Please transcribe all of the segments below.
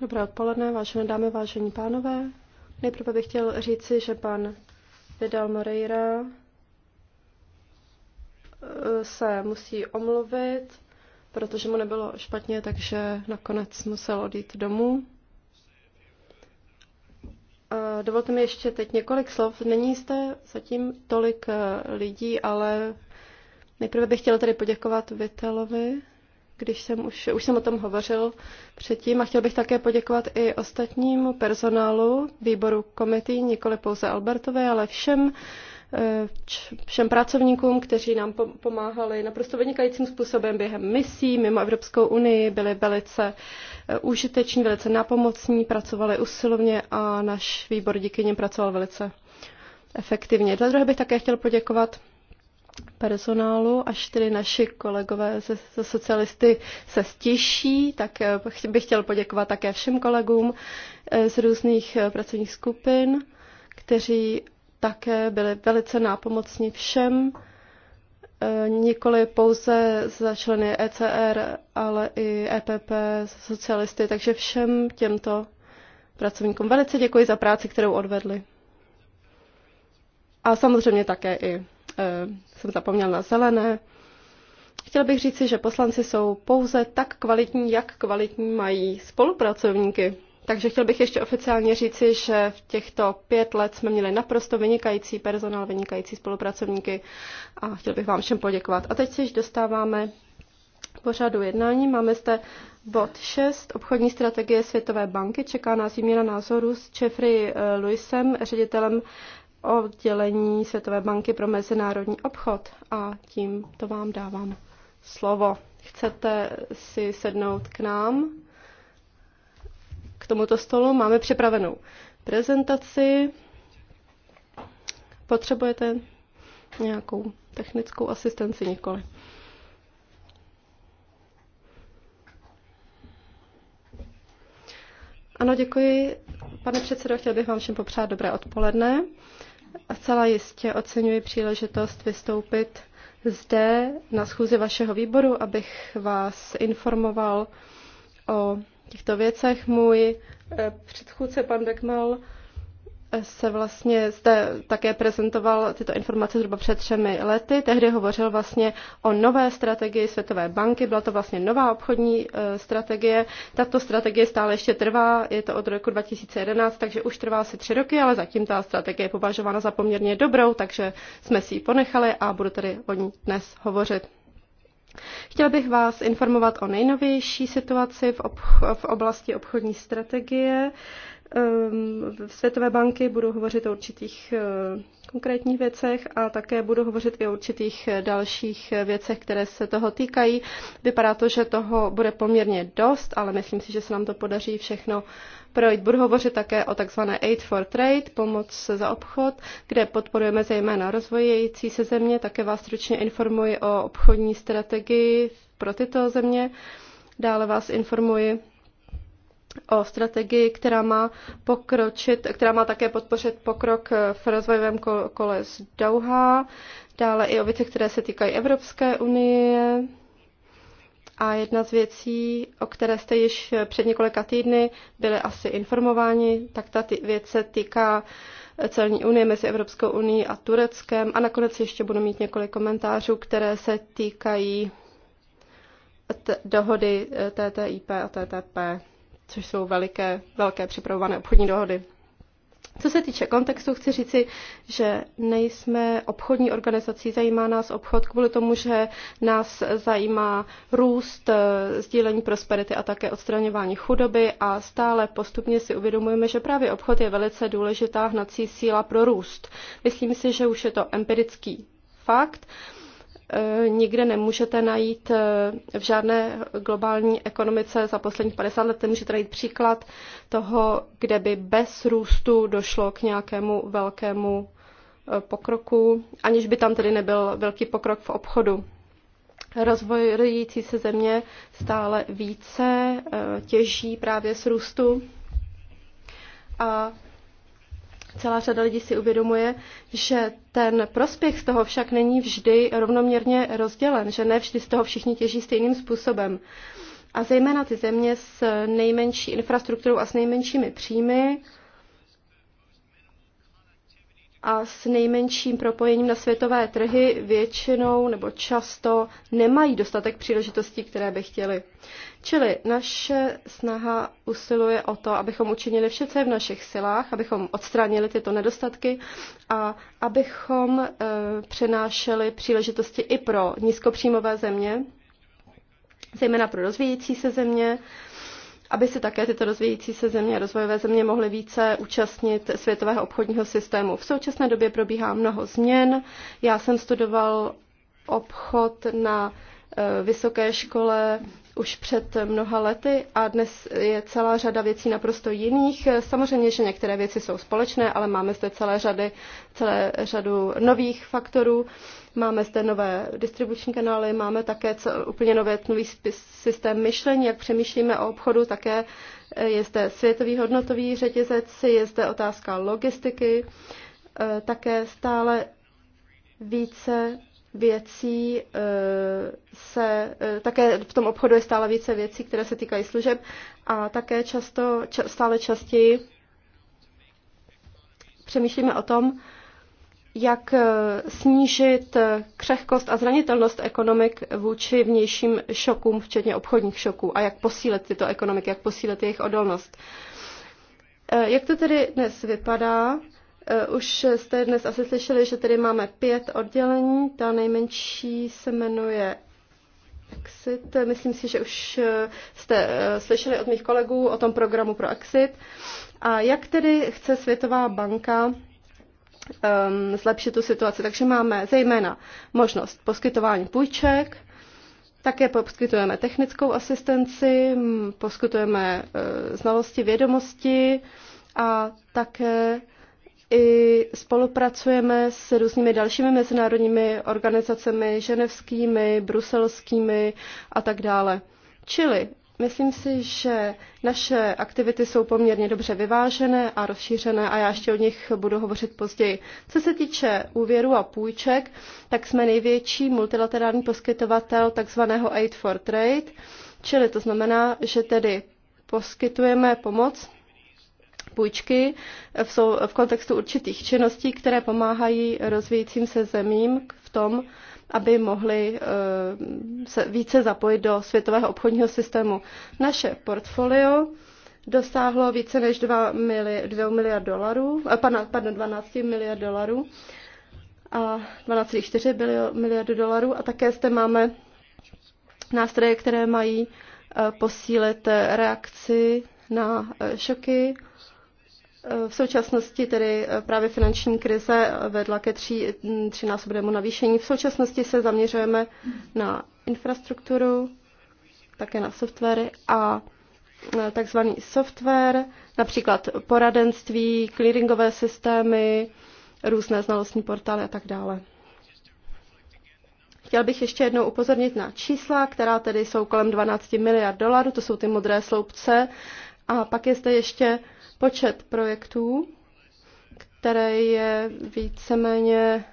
Dobré odpoledne, vážené dámy, vážení pánové. Nejprve bych chtěl říci, že pan Vidal Moreira eh, se musí omluvit, protože mu nebylo špatně, takže nakonec musel odjít domů. Dovolte mi ještě teď několik slov. Není jste zatím tolik eh, lidí, ale nejprve bych chtěla tady poděkovat Vitelovi když jsem už, už jsem o tom hovořil předtím a chtěl bych také poděkovat i ostatnímu personálu výboru komity, nikoli pouze Albertové, ale všem, eh, všem pracovníkům, kteří nám pomáhali naprosto vynikajícím způsobem během misí mimo Evropskou unii, byli velice eh, užiteční, velice napomocní, pracovali usilovně a náš výbor díky nim pracoval velice efektivně. Za druhé bych také chtěl poděkovat personálu, až tedy naši kolegové ze, ze socialisty se stěší, tak eh, bych chtěl poděkovat také všem kolegům eh, z různých eh, pracovních skupin, kteří také byli velice nápomocní všem, nikoli pouze za členy ECR, ale i EPP, socialisty, takže všem těmto pracovníkům velice děkuji za práci, kterou odvedli. A samozřejmě také i Eh, jsem zapomněl na zelené. Chtěl bych říci, že poslanci jsou pouze tak kvalitní, jak kvalitní mají spolupracovníky. Takže chtěl bych ještě oficiálně říci, že v těchto pět let jsme měli naprosto vynikající personál, vynikající spolupracovníky a chtěl bych vám všem poděkovat. A teď se již dostáváme k pořadu jednání. Máme zde bod 6, obchodní strategie Světové banky. Čeká nás výměna názorů s Jeffrey eh, Lewisem, ředitelem oddělení Světové banky pro mezinárodní obchod a tím to vám dávám slovo. Chcete si sednout k nám? K tomuto stolu máme připravenou prezentaci. Potřebujete nějakou technickou asistenci nikoli. Ano, děkuji. Pane předsedo, chtěl bych vám všem popřát dobré odpoledne. A celá jistě oceňuji příležitost vystoupit zde na schůzi vašeho výboru, abych vás informoval o těchto věcech. Můj eh, předchůdce, pan Beckmel, se vlastně zde také prezentoval tyto informace zhruba před třemi lety. Tehdy hovořil vlastně o nové strategii Světové banky, byla to vlastně nová obchodní e, strategie. Tato strategie stále ještě trvá, je to od roku 2011, takže už trvá asi tři roky, ale zatím ta strategie je považována za poměrně dobrou, takže jsme si ji ponechali a budu tady o ní dnes hovořit. Chtěl bych vás informovat o nejnovější situaci v, ob- v oblasti obchodní strategie. Ehm, v Světové banky, budu hovořit o určitých eh, konkrétních věcech a také budu hovořit i o určitých eh, dalších eh, věcech, které se toho týkají. Vypadá to, že toho bude poměrně dost, ale myslím si, že se nám to podaří všechno projít. Budu hovořit také o takzvané Aid for Trade, pomoc za obchod, kde podporujeme zejména rozvojející se země. Také vás stručně informuji o obchodní strategii pro tyto země. Dále vás informuji o strategii, která má pokročit, která má také podpořit pokrok v rozvojovém kole z Dauha, dále i o věci, které se týkají Evropské unie. A jedna z věcí, o které jste již před několika týdny byli asi informováni, tak ta věc se týká celní unie mezi Evropskou unii a Tureckem. A nakonec ještě budu mít několik komentářů, které se týkají dohody e, TTIP a TTP což jsou veliké, velké připravované obchodní dohody. Co se týče kontextu, chci říci, že nejsme obchodní organizací, zajímá nás obchod kvůli tomu, že nás zajímá růst, eh, sdílení prosperity a také odstraňování chudoby a stále postupně si uvědomujeme, že právě obchod je velice důležitá hnací síla pro růst. Myslím si, že už je to empirický fakt E, nikde nemůžete najít e, v žádné globální ekonomice za posledních 50 let. Můžete najít příklad toho, kde by bez růstu došlo k nějakému velkému e, pokroku, aniž by tam tedy nebyl velký pokrok v obchodu. Rozvojující se země stále více těží právě z růstu a Celá řada lidí si uvědomuje, že ten prospěch z toho však není vždy rovnoměrně rozdělen, že ne vždy z toho všichni těží stejným způsobem. A zejména ty země s nejmenší infrastrukturou a s nejmenšími příjmy, a s nejmenším propojením na světové trhy většinou nebo často nemají dostatek příležitostí, které by chtěli. Čili naše snaha usiluje o to, abychom učinili vše, co je v našich silách, abychom odstranili tyto nedostatky a abychom e, přenášeli příležitosti i pro nízkopříjmové země, zejména pro rozvíjející se země, aby si také tyto rozvíjící se země, rozvojové země mohly více účastnit světového obchodního systému. V současné době probíhá mnoho změn. Já jsem studoval obchod na Eh, vysoké škole už před mnoha lety a dnes je celá řada věcí naprosto jiných. Samozřejmě, že některé věci jsou společné, ale máme zde celé řady, celé řadu nových faktorů. Máme zde nové distribuční kanály, máme také cel, úplně nové, nový spis, systém myšlení, jak přemýšlíme o obchodu, také eh, je zde světový hodnotový řetězec, je zde otázka logistiky, eh, také stále více věcí eh, se, eh, také v tom obchodu je stále více věcí, které se týkají služeb a také často, stále častěji přemýšlíme o tom, jak eh, snížit křehkost a zranitelnost ekonomik vůči vnějším šokům, včetně obchodních šoků, a jak posílit tyto ekonomiky, jak posílit jejich odolnost. Jak to tedy dnes vypadá? Eh, už jste dnes asi slyšeli, že tady máme pět oddělení. Ta nejmenší se jmenuje Exit. Myslím si, že už eh, jste eh, slyšeli od mých kolegů o tom programu pro Exit. A jak tedy chce Světová banka um, zlepšit tu situaci. Takže máme zejména možnost poskytování půjček, také poskytujeme technickou asistenci, hm, poskytujeme uh, znalosti, vědomosti a také i spolupracujeme s různými dalšími mezinárodními organizacemi, ženevskými, bruselskými a tak dále. Čili myslím si, že naše aktivity jsou poměrně dobře vyvážené a rozšířené a já ještě o nich budu hovořit později. Co se týče úvěru a půjček, tak jsme největší multilaterální poskytovatel takzvaného Aid for Trade, čili to znamená, že tedy poskytujeme pomoc půjčky v, sou, v kontextu určitých činností, které pomáhají rozvíjícím se zemím v tom, aby mohli eh, se více zapojit do světového obchodního systému. Naše portfolio dosáhlo více než 2, mili, 2 miliard dolarů, eh, pardon, 12 miliard dolarů a 12,4 miliardy dolarů a také zde máme nástroje, které mají eh, posílit reakci na šoky v současnosti tedy eh, právě finanční krize eh, vedla ke tří, mm, násobnému navýšení. V současnosti se zaměřujeme na infrastrukturu, také na softwary a eh, takzvaný software, například poradenství, clearingové systémy, různé znalostní portály a tak dále. Chtěl bych ještě jednou upozornit na čísla, která tedy jsou kolem 12 miliard dolarů, to jsou ty modré sloupce. A pak je zde ještě počet projektů, které je víceméně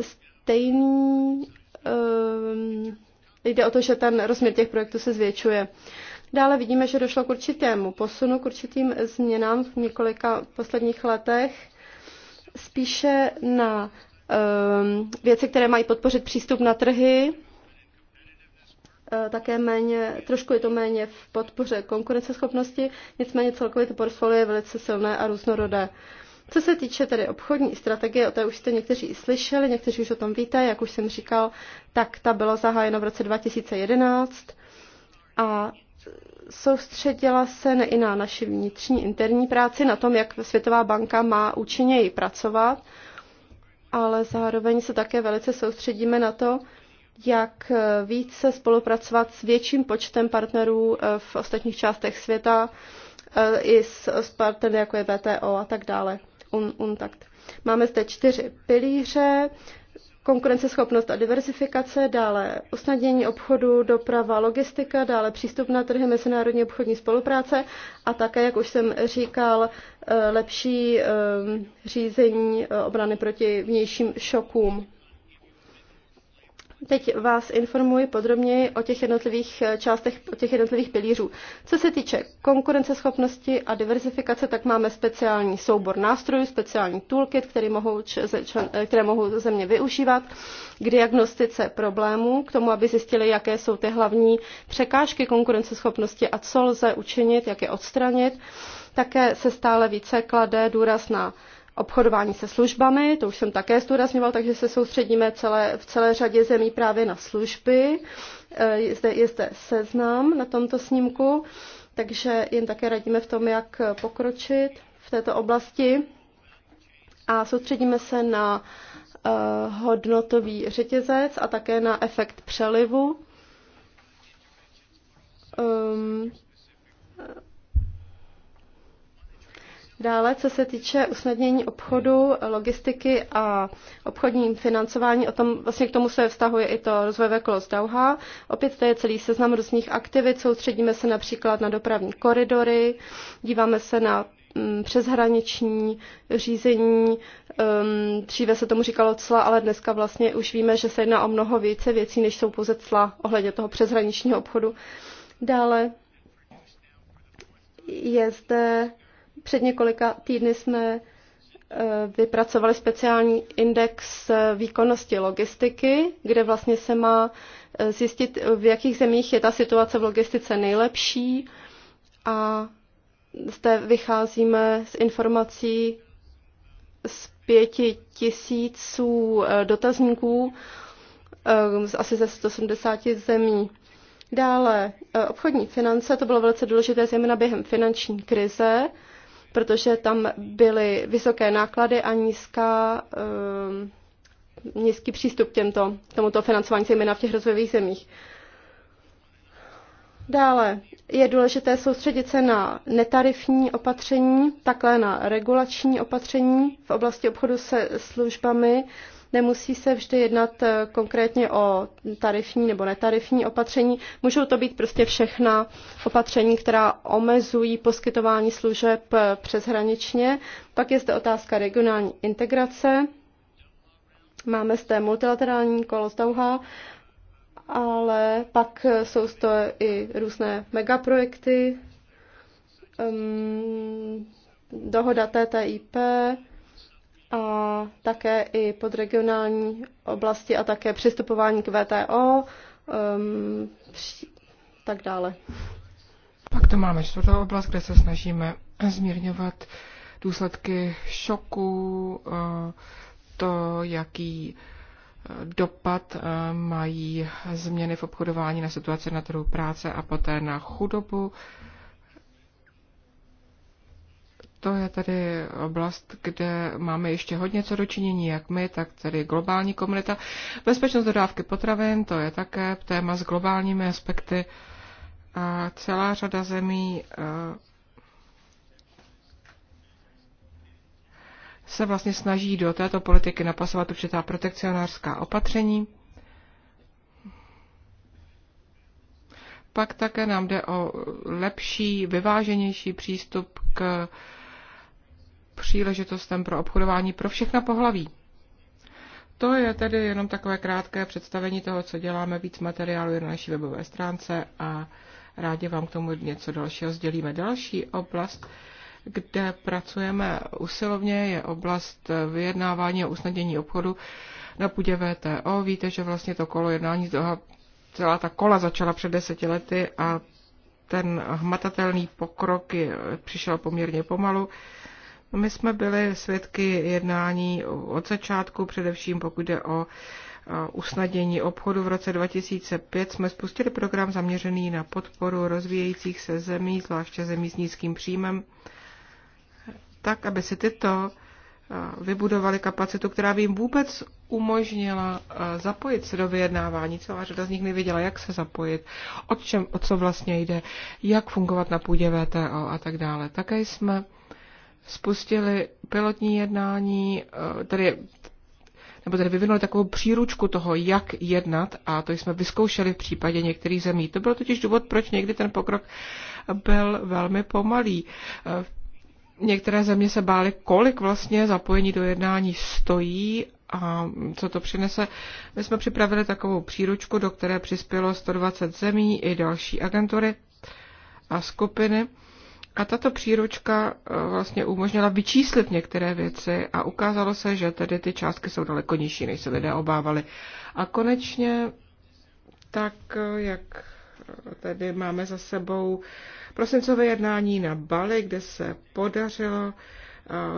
stejný. Um, jde o to, že ten rozměr těch projektů se zvětšuje. Dále vidíme, že došlo k určitému posunu, k určitým změnám v několika posledních letech, spíše na um, věci, které mají podpořit přístup na trhy, Eh, také méně, trošku je to méně v podpoře konkurenceschopnosti, nicméně celkově to portfolio je velice silné a různorodé. Co se týče tedy obchodní strategie, o té už jste někteří i slyšeli, někteří už o tom víte, jak už jsem říkal, tak ta byla zahájena v roce 2011 a soustředila se ne i na naši vnitřní interní práci, na tom, jak Světová banka má účinněji pracovat, ale zároveň se také velice soustředíme na to, jak eh, více spolupracovat s větším počtem partnerů eh, v ostatních částech světa, eh, i s, s partnery, jako je VTO a tak dále, Un, UNTACT. Máme zde čtyři pilíře, konkurenceschopnost a diversifikace, dále usnadnění obchodu, doprava, logistika, dále přístup na trhy mezinárodní obchodní spolupráce a také, jak už jsem říkal, lepší řízení obrany proti vnějším šokům. Teď vás informuji podrobněji o těch jednotlivých eh, částech, o těch jednotlivých pilířů. Co se týče konkurenceschopnosti a diversifikace, tak máme speciální soubor nástrojů, speciální toolkit, který mohou člen, eh, které mohou země využívat k diagnostice problémů, k tomu, aby zjistili, jaké jsou ty hlavní překážky konkurenceschopnosti a co lze učinit, jak je odstranit. Také se stále více klade důraz na obchodování se službami, to už jsem také zdůrazňoval, takže se soustředíme celé, v celé řadě zemí právě na služby. Eh, je zde, je zde seznam na tomto snímku, takže jen také radíme v tom, jak pokročit v této oblasti. A soustředíme se na uh, hodnotový řetězec a také na efekt přelivu. Um, Dále, co se týče usnadnění obchodu, logistiky a obchodním financování, o tom, vlastně k tomu se vztahuje i to rozvojové kolo z Dauha. Opět to je celý seznam různých aktivit, soustředíme se například na dopravní koridory, díváme se na mm, přeshraniční řízení. Mm, dříve se tomu říkalo cla, ale dneska vlastně už víme, že se jedná o mnoho více věcí, než jsou pouze cla ohledně toho přeshraničního obchodu. Dále je zde před několika týdny jsme e, vypracovali speciální index e, výkonnosti logistiky, kde vlastně se má e, zjistit, v jakých zemích je ta situace v logistice nejlepší a zde vycházíme z informací z pěti tisíců dotazníků z asi ze 180 zemí. Dále obchodní finance, to bylo velice důležité zejména během finanční krize protože tam byly vysoké náklady a nízká, ehm, nízký přístup k těmto, tomuto financování, zejména v těch rozvojových zemích. Dále je důležité soustředit se na netarifní opatření, takhle na regulační opatření v oblasti obchodu se službami, Nemusí se vždy jednat eh, konkrétně o tarifní nebo netarifní opatření. Můžou to být prostě všechna opatření, která omezují poskytování služeb eh, přeshraničně. Pak je zde otázka regionální integrace. Máme zde multilaterální kolo z Dauha, ale pak eh, jsou zde i různé megaprojekty, um, dohoda TTIP, a také i podregionální oblasti a také přistupování k VTO, um, tak dále. Pak to máme čtvrtou oblast, kde se snažíme zmírňovat důsledky šoku, eh, to, jaký eh, dopad eh, mají změny v obchodování na situaci na trhu práce a poté na chudobu. To je tedy oblast, kde máme ještě hodně co dočinění, jak my, tak tedy globální komunita. Bezpečnost dodávky potravin, to je také téma s globálními aspekty. A celá řada zemí eh, se vlastně snaží do této politiky napasovat určitá protekcionářská opatření. Pak také nám jde o lepší, vyváženější přístup k příležitostem pro obchodování pro všechna pohlaví. To je tedy jenom takové krátké představení toho, co děláme. Víc materiálu je na naší webové stránce a rádi vám k tomu něco dalšího sdělíme. Další oblast, kde pracujeme usilovně, je oblast vyjednávání a usnadnění obchodu na půdě VTO. Víte, že vlastně to kolo jednání Doha, celá ta kola začala před deseti lety a ten hmatatelný pokrok je, přišel poměrně pomalu. My jsme byli svědky jednání od začátku, především pokud jde o usnadění obchodu. V roce 2005 jsme spustili program zaměřený na podporu rozvíjejících se zemí, zvláště zemí s nízkým příjmem, tak, aby si tyto vybudovali kapacitu, která by jim vůbec umožnila zapojit se do vyjednávání. Celá řada z nich nevěděla, jak se zapojit, o, čem, o co vlastně jde, jak fungovat na půdě VTO a tak dále. Také jsme spustili pilotní jednání, eh, tedy, nebo tedy vyvinuli takovou příručku toho, jak jednat a to jsme vyzkoušeli v případě některých zemí. To byl totiž důvod, proč někdy ten pokrok byl velmi pomalý. Eh, některé země se bály, kolik vlastně zapojení do jednání stojí a co to přinese. My jsme připravili takovou příručku, do které přispělo 120 zemí i další agentury a skupiny. A tato příručka eh, vlastně umožnila vyčíslit některé věci a ukázalo se, že tedy ty částky jsou daleko nižší, než se lidé obávali. A konečně, tak eh, jak eh, tedy máme za sebou prosincové jednání na Bali, kde se podařilo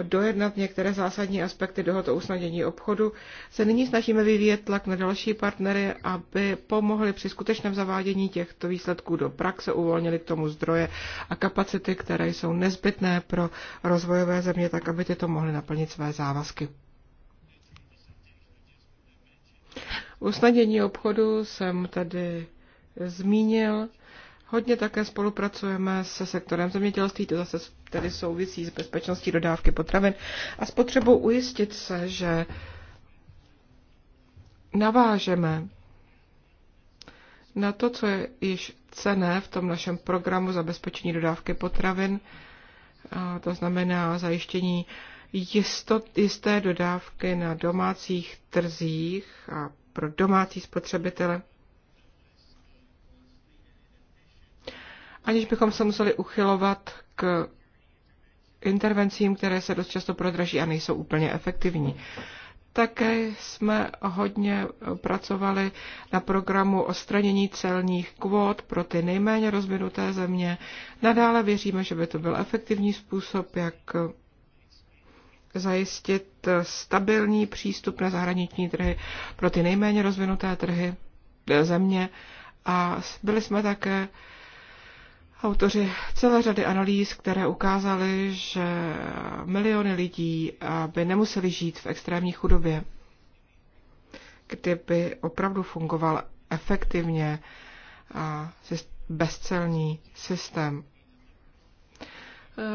dojednat některé zásadní aspekty dohod o usnadění obchodu, se nyní snažíme vyvíjet tlak na další partnery, aby pomohli při skutečném zavádění těchto výsledků do praxe, uvolnili k tomu zdroje a kapacity, které jsou nezbytné pro rozvojové země, tak aby tyto mohly naplnit své závazky. Usnadění obchodu jsem tady zmínil. Hodně také spolupracujeme se sektorem zemědělství, to zase tedy souvisí s bezpečností dodávky potravin a s potřebou ujistit se, že navážeme na to, co je již cené v tom našem programu zabezpečení dodávky potravin, a to znamená zajištění jistot, jisté dodávky na domácích trzích a pro domácí spotřebitele. aniž bychom se museli uchylovat k intervencím, které se dost často prodraží a nejsou úplně efektivní. Také jsme hodně pracovali na programu odstranění celních kvót pro ty nejméně rozvinuté země. Nadále věříme, že by to byl efektivní způsob, jak zajistit stabilní přístup na zahraniční trhy pro ty nejméně rozvinuté trhy země. A byli jsme také autoři celé řady analýz, které ukázaly, že miliony lidí by nemuseli žít v extrémní chudobě, kdyby opravdu fungoval efektivně bezcelní systém.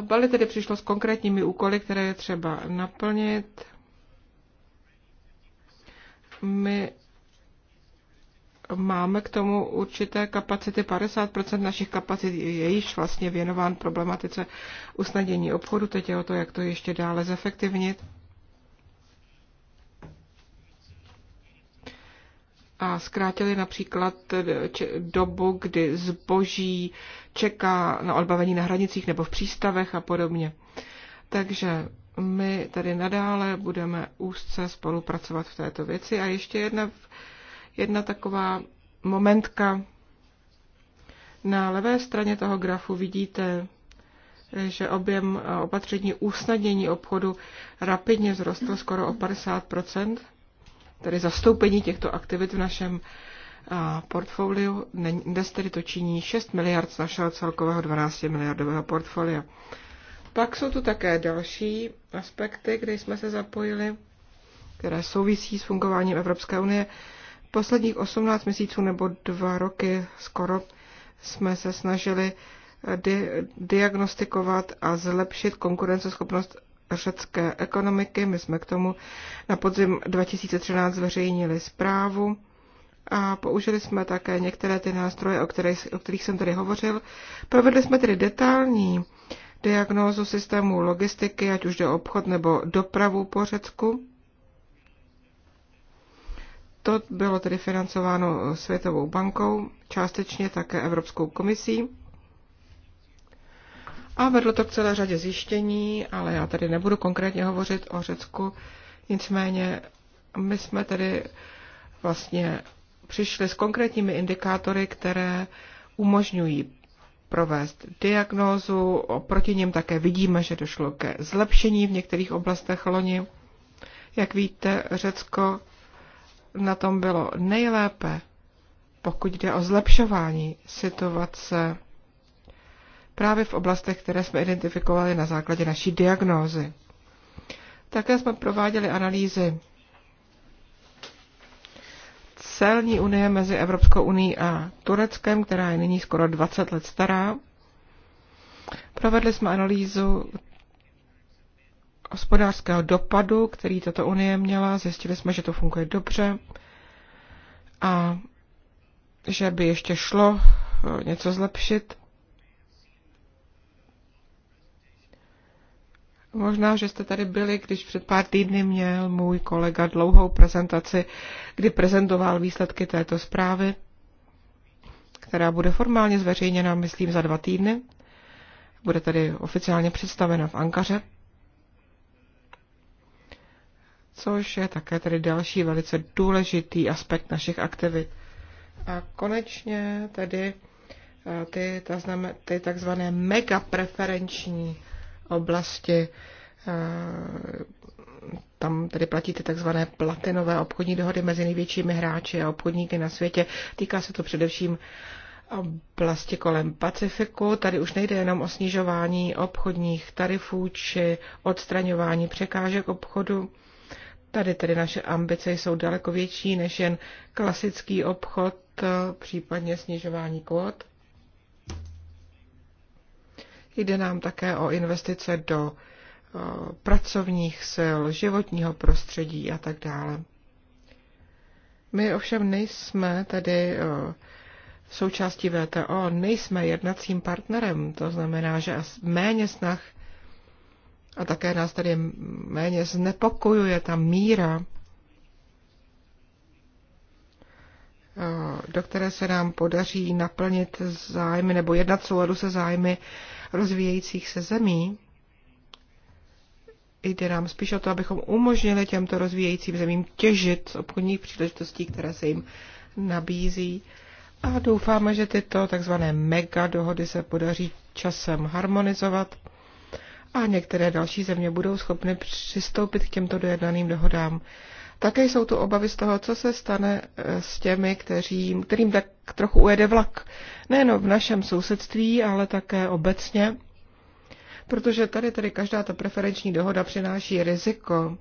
Bali tedy přišlo s konkrétními úkoly, které je třeba naplnit. My máme k tomu určité kapacity, 50% našich kapacit je již vlastně věnován problematice usnadění obchodu, teď je o to, jak to ještě dále zefektivnit. a zkrátili například dobu, kdy zboží čeká na odbavení na hranicích nebo v přístavech a podobně. Takže my tady nadále budeme úzce spolupracovat v této věci. A ještě jedna jedna taková momentka. Na levé straně toho grafu vidíte, že objem opatření usnadnění obchodu rapidně vzrostl skoro o 50 tedy zastoupení těchto aktivit v našem portfoliu. Dnes tedy to činí 6 miliard z našeho celkového 12 miliardového portfolia. Pak jsou tu také další aspekty, kde jsme se zapojili, které souvisí s fungováním Evropské unie. Posledních 18 měsíců nebo dva roky skoro jsme se snažili eh, di- diagnostikovat a zlepšit konkurenceschopnost řecké ekonomiky. My jsme k tomu na podzim 2013 zveřejnili zprávu a použili jsme také některé ty nástroje, o kterých, o kterých jsem tady hovořil. Provedli jsme tedy detailní diagnózu systému logistiky, ať už jde obchod nebo dopravu po Řecku. To bylo tedy financováno eh, Světovou bankou, částečně také Evropskou komisí. A vedlo to k celé řadě zjištění, ale já tady nebudu konkrétně hovořit o Řecku. Nicméně my jsme tedy vlastně přišli s konkrétními indikátory, které umožňují provést diagnózu. Oproti něm také vidíme, že došlo ke zlepšení v některých oblastech loni. Jak víte, Řecko na tom bylo nejlépe, pokud jde o zlepšování situace právě v oblastech, které jsme identifikovali na základě naší diagnózy. Také jsme prováděli analýzy celní unie mezi Evropskou unii a Tureckem, která je nyní skoro 20 let stará. Provedli jsme analýzu hospodářského dopadu, který tato unie měla. Zjistili jsme, že to funguje dobře a že by ještě šlo eh, něco zlepšit. Možná, že jste tady byli, když před pár týdny měl můj kolega dlouhou prezentaci, kdy prezentoval výsledky této zprávy, která bude formálně zveřejněna, myslím, za dva týdny. Bude tady oficiálně představena v Ankaře což je také tedy další velice důležitý aspekt našich aktivit. A konečně tedy eh, ty, ta znamen, ty takzvané oblasti, eh, tam tedy platí ty takzvané platinové obchodní dohody mezi největšími hráči a obchodníky na světě. Týká se to především oblasti kolem Pacifiku. Tady už nejde jenom o snižování obchodních tarifů či odstraňování překážek obchodu, Tady tedy naše ambice jsou daleko větší než jen klasický obchod, případně snižování kvot. Jde nám také o investice do pracovních sil, životního prostředí a tak dále. My ovšem nejsme tedy součástí VTO, nejsme jednacím partnerem, to znamená, že méně snah a také nás tady méně znepokojuje ta míra, eh, do které se nám podaří naplnit zájmy nebo jednat souladu se zájmy rozvíjejících se zemí. Jde nám spíš o to, abychom umožnili těmto rozvíjejícím zemím těžit z obchodních příležitostí, které se jim nabízí. A doufáme, že tyto tzv. mega dohody se podaří časem harmonizovat a některé další země budou schopny přistoupit k těmto dojednaným dohodám. Také jsou tu obavy z toho, co se stane eh, s těmi, kteří, kterým tak trochu ujede vlak. Nejen v našem sousedství, ale také obecně. Protože tady tedy každá ta preferenční dohoda přináší riziko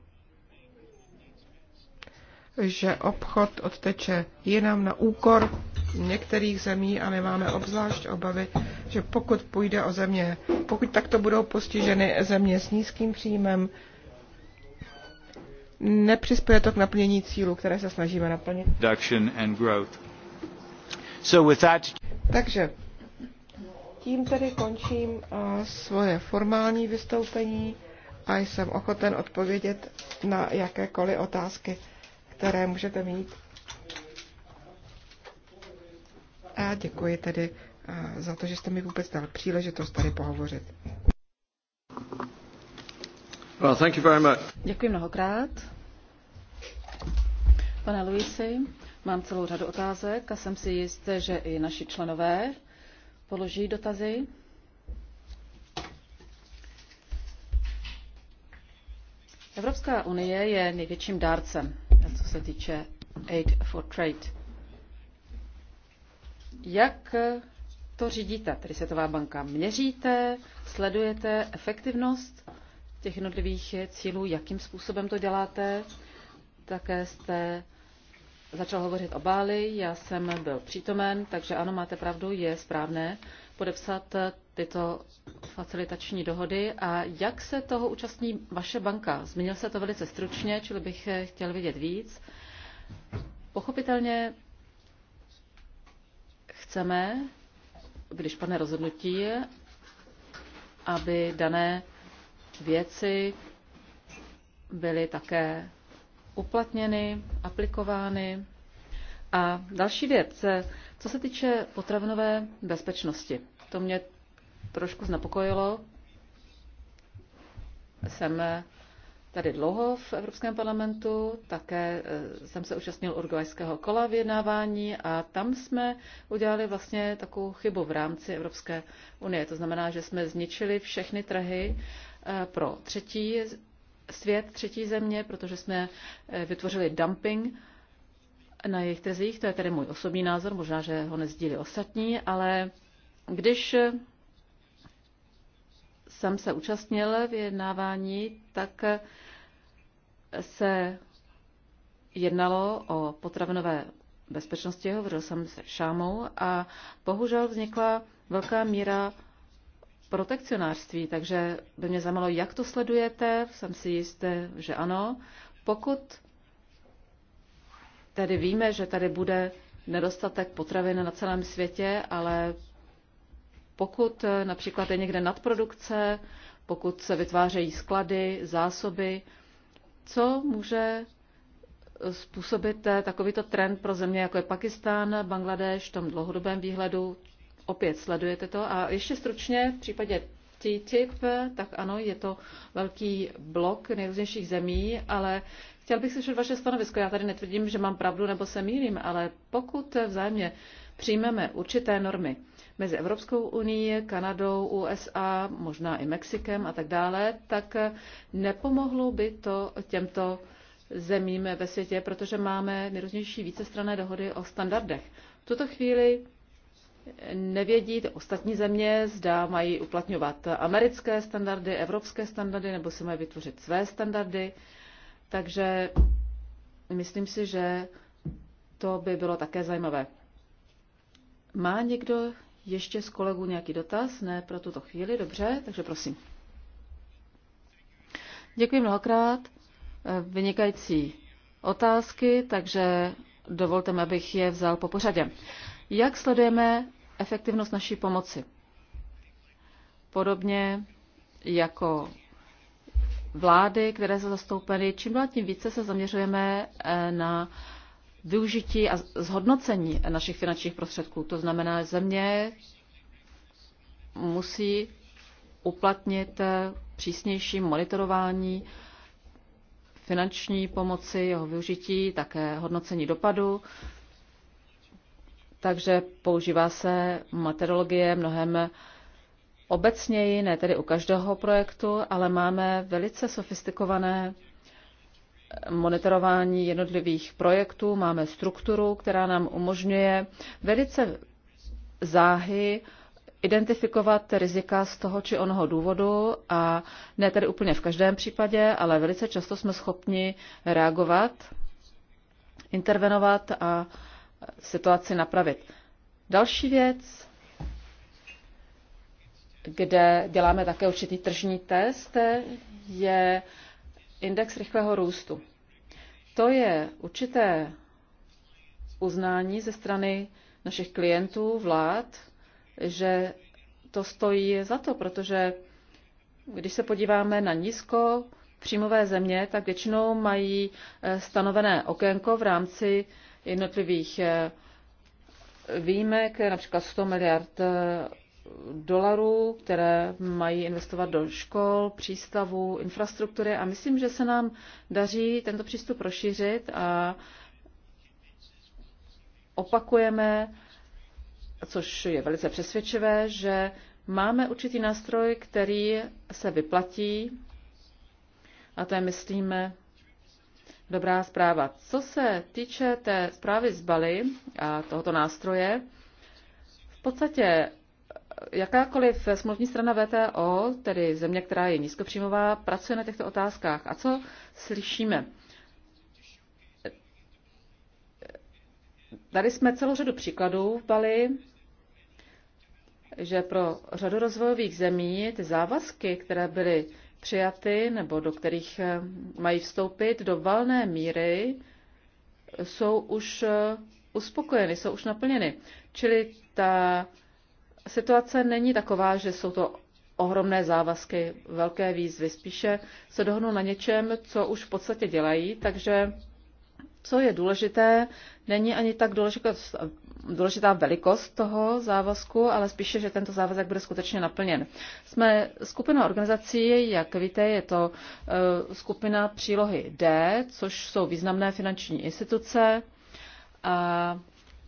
že obchod odteče jinam na úkor některých zemí a my máme obzvlášť obavy, že pokud půjde o země, pokud takto budou postiženy země s nízkým příjmem, nepřispěje to k naplnění cílů, které se snažíme naplnit. So with that... Takže tím tedy končím uh, svoje formální vystoupení a jsem ochoten odpovědět na jakékoliv otázky které můžete mít. A děkuji tedy za to, že jste mi vůbec dal příležitost tady pohovořit. Well, thank you very much. Děkuji mnohokrát. Pane Luisi, mám celou řadu otázek a jsem si jist, že i naši členové položí dotazy. Evropská unie je největším dárcem co se týče Aid for Trade. Jak to řídíte, tedy Světová banka? Měříte, sledujete efektivnost těch jednotlivých cílů, jakým způsobem to děláte? Také jste začal hovořit o Báli, já jsem byl přítomen, takže ano, máte pravdu, je správné podepsat tyto facilitační dohody a jak se toho účastní vaše banka. Zmínil se to velice stručně, čili bych chtěl vědět víc. Pochopitelně chceme, když padne rozhodnutí, aby dané věci byly také uplatněny, aplikovány. A další věc, co se týče potravinové bezpečnosti. To mě trošku znepokojilo. Jsem eh, tady dlouho v Evropském parlamentu, také eh, jsem se účastnil urgvajského kola vyjednávání a tam jsme udělali vlastně takovou chybu v rámci Evropské unie. To znamená, že jsme zničili všechny trhy eh, pro třetí svět, třetí země, protože jsme vytvořili dumping na jejich trzích. To je tedy můj osobní názor, možná, že ho nezdílí ostatní, ale když jsem se účastnil vyjednávání, tak se jednalo o potravinové bezpečnosti, hovořil jsem se Šámou a bohužel vznikla velká míra protekcionářství, takže by mě zajímalo, jak to sledujete, jsem si jistý, že ano. Pokud tedy víme, že tady bude nedostatek potravin na celém světě, ale pokud eh, například je někde nadprodukce, pokud se vytvářejí sklady, zásoby, co může eh, způsobit eh, takovýto trend pro země, jako je Pakistán, Bangladeš, v tom dlouhodobém výhledu? Opět sledujete to. A ještě stručně v případě TTIP, tak ano, je to velký blok nejrůznějších zemí, ale chtěl bych slyšet vaše stanovisko. Já tady netvrdím, že mám pravdu nebo se mýlím, ale pokud vzájemně přijmeme určité normy, mezi Evropskou unii, Kanadou, USA, možná i Mexikem a tak dále, tak nepomohlo by to těmto zemím ve světě, protože máme nejrůznější vícestranné dohody o standardech. V tuto chvíli nevědí ty ostatní země, zda mají uplatňovat americké standardy, evropské standardy, nebo si mají vytvořit své standardy. Takže myslím si, že to by bylo také zajímavé. Má někdo ještě z kolegů nějaký dotaz? Ne, pro tuto chvíli, dobře, takže prosím. Děkuji mnohokrát. Eh, vynikající otázky, takže dovolte mi, abych je vzal po pořadě. Jak sledujeme efektivnost naší pomoci? Podobně jako vlády, které jsou zastoupeny, čím dál tím více se zaměřujeme eh, na využití a zhodnocení našich finančních prostředků. To znamená, země musí uplatnit přísnější monitorování finanční pomoci, jeho využití, také hodnocení dopadu. Takže používá se meteorologie mnohem obecněji, ne tedy u každého projektu, ale máme velice sofistikované monitorování jednotlivých projektů, máme strukturu, která nám umožňuje velice záhy identifikovat rizika z toho či onoho důvodu a ne tedy úplně v každém případě, ale velice často jsme schopni reagovat, intervenovat a situaci napravit. Další věc, kde děláme také určitý tržní test, je index rychlého růstu. To je určité uznání ze strany našich klientů, vlád, že to stojí za to, protože když se podíváme na nízko příjmové země, tak většinou mají eh, stanovené okénko v rámci jednotlivých eh, výjimek, například 100 miliard eh, dolarů, které mají investovat do škol, přístavů, infrastruktury a myslím, že se nám daří tento přístup rozšířit a opakujeme, což je velice přesvědčivé, že máme určitý nástroj, který se vyplatí a to je, myslíme, dobrá zpráva. Co se týče té zprávy z Bali a tohoto nástroje, v podstatě jakákoliv smluvní strana VTO, tedy země, která je nízkopříjmová, pracuje na těchto otázkách. A co slyšíme? Tady jsme celou řadu příkladů v Bali, že pro řadu rozvojových zemí ty závazky, které byly přijaty nebo do kterých eh, mají vstoupit do valné míry, jsou už eh, uspokojeny, jsou už naplněny. Čili ta situace není taková, že jsou to ohromné závazky, velké výzvy. Spíše se dohodnou na něčem, co už v podstatě dělají, takže co je důležité, není ani tak důležitá, důležitá velikost toho závazku, ale spíše, že tento závazek bude skutečně naplněn. Jsme skupina organizací, jak víte, je to eh, skupina přílohy D, což jsou významné finanční instituce. A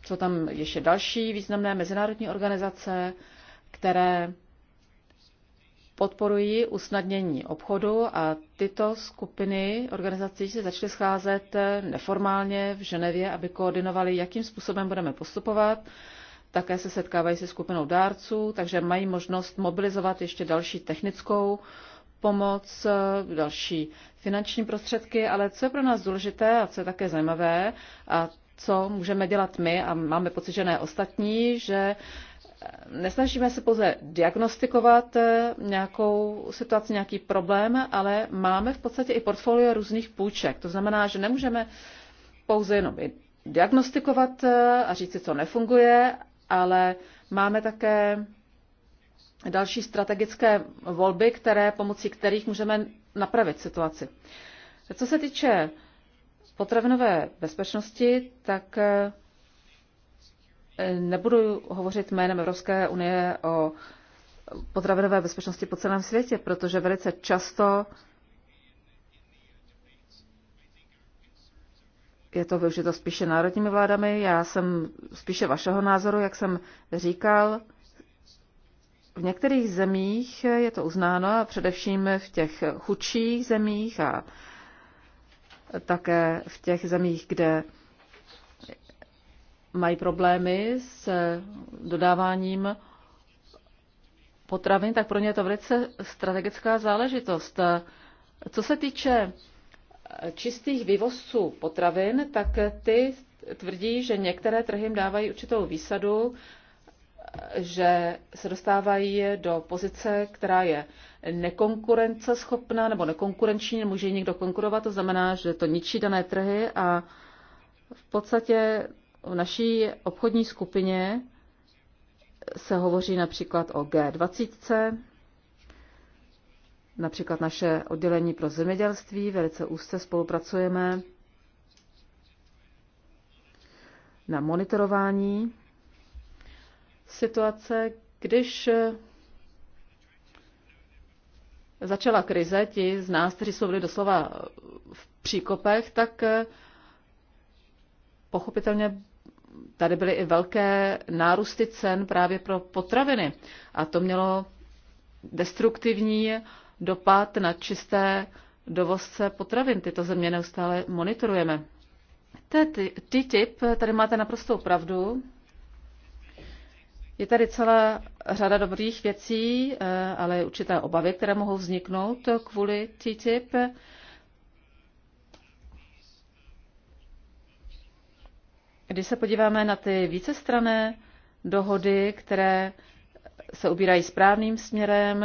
jsou tam ještě další významné mezinárodní organizace, které podporují usnadnění obchodu a tyto skupiny organizací se začaly scházet neformálně v Ženevě, aby koordinovali, jakým způsobem budeme postupovat. Také se setkávají se skupinou dárců, takže mají možnost mobilizovat ještě další technickou pomoc, další finanční prostředky, ale co je pro nás důležité a co je také zajímavé, a co můžeme dělat my a máme pocit, že ne ostatní, že nesnažíme se pouze diagnostikovat eh, nějakou situaci, nějaký problém, ale máme v podstatě i portfolio různých půjček. To znamená, že nemůžeme pouze jenom diagnostikovat eh, a říct si, co nefunguje, ale máme také další strategické volby, které pomocí kterých můžeme napravit situaci. Co se týče potravinové bezpečnosti, tak eh, nebudu hovořit jménem Evropské unie o potravinové bezpečnosti po celém světě, protože velice často je to využito spíše národními vládami. Já jsem spíše vašeho názoru, jak jsem říkal. V některých zemích je to uznáno, a především v těch chudších zemích a také v těch zemích, kde mají problémy s dodáváním potravin, tak pro ně je to velice strategická záležitost. Co se týče čistých vývozců potravin, tak ty tvrdí, že některé trhy jim dávají určitou výsadu, že se dostávají do pozice, která je nekonkurenceschopná nebo nekonkurenční, nemůže někdo konkurovat, to znamená, že to ničí dané trhy a v podstatě v naší obchodní skupině se hovoří například o G20, například naše oddělení pro zemědělství, velice úzce spolupracujeme na monitorování situace, když začala krize, ti z nás, kteří jsou byli doslova v příkopech, tak eh, pochopitelně tady byly i velké nárůsty cen právě pro potraviny. A to mělo destruktivní dopad na čisté dovozce potravin. Tyto země neustále monitorujeme. TTIP, eh, tady máte naprostou pravdu, je tady celá řada dobrých věcí, eh, ale určité obavy, které mohou vzniknout kvůli TTIP. Když se podíváme na ty vícestrané dohody, které se ubírají správným směrem,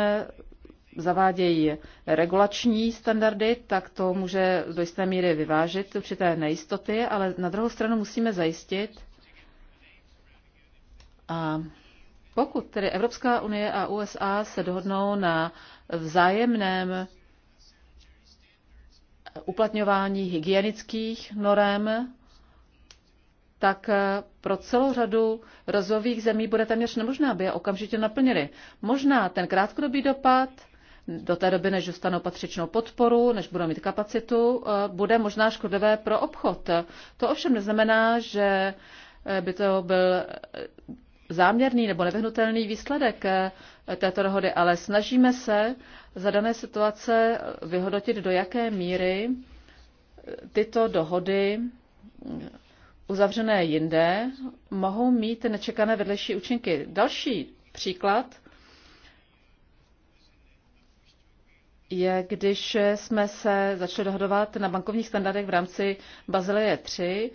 zavádějí regulační standardy, tak to může do jisté míry vyvážit určité nejistoty, ale na druhou stranu musíme zajistit, a pokud tedy Evropská unie a USA se dohodnou na vzájemném uplatňování hygienických norem, tak pro celou řadu rozvojových zemí bude téměř nemožné, aby je okamžitě naplnili. Možná ten krátkodobý dopad do té doby, než dostanou patřičnou podporu, než budou mít kapacitu, bude možná škodlivé pro obchod. To ovšem neznamená, že by to byl záměrný nebo nevyhnutelný výsledek eh, této dohody, ale snažíme se za dané situace vyhodnotit, do jaké míry eh, tyto dohody eh, uzavřené jinde mohou mít nečekané vedlejší účinky. Další příklad je, když jsme se začali dohodovat na bankovních standardech v rámci Bazileje 3,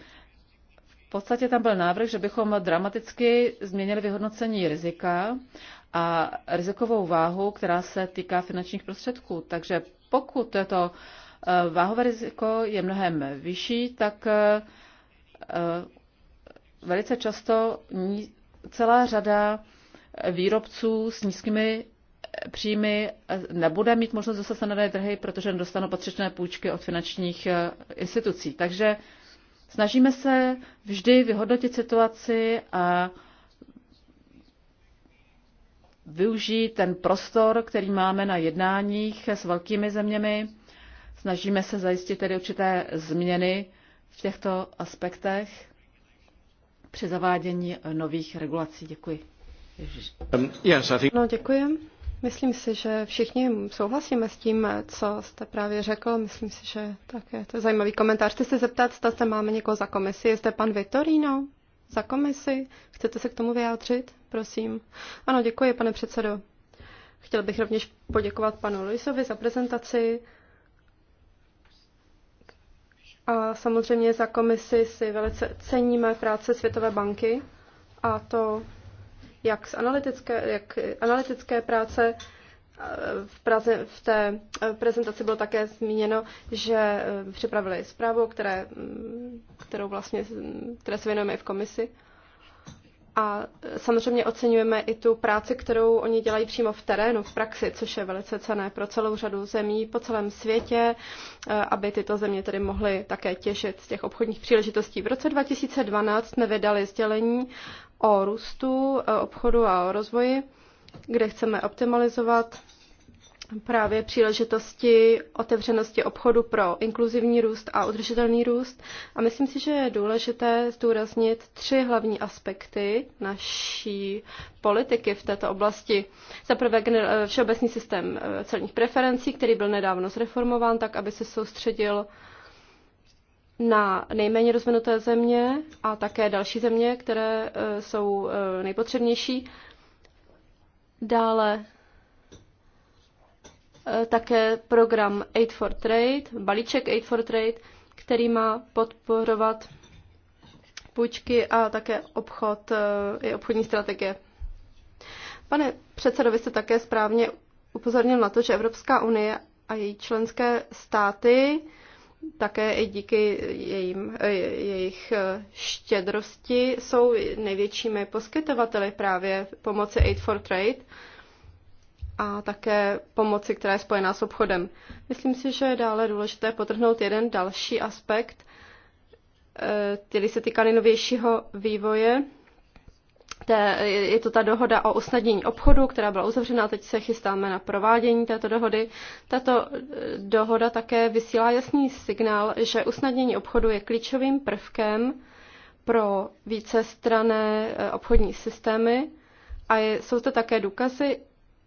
podstatě tam byl návrh, že bychom dramaticky změnili vyhodnocení rizika a rizikovou váhu, která se týká finančních prostředků. Takže pokud to eh, váhové riziko je mnohem vyšší, tak eh, velice často celá řada výrobců s nízkými eh, příjmy nebude mít možnost dostat se na trhy, protože nedostanou patřičné půjčky od finančních institucí. Takže Snažíme se vždy vyhodnotit situaci a využít ten prostor, který máme na jednáních s velkými zeměmi. Snažíme se zajistit tedy určité změny v těchto aspektech při zavádění nových regulací. Děkuji. Um, no, děkuji. Myslím si, že všichni souhlasíme s tím, co jste právě řekl. Myslím si, že tak je to zajímavý komentář. Chci se zeptat, zda zde máme někoho za komisi. Je zde pan Vitorino za komisi? Chcete se k tomu vyjádřit? Prosím. Ano, děkuji, pane předsedo. Chtěl bych rovněž poděkovat panu Luisovi za prezentaci. A samozřejmě za komisi si velice ceníme práce Světové banky a to jak z analytické, jak analytické práce. Eh, v, práce, v té eh, prezentaci bylo také zmíněno, že eh, připravili zprávu, které, mm, kterou vlastně, mm, které se věnujeme i v komisi. A samozřejmě oceňujeme i tu práci, kterou oni dělají přímo v terénu, v praxi, což je velice cené pro celou řadu zemí po celém světě, aby tyto země tedy mohly také těžit z těch obchodních příležitostí. V roce 2012 jsme vydali sdělení o růstu, obchodu a o rozvoji, kde chceme optimalizovat právě příležitosti otevřenosti obchodu pro inkluzivní růst a udržitelný růst. A myslím si, že je důležité zdůraznit tři hlavní aspekty naší politiky v této oblasti. Za prvé všeobecný systém eh, celních preferencí, který byl nedávno zreformován tak, aby se soustředil na nejméně rozvinuté země a také další země, které eh, jsou eh, nejpotřebnější. Dále eh, také program Aid for Trade, balíček Aid for Trade, který má podporovat půjčky a také obchod i obchodní strategie. Pane předsedo, vy jste také správně upozornil na to, že Evropská unie a její členské státy také i díky jejím, eh, jejich eh, štědrosti jsou největšími poskytovateli právě pomoci Aid for Trade a také pomoci, která je spojená s obchodem. Myslím si, že je dále důležité potrhnout jeden další aspekt, eh, který se týká nejnovějšího vývoje je to ta dohoda o usnadnění obchodu, která byla uzavřena, teď se chystáme na provádění této dohody. Tato eh, dohoda také vysílá jasný signál, že usnadnění obchodu je klíčovým prvkem pro vícestrané eh, obchodní systémy a je, jsou to také důkazy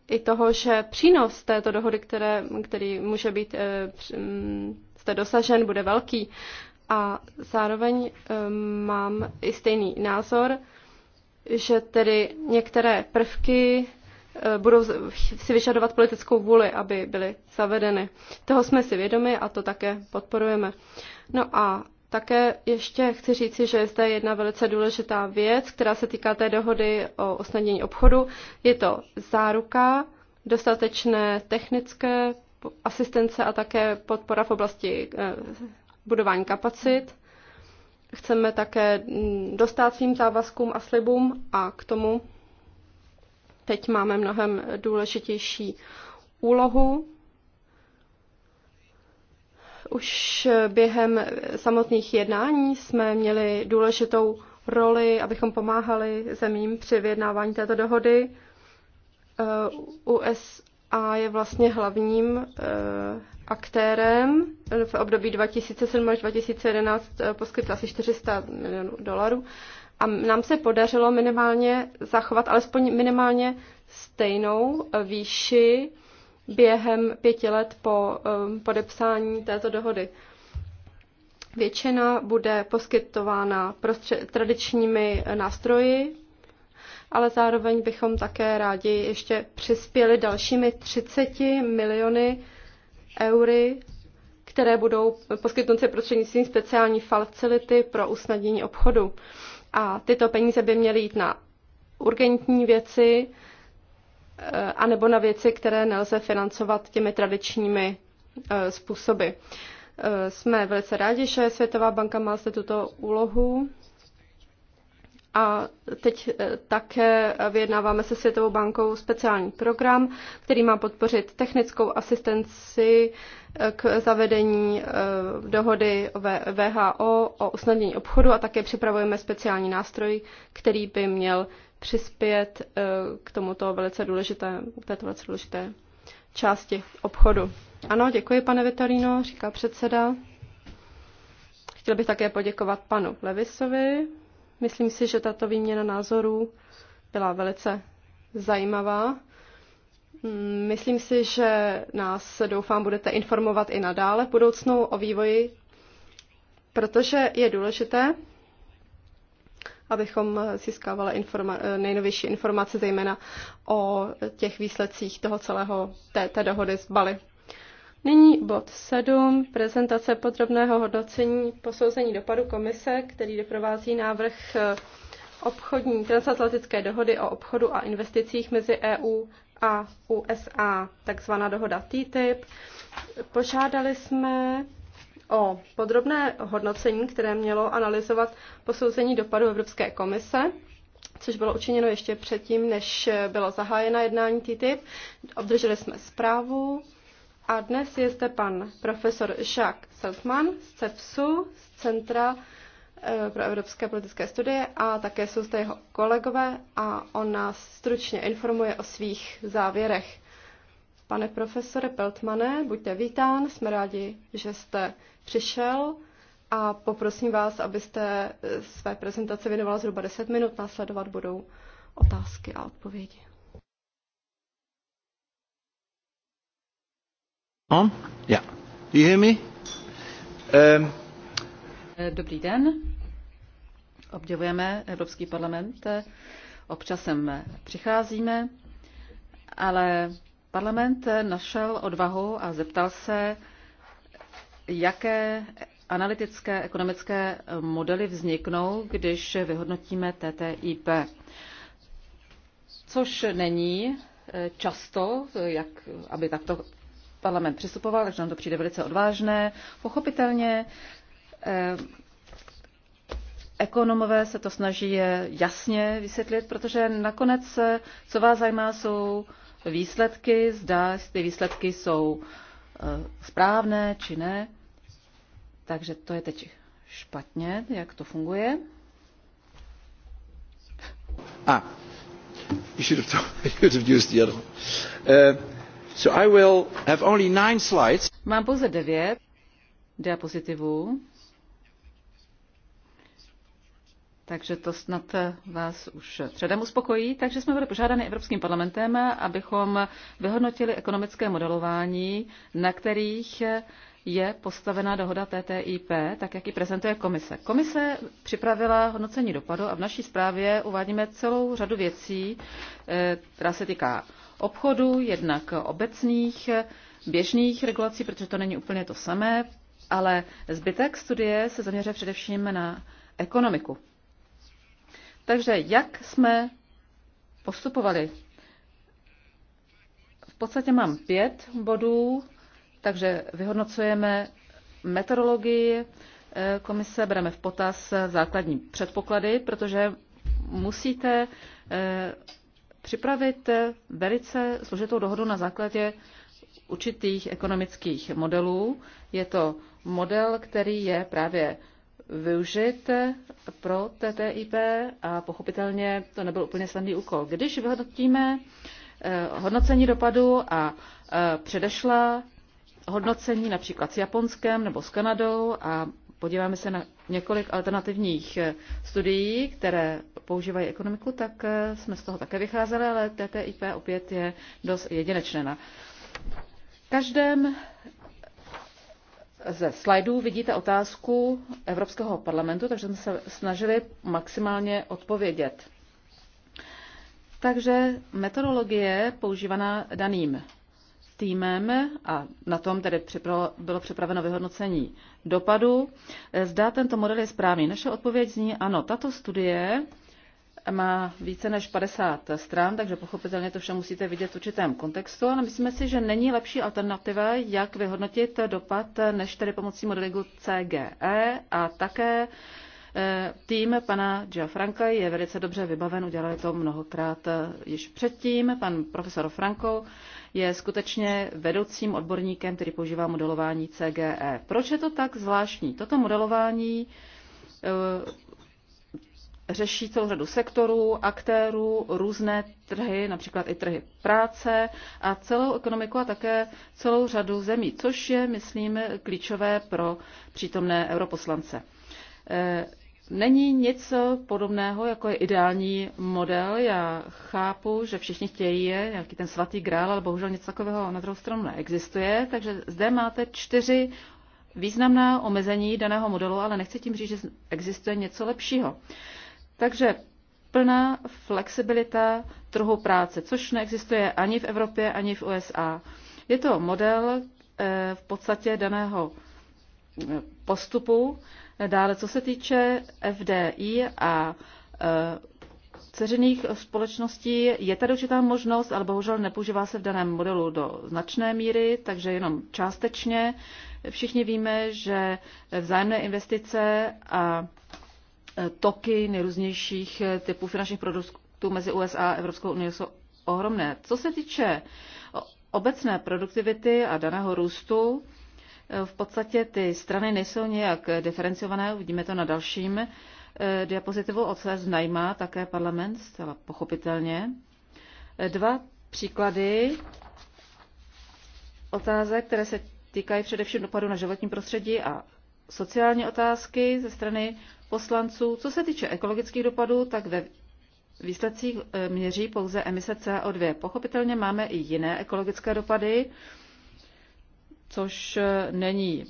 i toho, že přínos této dohody, které, který může být jste eh, mm, dosažen, bude velký. A zároveň mám i stejný názor, že tedy některé prvky eh, budou si vyžadovat politickou vůli, aby byly zavedeny. Toho jsme si vědomi a to také podporujeme. No a také ještě chci říci, že je zde jedna velice důležitá věc, která se týká té dohody o osnadnění obchodu. Je to záruka, dostatečné technické asistence a také podpora v oblasti eh, budování kapacit. Chceme také mm, dostat svým závazkům a slibům a k tomu teď máme mnohem důležitější úlohu. Už během samotných jednání jsme měli důležitou roli, abychom pomáhali zemím při vyjednávání této dohody. Eh, USA je vlastně hlavním eh, aktérem. V období 2007 až 2011 eh, poskytl asi 400 milionů dolarů. A nám se podařilo minimálně zachovat alespoň minimálně stejnou eh, výši během pěti let po eh, podepsání této dohody. Většina bude poskytována prostřed, tradičními nástroji, ale zároveň bychom také rádi ještě přispěli dalšími 30 miliony eury, které budou poskytnuty prostřednictvím speciální facility pro usnadnění obchodu. A tyto peníze by měly jít na urgentní věci, eh, anebo na věci, které nelze financovat těmi tradičními eh, způsoby. Eh, jsme velice rádi, že Světová banka má zde tuto úlohu. A teď eh, také vyjednáváme se Světovou bankou speciální program, který má podpořit technickou asistenci eh, k zavedení eh, dohody VHO o usnadnění obchodu a také připravujeme speciální nástroj, který by měl přispět k tomuto velice důležité, této velice důležité části obchodu. Ano, děkuji, pane Vitorino, říká předseda. Chtěl bych také poděkovat panu Levisovi. Myslím si, že tato výměna názorů byla velice zajímavá. Mm, Myslím si, že nás, doufám, budete informovat i nadále v budoucnu o vývoji, protože je důležité, abychom získávali informa- eh, nejnovější informace, zejména o těch výsledcích toho celého té, té dohody z Bali. Nyní bod 7, prezentace podrobného hodnocení posouzení dopadu komise, který doprovází návrh eh, obchodní transatlantické dohody o obchodu a investicích mezi EU a USA, takzvaná dohoda TTIP. Požádali jsme o podrobné hodnocení, které mělo analyzovat posouzení dopadu Evropské komise, což bylo učiněno ještě předtím, než bylo zahájena jednání TTIP. Obdrželi jsme zprávu a dnes je zde pan profesor Jacques Seltman z CEFSU, z Centra eh, pro evropské politické studie a také jsou zde jeho kolegové a on nás stručně informuje o svých závěrech. Pane profesore Peltmane, buďte vítán, jsme rádi, že jste přišel a poprosím vás, abyste eh, své prezentace věnoval zhruba 10 minut, následovat budou otázky a odpovědi. On? Yeah. You hear me? Um. Eh, dobrý den. Obdivujeme Evropský parlament. Občas sem přicházíme, ale parlament našel odvahu a zeptal se, jaké analytické ekonomické modely vzniknou, když vyhodnotíme TTIP. Což není eh, často, jak, aby takto parlament přistupoval, takže nám to přijde velice odvážné. Pochopitelně eh, ekonomové se to snaží jasně vysvětlit, protože nakonec, eh, co vás zajímá, jsou výsledky, zda ty výsledky jsou eh, správné či ne. Takže to je teď špatně, jak to funguje. Ah, you should have, told, you should have used the other one. Uh, Mám pouze devět diapozitivů. Takže to snad vás už předem uspokojí. Takže jsme byli požádány Evropským parlamentem, abychom vyhodnotili ekonomické modelování, na kterých je postavena dohoda TTIP, tak jak ji prezentuje komise. Komise připravila hodnocení dopadu a v naší zprávě uvádíme celou řadu věcí, eh, která se týká obchodu, jednak obecných běžných regulací, protože to není úplně to samé, ale zbytek studie se zaměřuje především na ekonomiku. Takže jak jsme postupovali? V podstatě mám pět bodů, takže vyhodnocujeme meteorologii eh, komise, bereme v potaz základní předpoklady, protože musíte eh, připravit velice složitou dohodu na základě určitých ekonomických modelů. Je to model, který je právě využit pro TTIP a pochopitelně to nebyl úplně snadný úkol. Když vyhodnotíme eh, hodnocení dopadu a eh, předešla hodnocení například s Japonskem nebo s Kanadou a podíváme se na několik alternativních eh, studií, které používají ekonomiku, tak eh, jsme z toho také vycházeli, ale TTIP opět je dost jedinečné. Na každém ze slajdů vidíte otázku Evropského parlamentu, takže jsme se snažili maximálně odpovědět. Takže metodologie používaná daným týmem a na tom tedy bylo připraveno vyhodnocení dopadu. Zdá tento model je správný. Naše odpověď zní ano, tato studie má více než 50 stran, takže pochopitelně to vše musíte vidět v určitém kontextu, ale myslíme si, že není lepší alternativa, jak vyhodnotit dopad, než tedy pomocí modelu CGE a také Eh, tým pana Gianfranca je velice dobře vybaven, udělali to mnohokrát eh, již předtím. Pan profesor Franco je skutečně vedoucím odborníkem, který používá modelování CGE. Proč je to tak zvláštní? Toto modelování eh, řeší celou řadu sektorů, aktérů, různé trhy, například i trhy práce a celou ekonomiku a také celou řadu zemí, což je, myslím, klíčové pro přítomné europoslance. Není nic podobného, jako je ideální model. Já chápu, že všichni chtějí je, nějaký ten svatý grál, ale bohužel nic takového na druhou stranu neexistuje. Takže zde máte čtyři významná omezení daného modelu, ale nechci tím říct, že existuje něco lepšího. Takže plná flexibilita trhu práce, což neexistuje ani v Evropě, ani v USA. Je to model eh, v podstatě daného eh, postupu, Dále, co se týče FDI a e, ceřených společností je tady určitá možnost, ale bohužel nepoužívá se v daném modelu do značné míry, takže jenom částečně. Všichni víme, že vzájemné investice a e, toky nejrůznějších e, typů finančních produktů mezi USA a Evropskou unii jsou ohromné. Co se týče obecné produktivity a daného růstu, v podstatě ty strany nejsou nějak diferencované, uvidíme to na dalším eh, diapozitivu. Odsaz znajmá také parlament, zcela pochopitelně. Eh, dva příklady otázek, které se týkají především dopadu na životní prostředí a sociální otázky ze strany poslanců. Co se týče ekologických dopadů, tak ve výsledcích eh, měří pouze emise CO2. Pochopitelně máme i jiné ekologické dopady což eh, není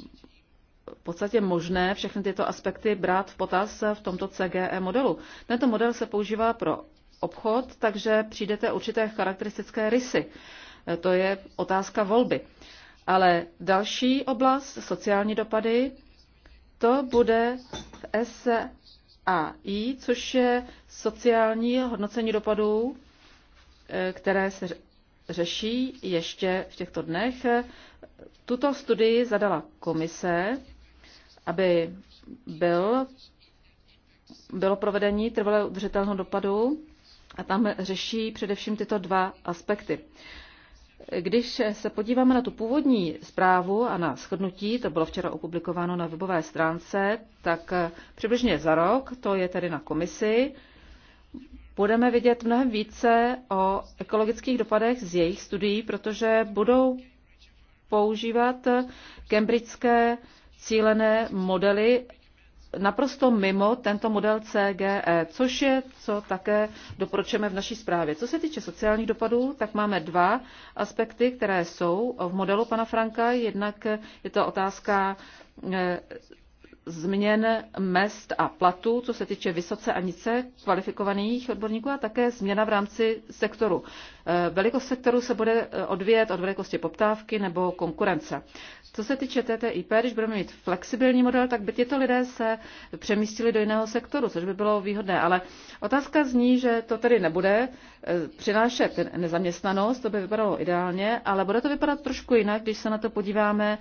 v podstatě možné všechny tyto aspekty brát v potaz v tomto CGE modelu. Tento model se používá pro obchod, takže přijdete určité charakteristické rysy. Eh, to je otázka volby. Ale další oblast, sociální dopady, to bude v SAI, což je sociální hodnocení dopadů, eh, které se řeší ještě v těchto dnech. Tuto studii zadala komise, aby byl, bylo provedení trvalé udržitelného dopadu a tam řeší především tyto dva aspekty. Když se podíváme na tu původní zprávu a na shodnutí, to bylo včera opublikováno na webové stránce, tak přibližně za rok, to je tedy na komisi, budeme vidět mnohem více o ekologických dopadech z jejich studií, protože budou používat kembrické cílené modely naprosto mimo tento model CGE, což je, co také doporučujeme v naší zprávě. Co se týče sociálních dopadů, tak máme dva aspekty, které jsou v modelu pana Franka. Jednak je to otázka eh, změn mest a platů, co se týče vysoce a nice kvalifikovaných odborníků a také změna v rámci sektoru. Eh, velikost sektoru se bude eh, odvíjet od velikosti poptávky nebo konkurence. Co se týče TTIP, když budeme mít flexibilní model, tak by tyto lidé se přemístili do jiného sektoru, což by bylo výhodné. Ale otázka zní, že to tedy nebude eh, přinášet nezaměstnanost, to by vypadalo ideálně, ale bude to vypadat trošku jinak, když se na to podíváme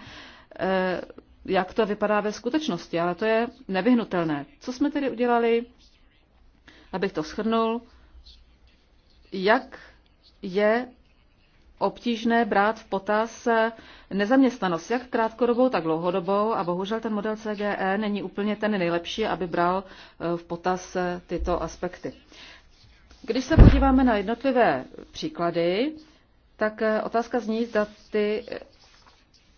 jak to vypadá ve skutečnosti, ale to je nevyhnutelné. Co jsme tedy udělali, abych to shrnul, jak je obtížné brát v potaz nezaměstnanost, jak krátkodobou, tak dlouhodobou a bohužel ten model CGE není úplně ten nejlepší, aby bral eh, v potaz eh, tyto aspekty. Když se podíváme na jednotlivé příklady, tak eh, otázka zní, zda ty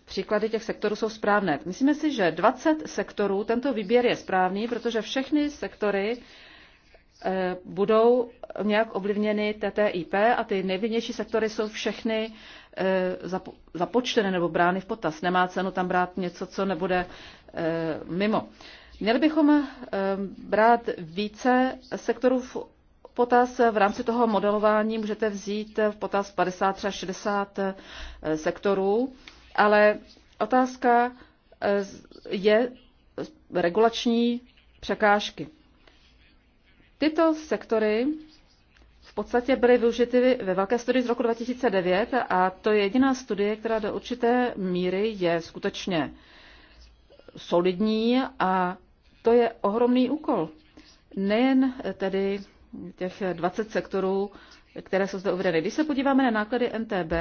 příklady těch sektorů jsou správné. Myslíme si, že 20 sektorů, tento výběr je správný, protože všechny sektory eh, budou nějak ovlivněny TTIP a ty nejvinnější sektory jsou všechny eh, započtené započteny nebo brány v potaz. Nemá cenu tam brát něco, co nebude eh, mimo. Měli bychom brát více sektorů v potaz v rámci toho modelování můžete vzít v potaz 50 až 60 sektorů. Ale otázka e, je regulační překážky. Tyto sektory v podstatě byly využity ve velké studii z roku 2009 a to je jediná studie, která do určité míry je skutečně solidní a to je ohromný úkol. Nejen tedy těch 20 sektorů, které jsou zde uvedeny. Když se podíváme na náklady NTB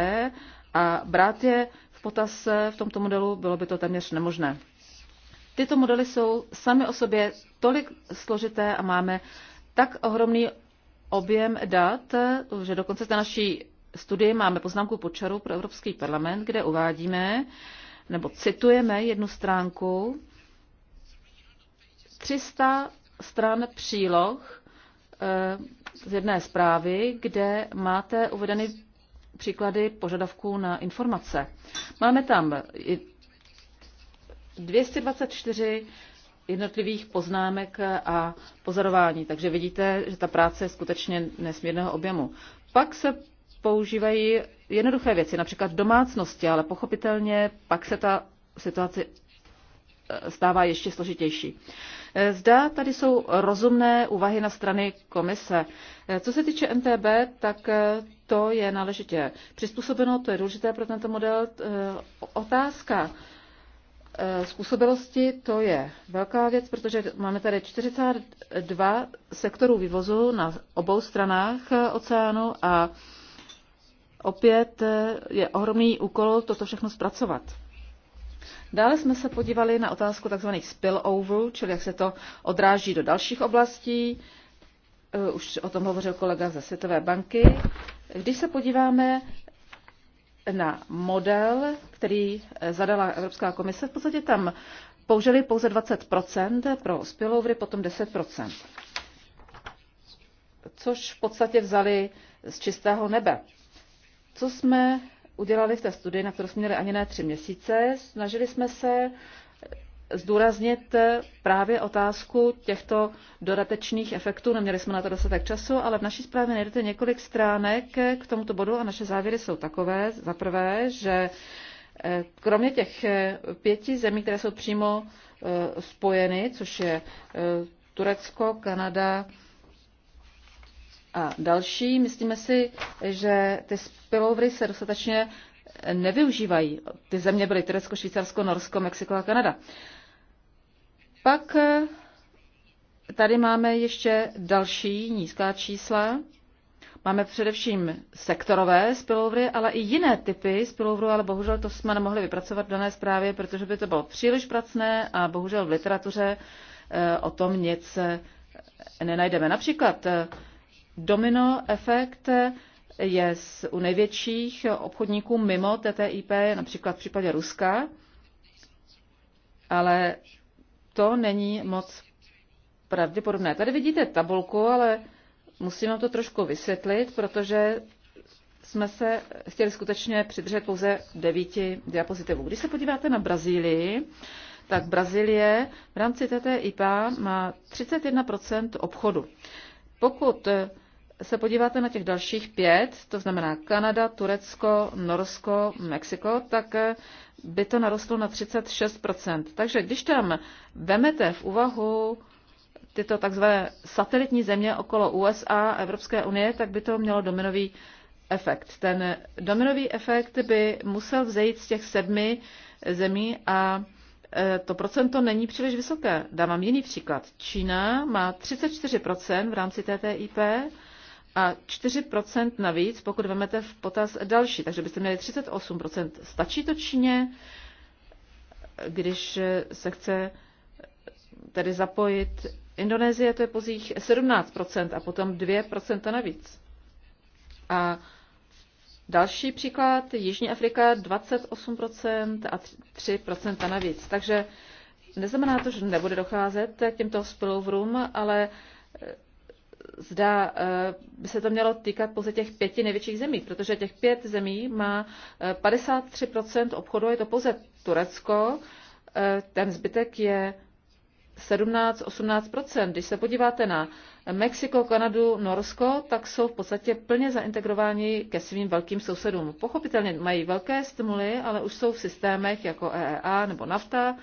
a brát je v potaz eh, v tomto modelu bylo by to téměř nemožné. Tyto modely jsou sami o sobě tolik složité a máme tak ohromný objem dat, eh, že dokonce na naší studii máme poznámku počaru pro Evropský parlament, kde uvádíme nebo citujeme jednu stránku 300 stran příloh eh, z jedné zprávy, kde máte uvedeny příklady požadavků na informace. Máme tam 224 jednotlivých poznámek a pozorování, takže vidíte, že ta práce je skutečně nesmírného objemu. Pak se používají jednoduché věci, například domácnosti, ale pochopitelně pak se ta situace eh, stává ještě složitější. Zda tady jsou rozumné úvahy na strany komise. Co se týče MTB, tak eh, to je náležitě přizpůsobeno, to je důležité pro tento model. Eh, otázka eh, způsobilosti, to je velká věc, protože máme tady 42 sektorů vývozu na obou stranách oceánu a opět je ohromný úkol toto všechno zpracovat. Dále jsme se podívali na otázku tzv. spillover, čili jak se to odráží do dalších oblastí. Eh, už o tom hovořil kolega ze Světové banky. Když se podíváme na model, který eh, zadala Evropská komise, v podstatě tam použili pouze 20 pro spillovery, potom 10 což v podstatě vzali z čistého nebe. Co jsme udělali v té studii, na kterou jsme měli ani ne tři měsíce. Snažili jsme se zdůraznit právě otázku těchto dodatečných efektů. Neměli jsme na to dostatek času, ale v naší zprávě najdete několik stránek k tomuto bodu a naše závěry jsou takové. Za prvé, že eh, kromě těch eh, pěti zemí, které jsou přímo eh, spojeny, což je Turecko, Kanada, a další. Myslíme si, že ty spillovery se dostatečně nevyužívají. Ty země byly Turecko, Švýcarsko, Norsko, Mexiko a Kanada. Pak eh, tady máme ještě další nízká čísla. Máme především sektorové spillovery, ale i jiné typy spillovery, ale bohužel to jsme nemohli vypracovat v dané zprávě, protože by to bylo příliš pracné a bohužel v literatuře eh, o tom nic eh, nenajdeme. Například domino efekt je u největších obchodníků mimo TTIP, například v případě Ruska, ale to není moc pravděpodobné. Tady vidíte tabulku, ale musím vám to trošku vysvětlit, protože jsme se chtěli skutečně přidržet pouze devíti diapozitivů. Když se podíváte na Brazílii, tak Brazílie v rámci TTIP má 31 obchodu. Pokud se podíváte na těch dalších pět, to znamená Kanada, Turecko, Norsko, Mexiko, tak eh, by to narostlo na 36%. Takže když tam vemete v úvahu tyto takzvané satelitní země okolo USA a Evropské unie, tak by to mělo dominový efekt. Ten dominový efekt by musel vzejít z těch sedmi zemí a eh, to procento není příliš vysoké. Dávám jiný příklad. Čína má 34% v rámci TTIP, a 4% navíc, pokud vezmete v potaz další. Takže byste měli 38%. Stačí to Číně, když se chce tedy zapojit Indonésie, to je pozích 17% a potom 2% navíc. A další příklad, Jižní Afrika 28% a 3% navíc. Takže neznamená to, že nebude docházet k těmto spillovrům, ale zda eh, by se to mělo týkat pouze těch pěti největších zemí, protože těch pět zemí má 53 eh, obchodu, je to pouze Turecko, eh, ten zbytek je 17-18 Když se podíváte na Mexiko, Kanadu, Norsko, tak jsou v podstatě plně zaintegrováni ke svým velkým sousedům. Pochopitelně mají velké stimuly, ale už jsou v systémech jako EEA nebo NAFTA,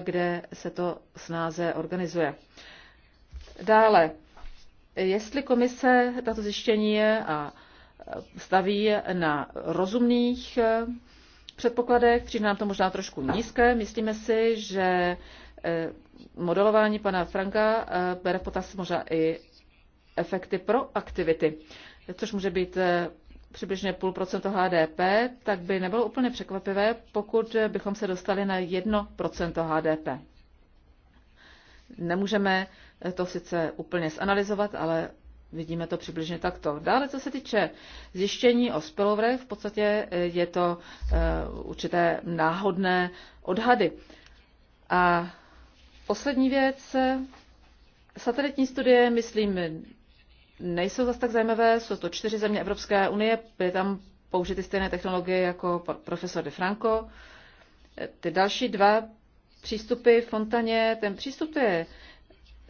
kde se to snáze organizuje. Dále, jestli komise tato zjištění a staví na rozumných eh, předpokladech, přijde nám to možná trošku nízké. Myslíme si, že eh, modelování pana Franka eh, bere v potaz možná i efekty pro aktivity, což může být přibližně půl procento HDP, tak by nebylo úplně překvapivé, pokud bychom se dostali na jedno procento HDP. Nemůžeme to sice úplně zanalizovat, ale vidíme to přibližně takto. Dále, co se týče zjištění o spillover, v podstatě eh, je to eh, určité náhodné odhady. A poslední věc, eh, satelitní studie, myslím, nejsou zase tak zajímavé, jsou to čtyři země Evropské unie, byly tam použity stejné technologie jako profesor De Franco. Ty další dva přístupy Fontaně, ten přístup je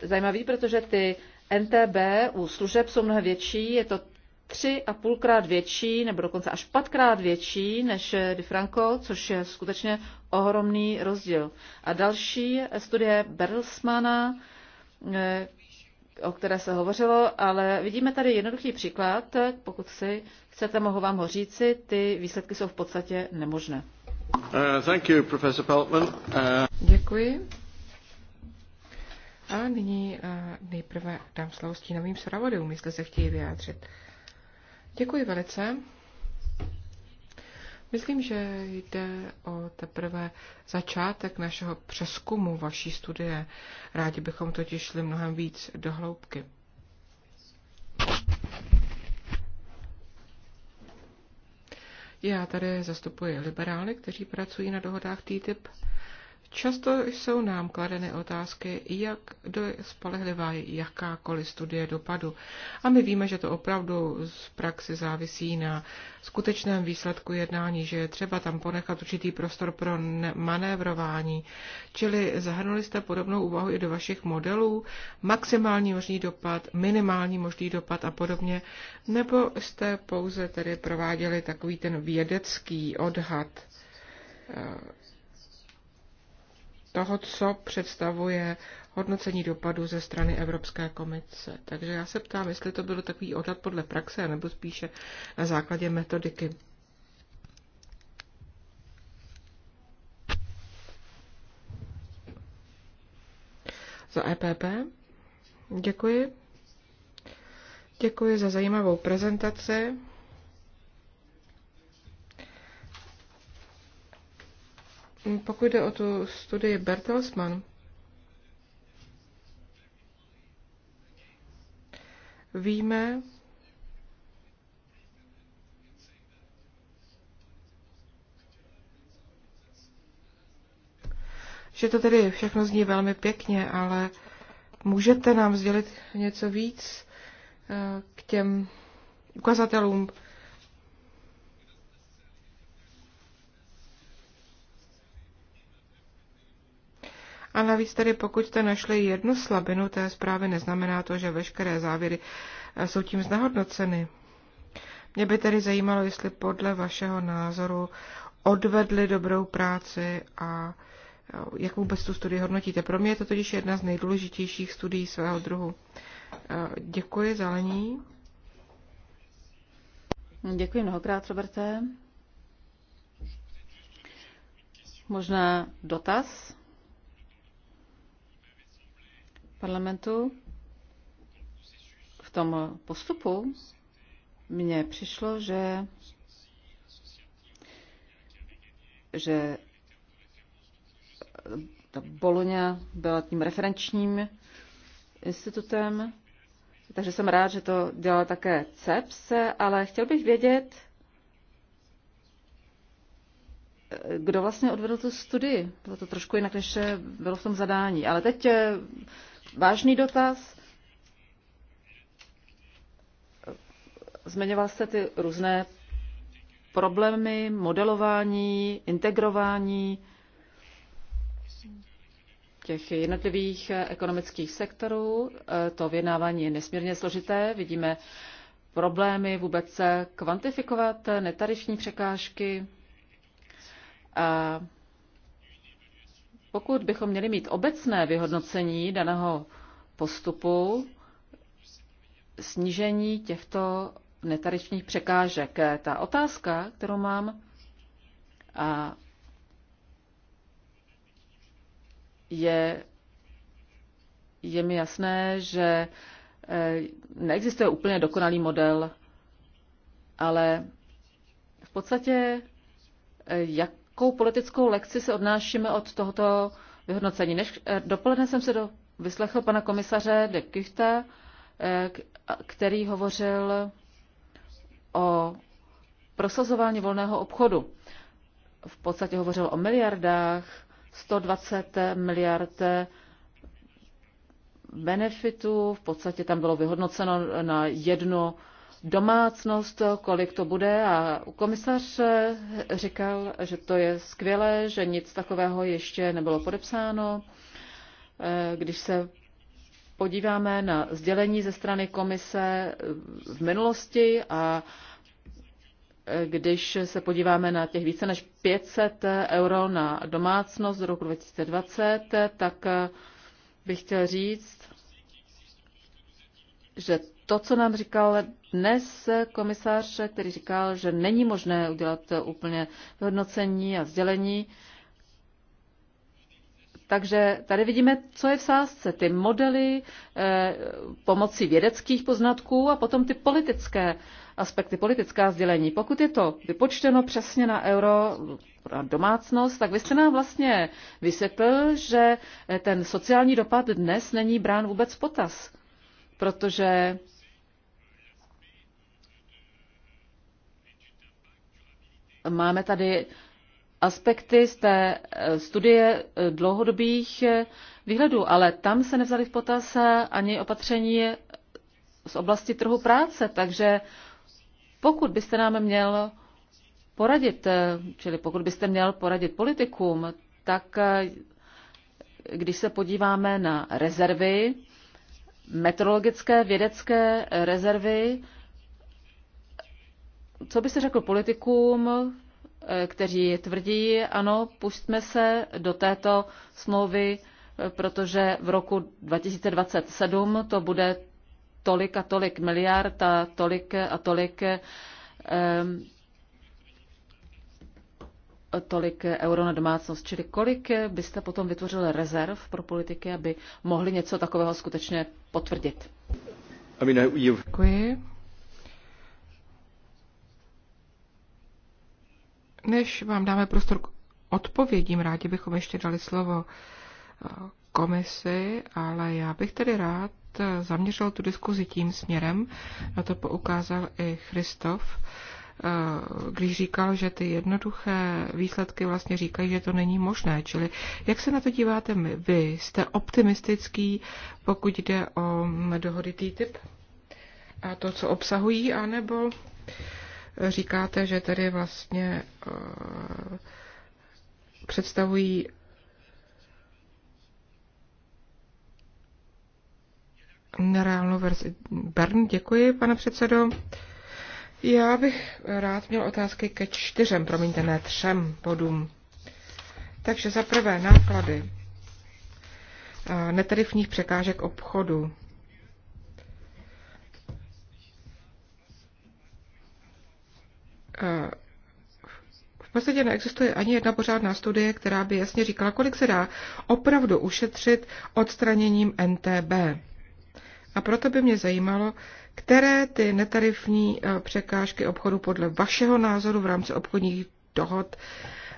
zajímavý, protože ty NTB u služeb jsou mnohem větší, je to tři a půlkrát větší, nebo dokonce až patkrát větší než Di Franco, což je skutečně ohromný rozdíl. A další studie Berlsmana, eh, o které se hovořilo, ale vidíme tady jednoduchý příklad, pokud si chcete, mohu vám ho říci, ty výsledky jsou v podstatě nemožné. Uh, thank you, professor Peltman. Uh... Děkuji. A nyní eh, nejprve dám slovo stínovým zpravodajům, jestli se chtějí vyjádřit. Děkuji velice. Myslím, že jde o teprve začátek našeho přeskumu vaší studie. Rádi bychom totiž šli mnohem víc do hloubky. Já tady zastupuji liberály, kteří pracují na dohodách TTIP Často jsou nám kladeny otázky, jak do spolehlivá je jakákoliv studie dopadu. A my víme, že to opravdu z praxi závisí na skutečném výsledku jednání, že je třeba tam ponechat určitý prostor pro manévrování. Čili zahrnuli jste podobnou úvahu i do vašich modelů, maximální možný dopad, minimální možný dopad a podobně, nebo jste pouze tedy prováděli takový ten vědecký odhad eh, toho, co představuje hodnocení dopadu ze strany Evropské komise. Takže já se ptám, jestli to byl takový odhad podle praxe, nebo spíše na základě metodiky. Za EPP děkuji. Děkuji za zajímavou prezentaci. Pokud jde o tu studii Bertelsmann, víme, že to tedy všechno zní velmi pěkně, ale můžete nám sdělit něco víc eh, k těm ukazatelům A navíc tedy, pokud jste našli jednu slabinu té zprávy, neznamená to, že veškeré závěry eh, jsou tím znehodnoceny. Mě by tedy zajímalo, jestli podle vašeho názoru odvedli dobrou práci a eh, jak vůbec tu studii hodnotíte. Pro mě je to totiž jedna z nejdůležitějších studií svého druhu. Eh, děkuji, Zelení. Děkuji mnohokrát, Roberte. Možná dotaz? parlamentu v tom postupu mně přišlo, že, že ta Boloňa byla tím referenčním institutem, takže jsem rád, že to dělala také CEPS, ale chtěl bych vědět, kdo vlastně odvedl tu studii. Bylo to trošku jinak, než bylo v tom zadání. Ale teď vážný dotaz. Zmiňoval jste ty různé problémy, modelování, integrování těch jednotlivých ekonomických sektorů. To vyjednávání je nesmírně složité. Vidíme problémy vůbec kvantifikovat netarifní překážky. A pokud bychom měli mít obecné vyhodnocení daného postupu, snížení těchto netaričních překážek. Ta otázka, kterou mám, a je, je mi jasné, že eh, neexistuje úplně dokonalý model, ale v podstatě eh, jak jakou politickou lekci se odnášíme od tohoto vyhodnocení. Než, eh, dopoledne jsem se do, vyslechl pana komisaře de Kuchta, eh, který hovořil o prosazování volného obchodu. V podstatě hovořil o miliardách, 120 miliard benefitů, v podstatě tam bylo vyhodnoceno na jedno domácnost, kolik to bude. A komisař eh, říkal, že to je skvělé, že nic takového ještě nebylo podepsáno. Eh, když se podíváme na sdělení ze strany komise eh, v minulosti a když se podíváme na těch více než 500 euro na domácnost z roku 2020, tak bych chtěl říct, že to, co nám říkal dnes komisář, který říkal, že není možné udělat úplně hodnocení a sdělení. Takže tady vidíme, co je v sázce. Ty modely eh, pomocí vědeckých poznatků a potom ty politické aspekty, politická sdělení. Pokud je to vypočteno přesně na euro, na domácnost, tak vy jste nám vlastně vysvětlil, že ten sociální dopad dnes není brán vůbec potaz, protože Máme tady aspekty z té eh, studie eh, dlouhodobých eh, výhledů, ale tam se nevzali v potaz ani opatření z oblasti trhu práce, takže pokud byste nám měl poradit, čili pokud byste měl poradit politikům, tak když se podíváme na rezervy, meteorologické vědecké rezervy, co byste řekl politikům, eh, kteří tvrdí, ano, pustme se do této smlouvy, eh, protože v roku 2027 to bude tolik a tolik miliard a tolik a tolik um, tolik euro na domácnost. Čili kolik byste potom vytvořil rezerv pro politiky, aby mohli něco takového skutečně potvrdit? Uh, Děkuji. Než vám dáme prostor k odpovědím, rádi bychom ještě dali slovo eh, komisi, ale já bych tedy rád eh, zaměřil tu diskuzi tím směrem, na to poukázal i Christof, eh, když říkal, že ty jednoduché výsledky vlastně říkají, že to není možné. Čili jak se na to díváte my? Vy jste optimistický, pokud jde o dohody TTIP a to, co obsahují, anebo říkáte, že tedy vlastně eh, představují nereálnou verzi. Bern, děkuji, pane předsedo. Já bych rád měl otázky ke čtyřem, promiňte, ne třem bodům. Takže za prvé náklady eh, netarifních překážek obchodu. Eh, v podstatě neexistuje ani jedna pořádná studie, která by jasně říkala, kolik se dá opravdu ušetřit odstraněním NTB. A proto by mě zajímalo, které ty netarifní eh, překážky obchodu podle vašeho názoru v rámci obchodních dohod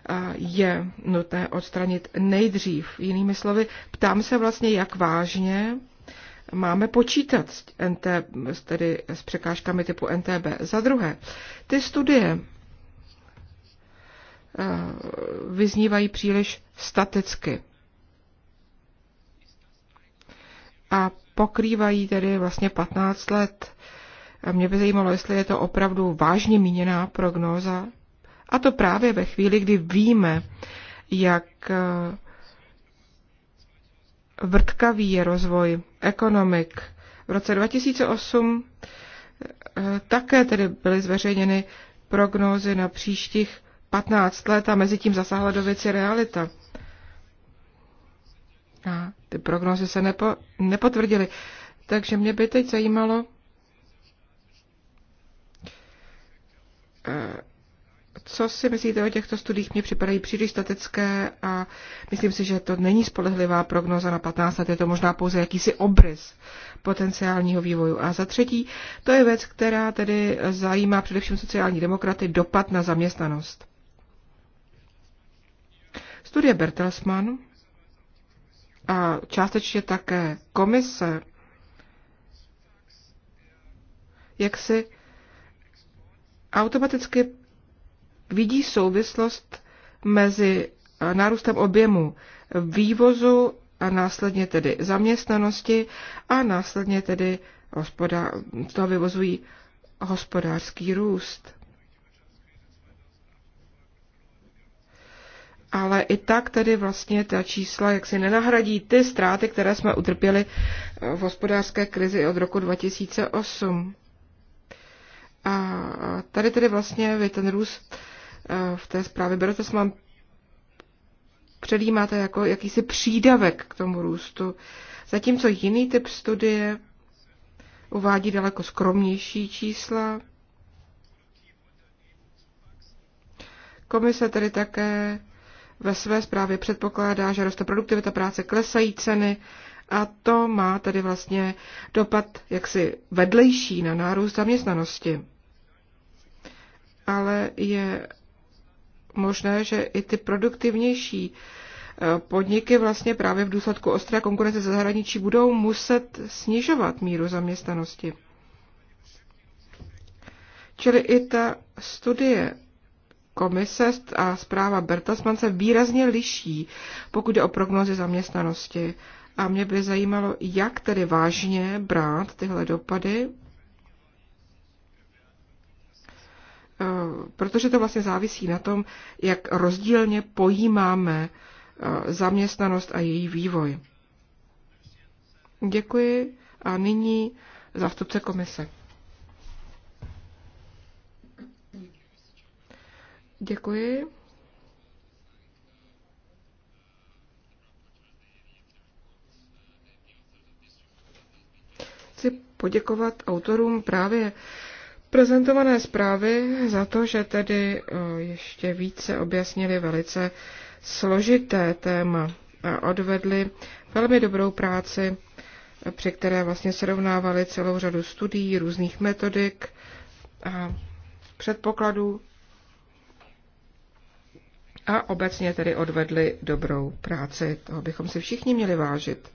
eh, je nutné odstranit nejdřív. Jinými slovy, ptám se vlastně, jak vážně máme počítat s, NT, tedy s překážkami typu NTB. Za druhé, ty studie eh, vyznívají příliš staticky a pokrývají tedy vlastně 15 let. A mě by zajímalo, jestli je to opravdu vážně míněná prognóza. A to právě ve chvíli, kdy víme, jak eh, vrtkavý je rozvoj ekonomik. V roce 2008 eh, také tedy byly zveřejněny prognózy na příštích 15 let a mezi tím zasáhla do věci realita. A ty prognózy se nepo, nepotvrdily. Takže mě by teď zajímalo, eh, co si myslíte o těchto studiích? Mně připadají příliš statické a myslím si, že to není spolehlivá prognoza na 15 let, je to možná pouze jakýsi obrys potenciálního vývoju. A za třetí, to je věc, která tedy zajímá především sociální demokraty, dopad na zaměstnanost. Studie Bertelsmann a částečně také komise, jak si automaticky vidí souvislost mezi eh, nárůstem objemu vývozu a následně tedy zaměstnanosti a následně tedy hospoda, z toho vyvozují hospodářský růst. Ale i tak tedy vlastně ta čísla jak si nenahradí ty ztráty, které jsme utrpěli eh, v hospodářské krizi od roku 2008. A tady tedy vlastně vy ten růst v té zprávě Bertelsmann předjímáte jako jakýsi přídavek k tomu růstu, zatímco jiný typ studie uvádí daleko skromnější čísla. Komise tedy také ve své zprávě předpokládá, že roste produktivita práce, klesají ceny a to má tedy vlastně dopad jaksi vedlejší na nárůst zaměstnanosti. Ale je možné, že i ty produktivnější eh, podniky vlastně právě v důsledku ostré konkurence ze zahraničí budou muset snižovat míru zaměstnanosti. Čili i ta studie komise a zpráva Bertasman se výrazně liší, pokud jde o prognózy zaměstnanosti. A mě by zajímalo, jak tedy vážně brát tyhle dopady Eh, protože to vlastně závisí na tom, jak rozdílně pojímáme eh, zaměstnanost a její vývoj. Děkuji a nyní zástupce komise. Děkuji. Chci poděkovat autorům právě prezentované zprávy za to, že tedy e, ještě více objasnili velice složité téma a odvedli velmi dobrou práci, při které vlastně srovnávali celou řadu studií, různých metodik a předpokladů a obecně tedy odvedli dobrou práci. Toho bychom si všichni měli vážit.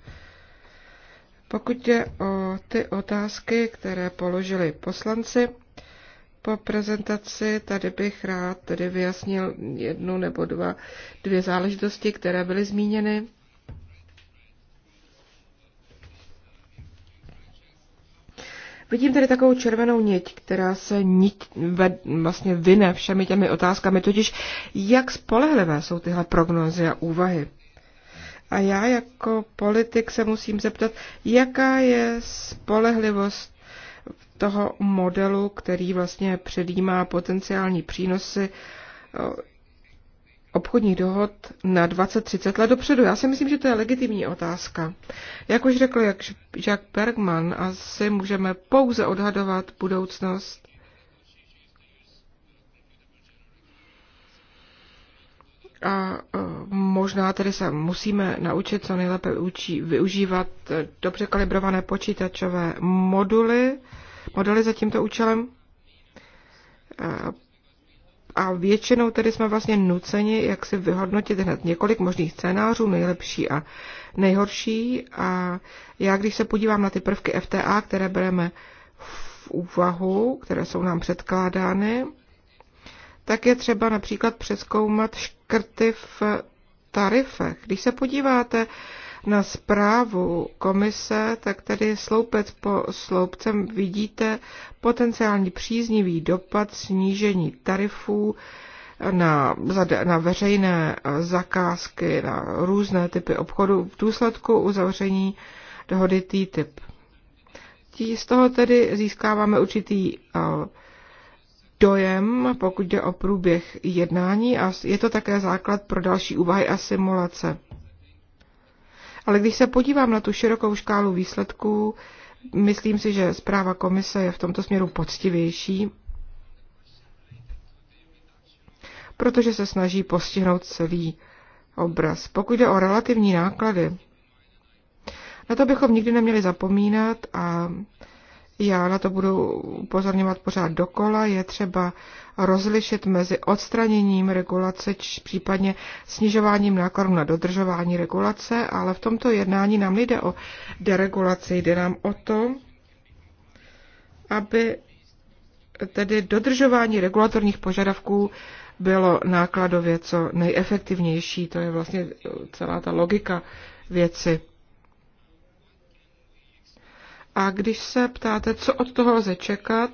Pokud je o ty otázky, které položili poslanci, po prezentaci. Tady bych rád tedy vyjasnil jednu nebo dva, dvě záležitosti, které byly zmíněny. Vidím tady takovou červenou niť, která se niť, ve, vlastně vyne všemi těmi otázkami, totiž jak spolehlivé jsou tyhle prognózy a úvahy. A já jako politik se musím zeptat, jaká je spolehlivost toho modelu, který vlastně předjímá potenciální přínosy eh, obchodních dohod na 20-30 let dopředu? Já si myslím, že to je legitimní otázka. Jak už řekl jak Jacques Bergman, asi můžeme pouze odhadovat budoucnost a e, možná tedy se musíme naučit co nejlépe učí, využívat e, dobře kalibrované počítačové moduly, Moduly za tímto účelem. E, a většinou tedy jsme vlastně nuceni, jak si vyhodnotit hned několik možných scénářů, nejlepší a nejhorší. A já, když se podívám na ty prvky FTA, které bereme v úvahu, které jsou nám předkládány, tak je třeba například přeskoumat škrty v tarifech. Když se podíváte na zprávu komise, tak tady sloupec po sloupcem vidíte potenciální příznivý dopad snížení tarifů na, na veřejné zakázky, na různé typy obchodu v důsledku uzavření dohody TTIP. Z toho tedy získáváme určitý eh, dojem, pokud jde o průběh jednání a je to také základ pro další úvahy a simulace. Ale když se podívám na tu širokou škálu výsledků, myslím si, že zpráva komise je v tomto směru poctivější, protože se snaží postihnout celý obraz. Pokud jde o relativní náklady, na to bychom nikdy neměli zapomínat a já na to budu upozorňovat pořád dokola. Je třeba rozlišit mezi odstraněním regulace, či případně snižováním nákladů na dodržování regulace, ale v tomto jednání nám nejde o deregulaci, jde nám o to, aby tedy dodržování regulatorních požadavků bylo nákladově co nejefektivnější. To je vlastně celá ta logika věci. A když se ptáte, co od toho lze čekat,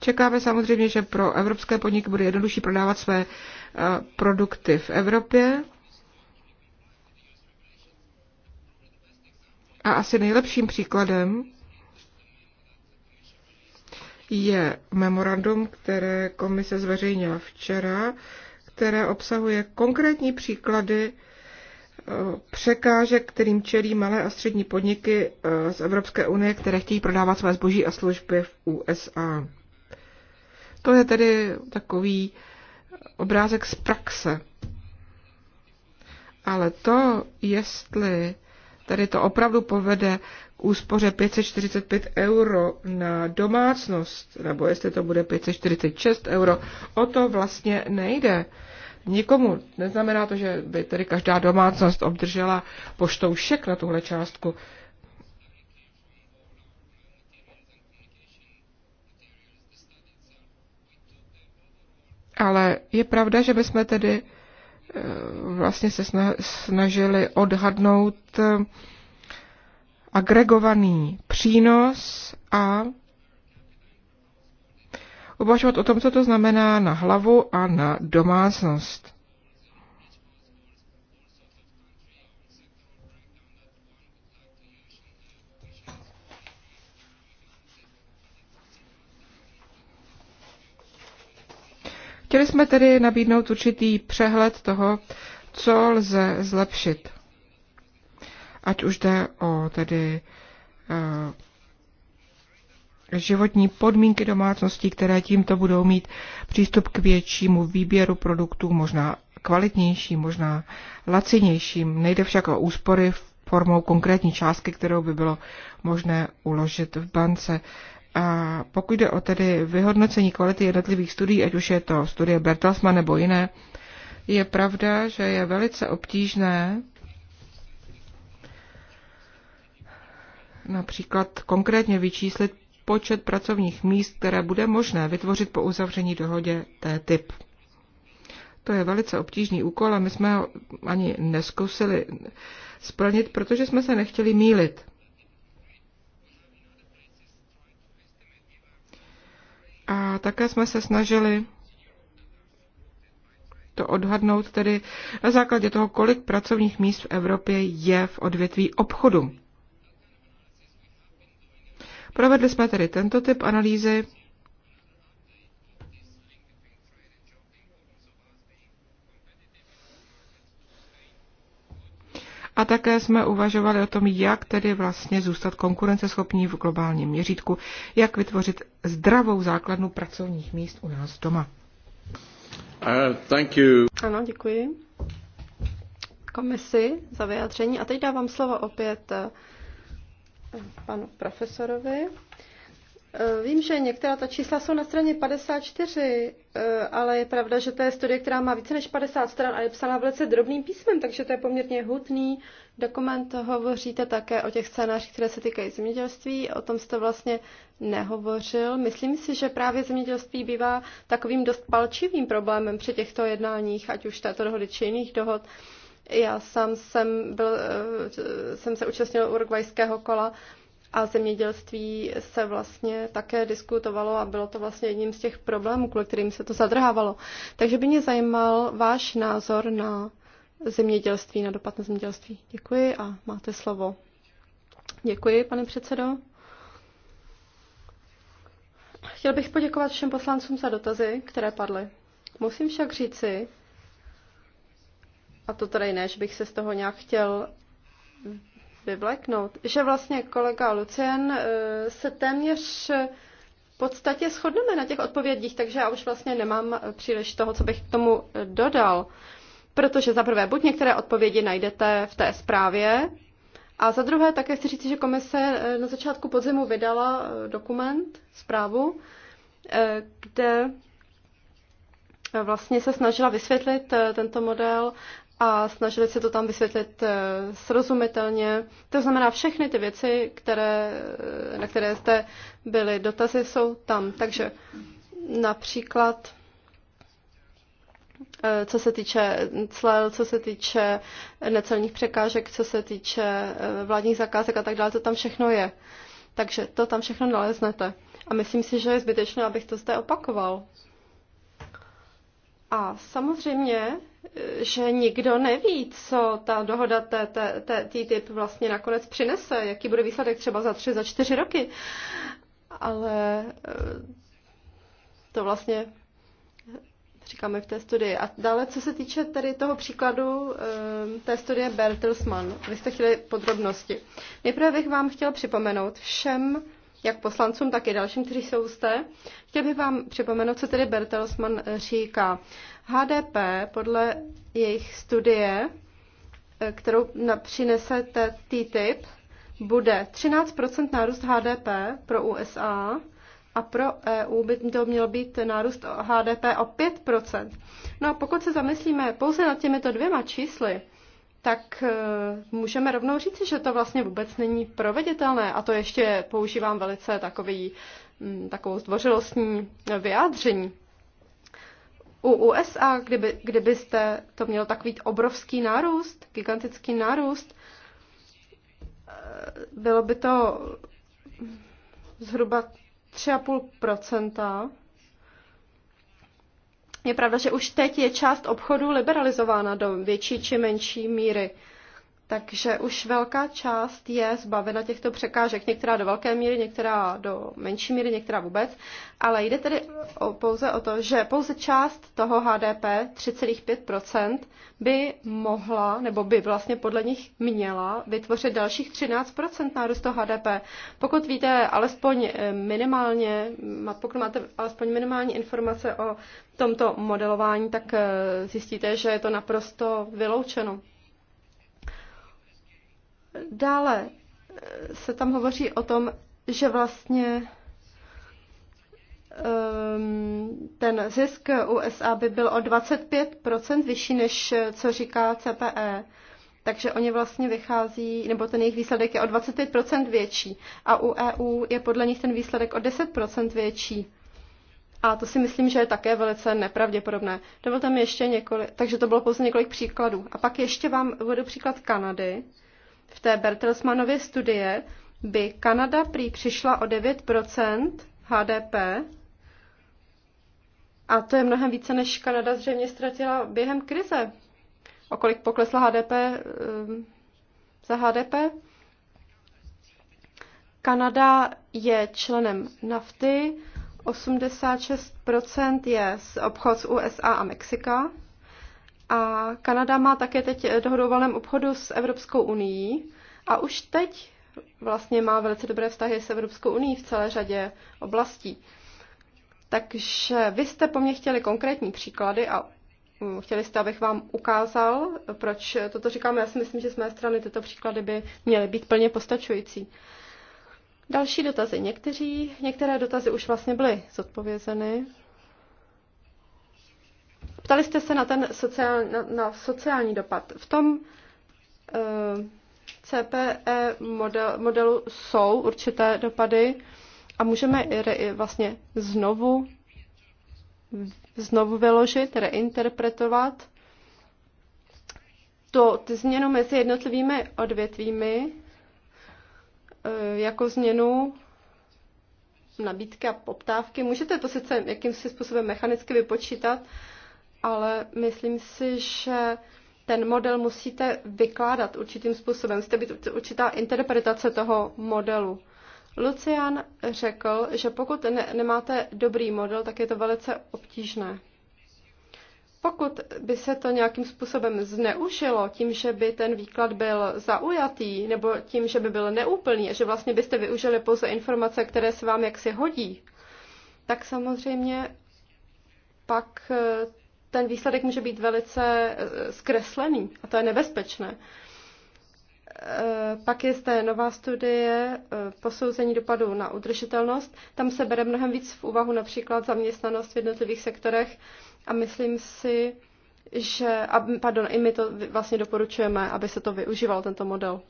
čekáme samozřejmě, že pro evropské podniky bude jednodušší prodávat své eh, produkty v Evropě. A asi nejlepším příkladem je memorandum, které komise zveřejnila včera, které obsahuje konkrétní příklady překážek, kterým čelí malé a střední podniky eh, z Evropské unie, které chtějí prodávat své zboží a služby v USA. To je tedy takový obrázek z praxe. Ale to, jestli tady to opravdu povede k úspoře 545 euro na domácnost, nebo jestli to bude 546 euro, o to vlastně nejde nikomu. Neznamená to, že by tedy každá domácnost obdržela poštou šek na tuhle částku. Ale je pravda, že bychom tedy eh, vlastně se snažili odhadnout eh, agregovaný přínos a uvažovat o tom, co to znamená na hlavu a na domácnost. Chtěli jsme tedy nabídnout určitý přehled toho, co lze zlepšit. Ať už jde o tedy eh, životní podmínky domácností, které tímto budou mít přístup k většímu výběru produktů, možná kvalitnější, možná lacinějším. Nejde však o úspory formou konkrétní částky, kterou by bylo možné uložit v bance. A pokud jde o tedy vyhodnocení kvality jednotlivých studií, ať už je to studie Bertelsmann nebo jiné, je pravda, že je velice obtížné například konkrétně vyčíslit počet pracovních míst, které bude možné vytvořit po uzavření dohodě TTIP. To je velice obtížný úkol a my jsme ho ani neskusili splnit, protože jsme se nechtěli mílit. A také jsme se snažili to odhadnout tedy na základě toho, kolik pracovních míst v Evropě je v odvětví obchodu. Provedli jsme tedy tento typ analýzy. A také jsme uvažovali o tom, jak tedy vlastně zůstat konkurenceschopní v globálním měřítku, jak vytvořit zdravou základnu pracovních míst u nás doma. Uh, thank you. Ano, děkuji komisi za vyjádření. A teď dávám slovo opět panu profesorovi. Eh, vím, že některá ta čísla jsou na straně 54, eh, ale je pravda, že to je studie, která má více než 50 stran a je psaná velice drobným písmem, takže to je poměrně hutný dokument. Hovoříte také o těch scénářích, které se týkají zemědělství, o tom jste vlastně nehovořil. Myslím si, že právě zemědělství bývá takovým dost palčivým problémem při těchto jednáních, ať už této dohody či jiných dohod. Já sám jsem, byl, eh, jsem se účastnil urugvajského kola a zemědělství se vlastně také diskutovalo a bylo to vlastně jedním z těch problémů, kvůli kterým se to zadrhávalo. Takže by mě zajímal váš názor na zemědělství, na dopad na zemědělství. Děkuji a máte slovo. Děkuji, pane předsedo. Chtěl bych poděkovat všem poslancům za dotazy, které padly. Musím však říci, a to tady ne, že bych se z toho nějak chtěl vyvleknout, že vlastně kolega Lucien eh, se téměř eh, v podstatě shodneme na těch odpovědích, takže já už vlastně nemám eh, příliš toho, co bych k tomu dodal. Protože za prvé, buď některé odpovědi najdete v té zprávě, a za druhé také chci říct, že komise na začátku podzimu vydala dokument, zprávu, kde vlastně se snažila vysvětlit tento model a snažili se to tam vysvětlit eh, srozumitelně. To znamená, všechny ty věci, které, eh, na které jste byli dotazy, jsou tam. Takže například eh, co se týče cel, co se týče necelních překážek, co se týče vládních zakázek a tak dále, to tam všechno je. Takže to tam všechno naleznete. A myslím si, že je zbytečné, abych to zde opakoval. A samozřejmě že nikdo neví, co ta dohoda TTIP vlastně nakonec přinese, jaký bude výsledek třeba za tři, za čtyři roky. Ale eh, to vlastně říkáme v té studii. A dále, co se týče tady toho příkladu eh, té studie Bertelsmann, vy jste chtěli podrobnosti. Nejprve bych vám chtěla připomenout všem, jak poslancům, tak i dalším, kteří jsou zde. Chtěl bych vám připomenout, co tedy Bertelsmann říká. HDP podle jejich studie, eh, kterou přinese TTIP, bude 13 nárůst HDP pro USA a pro EU by to měl být nárůst HDP o 5 No a pokud se zamyslíme pouze nad těmito dvěma čísly, tak eh, můžeme rovnou říci, že to vlastně vůbec není proveditelné. A to ještě používám velice takový, mm, takovou zdvořilostní eh, vyjádření. U USA, kdyby, kdybyste to měl takový obrovský nárůst, gigantický nárůst, eh, bylo by to zhruba 3,5 Je pravda, že už teď je část obchodu liberalizována do větší či menší míry. Takže už velká část je zbavena těchto překážek, některá do velké míry, některá do menší míry, některá vůbec. Ale jde tedy o, pouze o to, že pouze část toho HDP, 3,5%, by mohla, nebo by vlastně podle nich měla vytvořit dalších 13% nárůstu HDP. Pokud víte alespoň eh, minimálně, mm, pokud máte alespoň minimální informace o tomto modelování, tak eh, zjistíte, že je to naprosto vyloučeno. Dále eh, se tam hovoří o tom, že vlastně ehm, ten zisk USA by byl o 25% vyšší, než eh, co říká CPE. Takže oni vlastně vychází, nebo ten jejich výsledek je o 25% větší. A u EU je podle nich ten výsledek o 10% větší. A to si myslím, že je také velice nepravděpodobné. Dovolte mi ještě několik, takže to bylo pouze několik příkladů. A pak ještě vám uvedu příklad Kanady v té Bertelsmanově studie by Kanada prý přišla o 9 HDP, a to je mnohem více, než Kanada zřejmě ztratila během krize. O kolik poklesla HDP ehm, za HDP? Kanada je členem nafty, 86% je obchod z USA a Mexika, a Kanada má také teď dohodu o volném obchodu s Evropskou unii a už teď vlastně má velice dobré vztahy s Evropskou unii v celé řadě oblastí. Takže vy jste po mně chtěli konkrétní příklady a mm, chtěli jste, abych vám ukázal, proč toto říkám. Já si myslím, že z mé strany tyto příklady by měly být plně postačující. Další dotazy. Někteří, některé dotazy už vlastně byly zodpovězeny. Ptali jste se na ten sociál, na, na sociální dopad. V tom uh, eh, CPE model, modelu jsou určité dopady a můžeme i vlastně znovu znovu vyložit, reinterpretovat to, ty změnu mezi jednotlivými odvětvími eh, jako změnu nabídky a poptávky. Můžete to sice jakýmsi způsobem mechanicky vypočítat, ale myslím si, že ten model musíte vykládat určitým způsobem. Musíte být určitá interpretace toho modelu. Lucian řekl, že pokud ne- nemáte dobrý model, tak je to velice obtížné. Pokud by se to nějakým způsobem zneužilo tím, že by ten výklad byl zaujatý nebo tím, že by byl neúplný a že vlastně byste využili pouze informace, které se vám jaksi hodí, tak samozřejmě pak eh, ten výsledek může být velice eh, zkreslený a to je nebezpečné. Eh, pak je zde nová studie eh, posouzení dopadu na udržitelnost. Tam se bere mnohem víc v úvahu například zaměstnanost v jednotlivých sektorech a myslím si, že, a, pardon, i my to vlastně doporučujeme, aby se to využíval, tento model.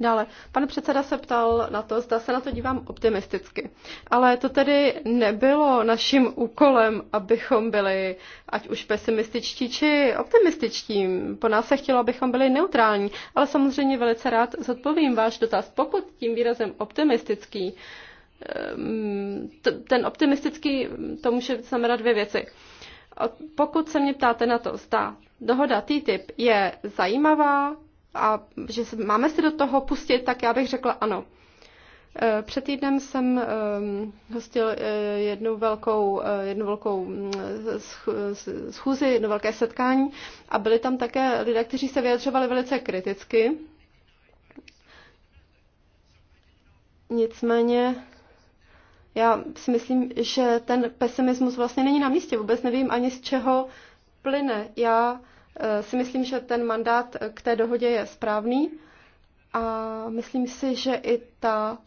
Dále, pan předseda se ptal na to, zda se na to dívám optimisticky. Ale to tedy nebylo naším úkolem, abychom byli ať už pesimističtí či optimističtí. Po nás se chtělo, abychom byli neutrální. Ale samozřejmě velice rád zodpovím váš dotaz. Pokud tím výrazem optimistický, ehm, ten optimistický, to může znamenat dvě věci. Pokud se mě ptáte na to, zda dohoda TTIP je zajímavá, a že se, máme se do toho pustit, tak já bych řekla ano. Eh, před týdnem jsem ehm, hostil eh, jednu velkou, eh, jednu velkou mm, schůzi, jedno velké setkání a byli tam také lidé, kteří se vyjadřovali velice kriticky. Nicméně já si myslím, že ten pesimismus vlastně není na místě. Vůbec nevím ani z čeho plyne. Já Eh, si myslím, že ten mandát k té dohodě je správný a myslím si, že i ta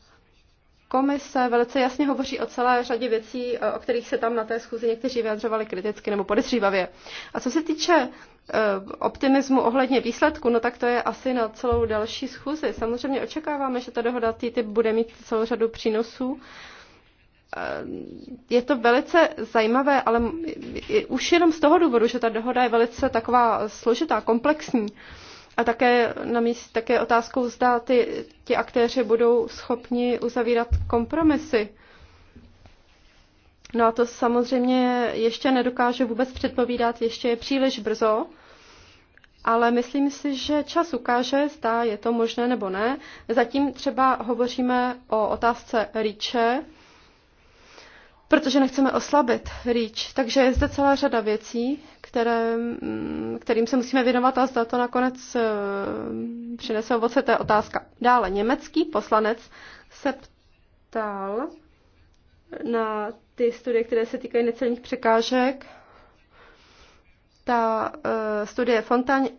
komise velice jasně hovoří o celé řadě věcí, eh, o kterých se tam na té schůzi někteří vyjadřovali kriticky nebo podezřívavě. A co se týče eh, optimismu ohledně výsledku, no tak to je asi na celou další schůzi. Samozřejmě očekáváme, že ta dohoda TTIP bude mít celou řadu přínosů. Ehm, je to velice zajímavé, ale už jenom z toho důvodu, že ta dohoda je velice taková složitá, komplexní. A také na místě také otázkou zda ty, ti aktéři budou schopni uzavírat kompromisy. No a to samozřejmě ještě nedokáže vůbec předpovídat, ještě je příliš brzo, ale myslím si, že čas ukáže, zda je to možné nebo ne. Zatím třeba hovoříme o otázce Riče, protože nechceme oslabit REACH. Takže je zde celá řada věcí, které, mm, kterým se musíme věnovat a zda to nakonec eh, přinese ovoce, to je otázka. Dále, německý poslanec se ptal na ty studie, které se týkají necelních překážek. Ta eh, studie Fontaň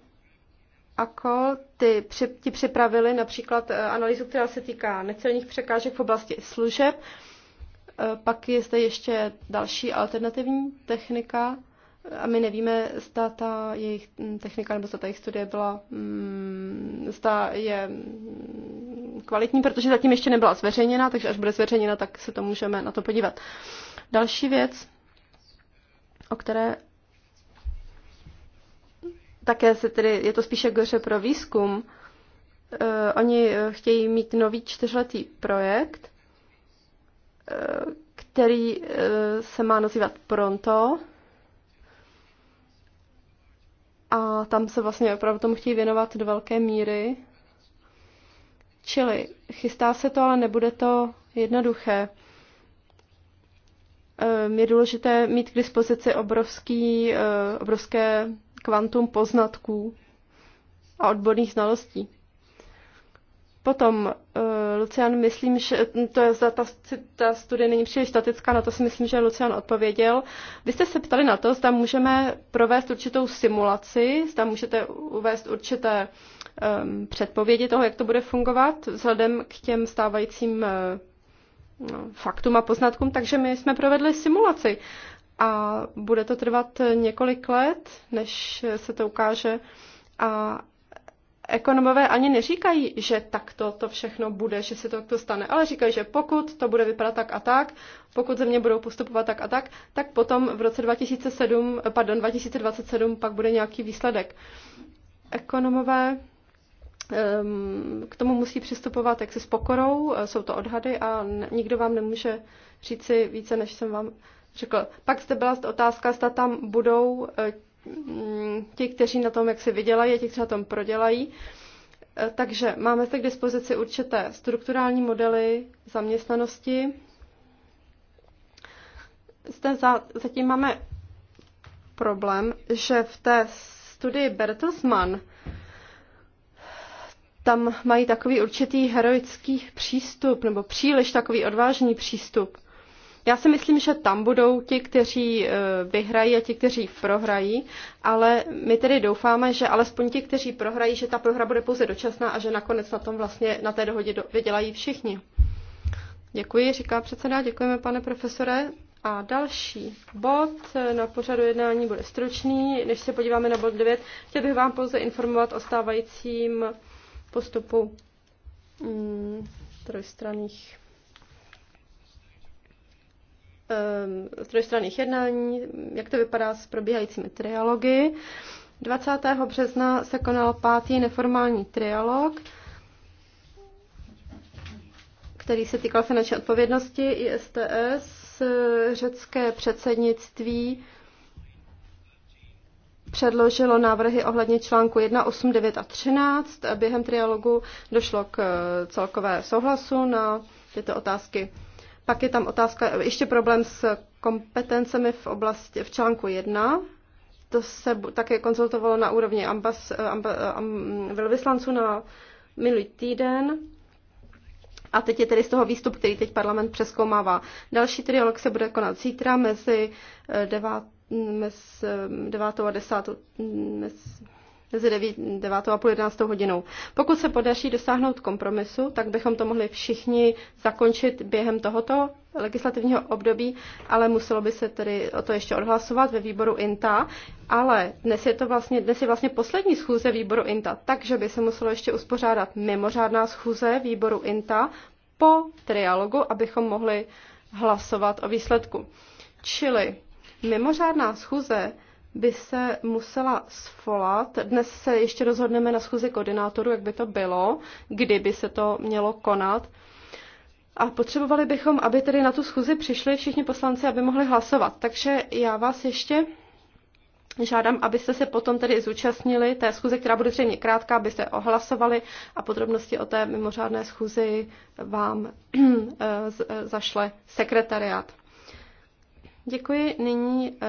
Kol, ty ti připravili například eh, analýzu, která se týká necelních překážek v oblasti služeb Eh, pak je zde ještě další alternativní technika a my nevíme, zda ta jejich hm, technika nebo zda ta jejich studie byla, hm, zda je hm, kvalitní, protože zatím ještě nebyla zveřejněna, takže až bude zveřejněna, tak se to můžeme na to podívat. Další věc, o které také se tedy, je to spíše goře pro výzkum, eh, oni eh, chtějí mít nový čtyřletý projekt, který eh, se má nazývat Pronto. A tam se vlastně opravdu tomu chtějí věnovat do velké míry. Čili chystá se to, ale nebude to jednoduché. Ehm, je důležité mít k dispozici obrovský, eh, obrovské kvantum poznatků a odborných znalostí. Potom, uh, Lucian, myslím, že to je, ta, ta studie není příliš statická, na to si myslím, že Lucian odpověděl. Vy jste se ptali na to, zda můžeme provést určitou simulaci, zda můžete uvést určité um, předpovědi toho, jak to bude fungovat, vzhledem k těm stávajícím uh, faktům a poznatkům, takže my jsme provedli simulaci. A bude to trvat eh, několik let, než se to ukáže. A ekonomové ani neříkají, že takto to všechno bude, že se to takto stane, ale říkají, že pokud to bude vypadat tak a tak, pokud země budou postupovat tak a tak, tak potom v roce 2007, pardon, 2027 pak bude nějaký výsledek. Ekonomové ehm, k tomu musí přistupovat se s pokorou, e, jsou to odhady a nikdo vám nemůže říci více, než jsem vám řekl. Pak zde byla otázka, zda tam budou e, Mm, ti, kteří na tom jak si vydělají a ti, kteří na tom prodělají. Eh, takže máme zde k dispozici určité strukturální modely zaměstnanosti. Zde za, zatím máme problém, že v té studii Bertelsmann tam mají takový určitý heroický přístup, nebo příliš takový odvážný přístup. Já si myslím, že tam budou ti, kteří eh, vyhrají a ti, kteří prohrají, ale my tedy doufáme, že alespoň ti, kteří prohrají, že ta prohra bude pouze dočasná a že nakonec na tom vlastně na té dohodě vydělají všichni. Děkuji, říká předseda, děkujeme pane profesore. A další bod na pořadu jednání bude stručný. Než se podíváme na bod 9, chtěl bych vám pouze informovat o stávajícím postupu mm, trojstranných z ehm, trojstranných jednání, jak to vypadá s probíhajícími trialogy. 20. března se konal pátý neformální trialog, který se týkal finanční odpovědnosti ISTS. Řecké předsednictví předložilo návrhy ohledně článku 1, 8, 9 a 13. Během trialogu došlo k celkové souhlasu na tyto otázky. Pak je tam otázka, ještě problém s kompetencemi v oblasti, v článku 1. To se také konzultovalo na úrovni ambas, amba, am, velvyslanců na minulý týden. A teď je tedy z toho výstup, který teď parlament přeskoumává. Další trialog se bude konat zítra mezi 9, mezi a 10 mezi 9. a 11. hodinou. Pokud se podaří dosáhnout kompromisu, tak bychom to mohli všichni zakončit během tohoto legislativního období, ale muselo by se tedy o to ještě odhlasovat ve výboru INTA, ale dnes je to vlastně, dnes je vlastně poslední schůze výboru INTA, takže by se muselo ještě uspořádat mimořádná schůze výboru INTA po trialogu, abychom mohli hlasovat o výsledku. Čili mimořádná schůze by se musela svolat. Dnes se ještě rozhodneme na schůzi koordinátorů, jak by to bylo, kdyby se to mělo konat. A potřebovali bychom, aby tedy na tu schůzi přišli všichni poslanci, aby mohli hlasovat. Takže já vás ještě žádám, abyste se potom tedy zúčastnili té schůze, která bude zřejmě krátká, abyste ohlasovali a podrobnosti o té mimořádné schůzi vám zašle sekretariát. Děkuji. Nyní eh,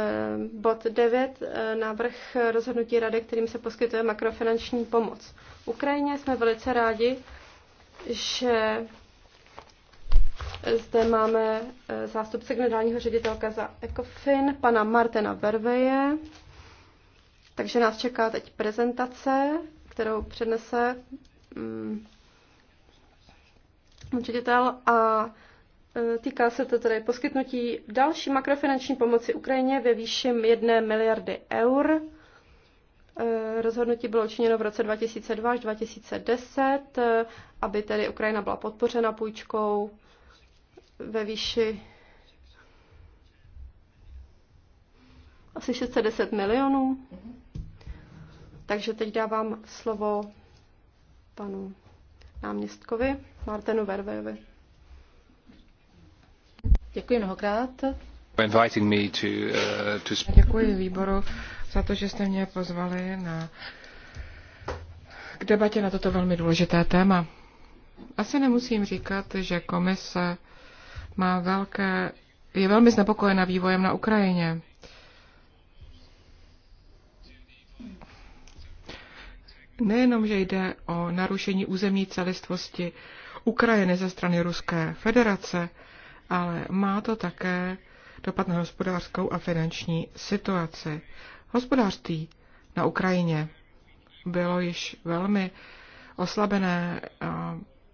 bod 9, eh, návrh rozhodnutí Rady, kterým se poskytuje makrofinanční pomoc. Ukrajině jsme velice rádi, že zde máme eh, zástupce generálního ředitelka za ECOFIN, pana Martina Verveje. Takže nás čeká teď prezentace, kterou přednese um, ředitel a Eh, týká se to tedy poskytnutí další makrofinanční pomoci Ukrajině ve výši 1 miliardy eur. Eh, rozhodnutí bylo učiněno v roce 2002 až 2010, eh, aby tedy Ukrajina byla podpořena půjčkou ve výši asi 610 milionů. Takže teď dávám slovo panu náměstkovi Martinu Vervejovi. Děkuji mnohokrát. Uh, Děkuji výboru za to, že jste mě pozvali na k debatě na toto velmi důležité téma. Asi nemusím říkat, že komise má velké, je velmi znepokojena vývojem na Ukrajině. Nejenom, že jde o narušení územní celistvosti Ukrajiny ze strany Ruské federace, ale má to také dopad na hospodářskou a finanční situaci. Hospodářství na Ukrajině bylo již velmi oslabené,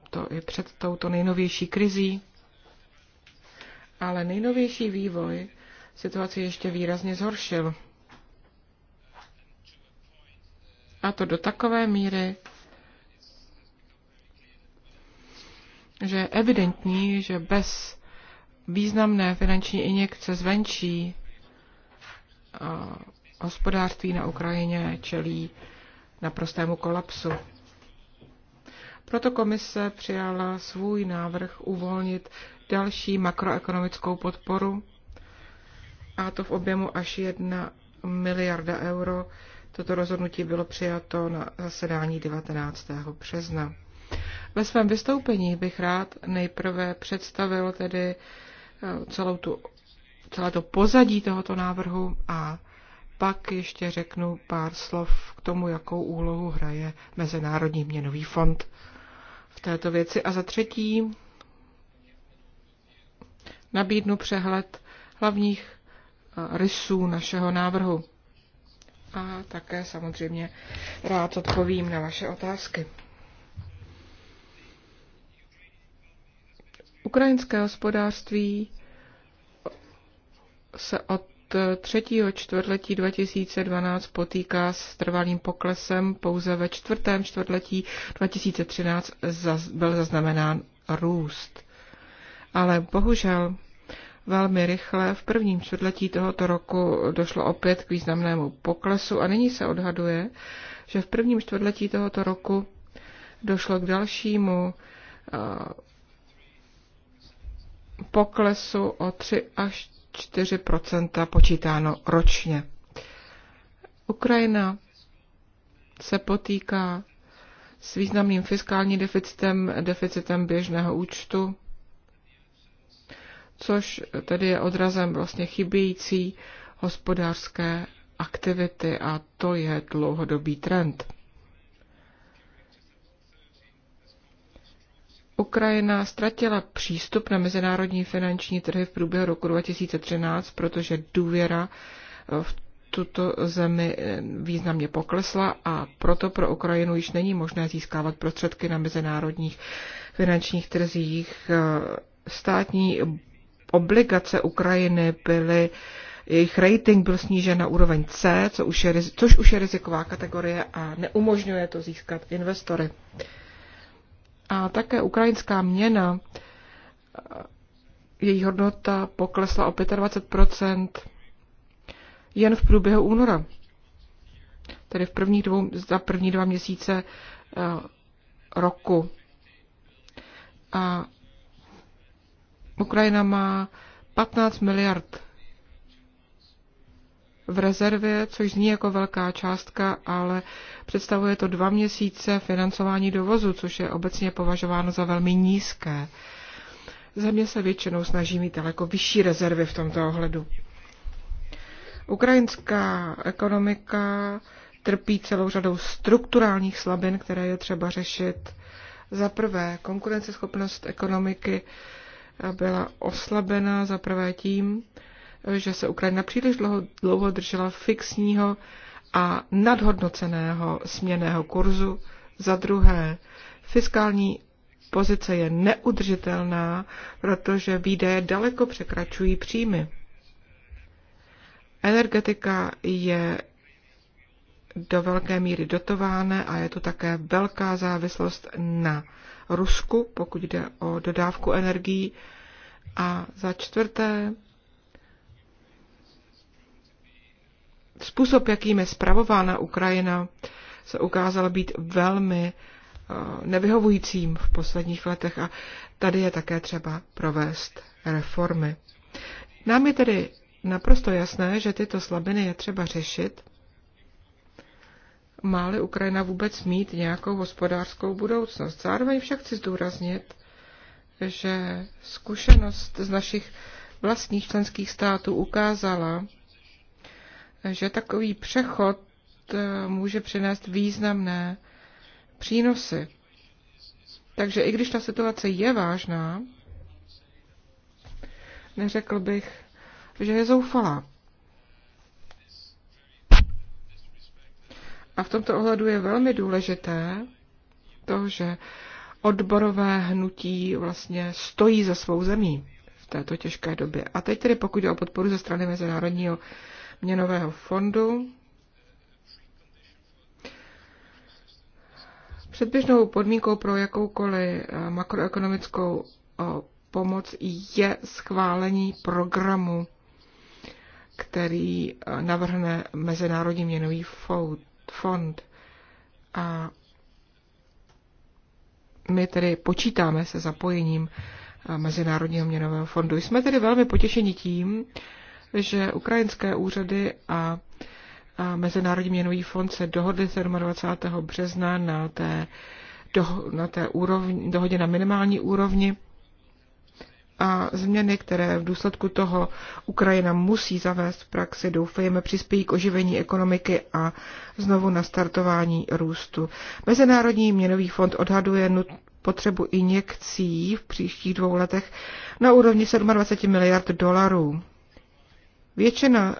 to i před touto nejnovější krizí, ale nejnovější vývoj situaci ještě výrazně zhoršil. A to do takové míry, že je evidentní, že bez významné finanční injekce zvenčí hospodářství na Ukrajině čelí naprostému kolapsu. Proto komise přijala svůj návrh uvolnit další makroekonomickou podporu, a to v objemu až 1 miliarda euro. Toto rozhodnutí bylo přijato na zasedání 19. března. Ve svém vystoupení bych rád nejprve představil tedy celou tu, celé to pozadí tohoto návrhu a pak ještě řeknu pár slov k tomu, jakou úlohu hraje Mezinárodní měnový fond v této věci. A za třetí nabídnu přehled hlavních rysů našeho návrhu. A také samozřejmě rád odpovím na vaše otázky. Ukrajinské hospodářství se od třetího čtvrtletí 2012 potýká s trvalým poklesem, pouze ve čtvrtém čtvrtletí 2013 byl zaznamenán růst. Ale bohužel velmi rychle v prvním čtvrtletí tohoto roku došlo opět k významnému poklesu a nyní se odhaduje, že v prvním čtvrtletí tohoto roku došlo k dalšímu poklesu o 3 až 4 počítáno ročně. Ukrajina se potýká s významným fiskálním deficitem, deficitem běžného účtu, což tedy je odrazem vlastně chybějící hospodářské aktivity a to je dlouhodobý trend. Ukrajina ztratila přístup na mezinárodní finanční trhy v průběhu roku 2013, protože důvěra eh, v tuto zemi eh, významně poklesla a proto pro Ukrajinu již není možné získávat prostředky na mezinárodních finančních trzích. Eh, státní obligace Ukrajiny byly jejich rating byl snížen na úroveň C, co už je, což už je riziková kategorie a neumožňuje to získat investory. A také ukrajinská měna, eh, její hodnota poklesla o 25 jen v průběhu února. Tedy v prvních dvou, za první dva měsíce eh, roku. A Ukrajina má 15 miliard v rezervě, což zní jako velká částka, ale představuje to dva měsíce financování dovozu, což je obecně považováno za velmi nízké. Země se většinou snaží mít daleko vyšší rezervy v tomto ohledu. Ukrajinská ekonomika trpí celou řadou strukturálních slabin, které je třeba řešit. Za prvé, konkurenceschopnost ekonomiky byla oslabena za prvé tím, že se Ukrajina příliš dlouho, dlouho držela fixního a nadhodnoceného směného kurzu. Za druhé, fiskální pozice je neudržitelná, protože výdaje daleko překračují příjmy. Energetika je do velké míry dotována a je to také velká závislost na Rusku, pokud jde o dodávku energií. A za čtvrté, způsob, jakým je zpravována Ukrajina, se ukázal být velmi eh, nevyhovujícím v posledních letech a tady je také třeba provést reformy. Nám je tedy naprosto jasné, že tyto slabiny je třeba řešit, má-li Ukrajina vůbec mít nějakou hospodářskou budoucnost. Zároveň však chci zdůraznit, že zkušenost z našich vlastních členských států ukázala, že takový přechod eh, může přinést významné přínosy. Takže i když ta situace je vážná, neřekl bych, že je zoufalá. A v tomto ohledu je velmi důležité to, že odborové hnutí vlastně stojí za svou zemí v této těžké době. A teď tedy pokud jde o podporu ze strany Mezinárodního měnového fondu. Předběžnou podmínkou pro jakoukoliv eh, makroekonomickou eh, pomoc je schválení programu, který eh, navrhne Mezinárodní měnový fond. A my tedy počítáme se zapojením Mezinárodního měnového fondu. Jsme tedy velmi potěšeni tím, že ukrajinské úřady a Mezinárodní měnový fond se dohodli 27. března na té, do, na té úrovni, dohodě na minimální úrovni a změny, které v důsledku toho Ukrajina musí zavést v praxi, doufejme, přispějí k oživení ekonomiky a znovu nastartování růstu. Mezinárodní měnový fond odhaduje nut potřebu injekcí v příštích dvou letech na úrovni 27 miliard dolarů. Většina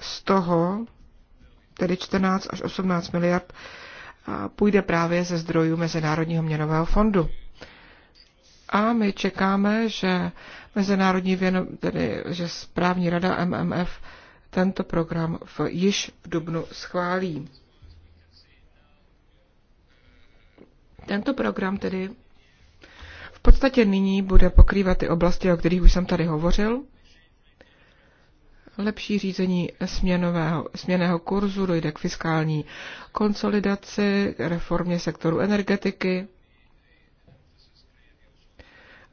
z toho, tedy 14 až 18 miliard, půjde právě ze zdrojů Mezinárodního měnového fondu. A my čekáme, že Mezinárodní věno, tedy, že správní rada MMF tento program v, již v dubnu schválí. Tento program tedy v podstatě nyní bude pokrývat ty oblasti, o kterých už jsem tady hovořil, lepší řízení směnového, směného kurzu, dojde k fiskální konsolidaci, k reformě sektoru energetiky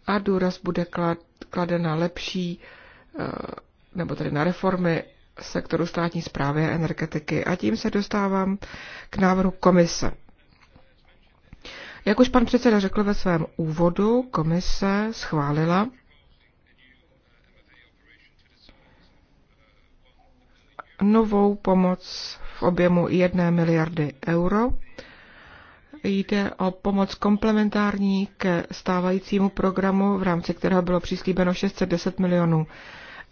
a důraz bude kladen na lepší, eh, nebo tedy na reformy sektoru státní zprávy a energetiky. A tím se dostávám k návrhu komise. Jak už pan předseda řekl ve svém úvodu, komise schválila novou pomoc v objemu 1 miliardy euro. Jde o pomoc komplementární ke stávajícímu programu, v rámci kterého bylo přislíbeno 610 milionů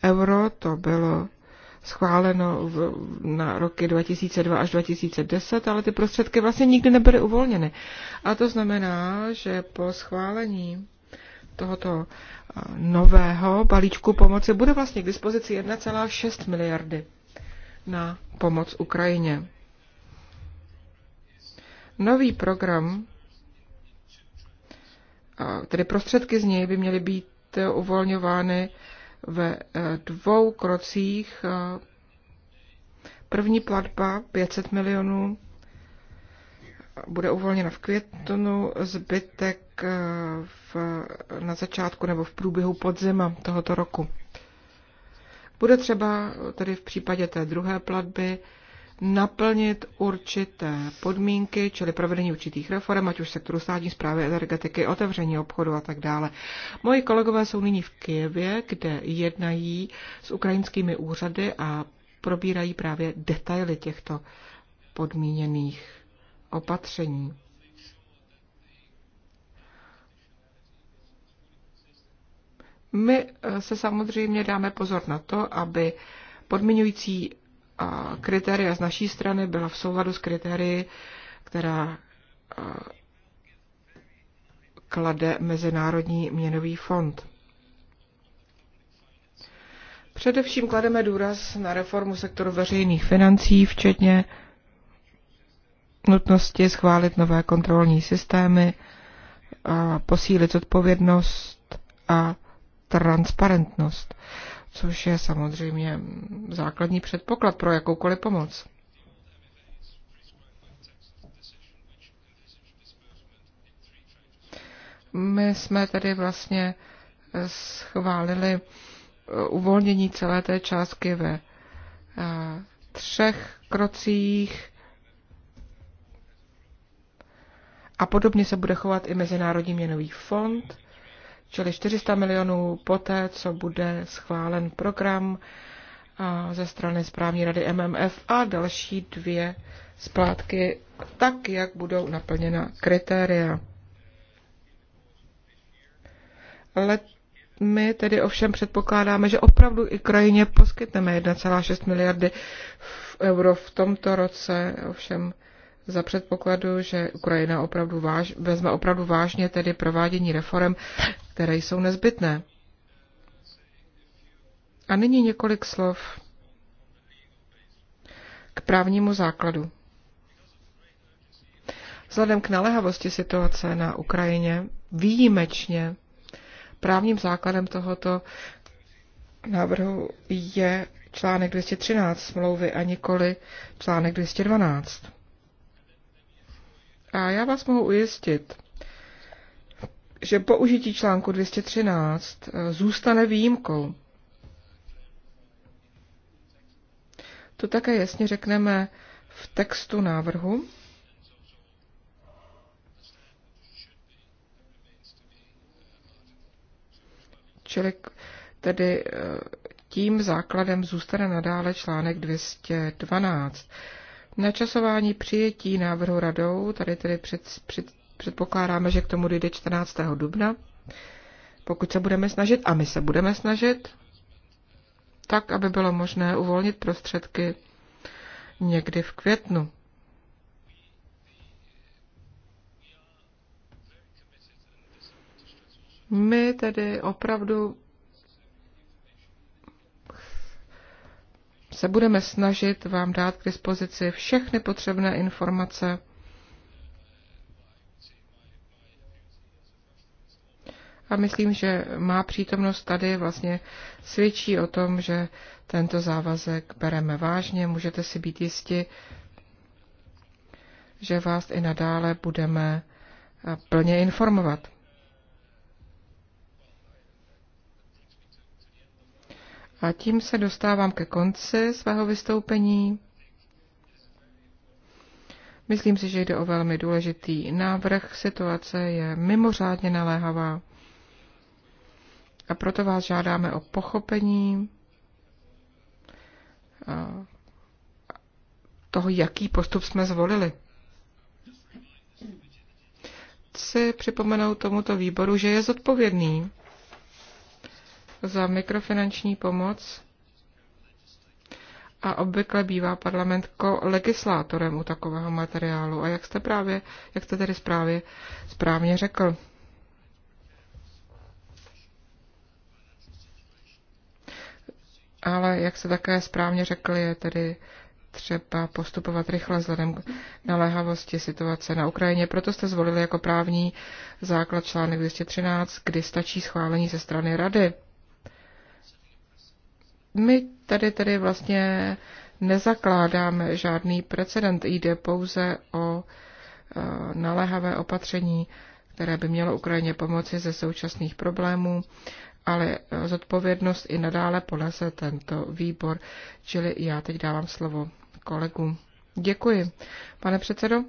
euro. To bylo schváleno v, na roky 2002 až 2010, ale ty prostředky vlastně nikdy nebyly uvolněny. A to znamená, že po schválení tohoto nového balíčku pomoci bude vlastně k dispozici 1,6 miliardy na pomoc Ukrajině. Nový program, tedy prostředky z něj by měly být uvolňovány ve e, dvou krocích. E, první platba 500 milionů bude uvolněna v květnu, zbytek e, v, na začátku nebo v průběhu podzima tohoto roku. Bude třeba tedy v případě té druhé platby naplnit určité podmínky, čili provedení určitých reform, ať už sektoru státní zprávy, energetiky, otevření obchodu a tak dále. Moji kolegové jsou nyní v Kijevě, kde jednají s ukrajinskými úřady a probírají právě detaily těchto podmíněných opatření. My eh, se samozřejmě dáme pozor na to, aby podmiňující eh, kritéria z naší strany byla v souladu s kritérii, která eh, klade Mezinárodní měnový fond. Především klademe důraz na reformu sektoru veřejných financí, včetně nutnosti schválit nové kontrolní systémy, a posílit odpovědnost a transparentnost, což je samozřejmě základní předpoklad pro jakoukoliv pomoc. My jsme tedy vlastně schválili uvolnění celé té částky ve eh, třech krocích a podobně se bude chovat i Mezinárodní měnový fond čili 400 milionů poté, co bude schválen program ze strany správní rady MMF a další dvě splátky, tak jak budou naplněna kritéria. Let, my tedy ovšem předpokládáme, že opravdu i krajině poskytneme 1,6 miliardy euro v tomto roce, ovšem za předpokladu, že Ukrajina opravdu váž, vezme opravdu vážně tedy provádění reform, které jsou nezbytné. A nyní několik slov k právnímu základu. Vzhledem k naléhavosti situace na Ukrajině výjimečně právním základem tohoto návrhu je článek 213 smlouvy a nikoli článek 212. A já vás mohu ujistit, že použití článku 213 eh, zůstane výjimkou. To také jasně řekneme v textu návrhu. Čili tedy eh, tím základem zůstane nadále článek 212. Načasování přijetí návrhu radou, tady tedy před, před, předpokládáme, že k tomu dojde 14. dubna. Pokud se budeme snažit, a my se budeme snažit, tak, aby bylo možné uvolnit prostředky někdy v květnu. My tedy opravdu se budeme snažit vám dát k dispozici všechny potřebné informace. A myslím, že má přítomnost tady vlastně svědčí o tom, že tento závazek bereme vážně. Můžete si být jisti, že vás i nadále budeme plně informovat. A tím se dostávám ke konci svého vystoupení. Myslím si, že jde o velmi důležitý návrh. Situace je mimořádně naléhavá. A proto vás žádáme o pochopení toho, jaký postup jsme zvolili. Chci připomenout tomuto výboru, že je zodpovědný za mikrofinanční pomoc a obvykle bývá parlament legislátorem u takového materiálu. A jak jste právě, jak jste tedy správě, správně řekl, ale jak se také správně řekl, je tedy třeba postupovat rychle vzhledem k naléhavosti situace na Ukrajině. Proto jste zvolili jako právní základ článek 213, kdy stačí schválení ze strany Rady. My tady tedy vlastně nezakládáme žádný precedent, jde pouze o e, naléhavé opatření, které by mělo Ukrajině pomoci ze současných problémů, ale e, zodpovědnost i nadále ponese tento výbor. Čili já teď dávám slovo kolegům. Děkuji. Pane předsedo,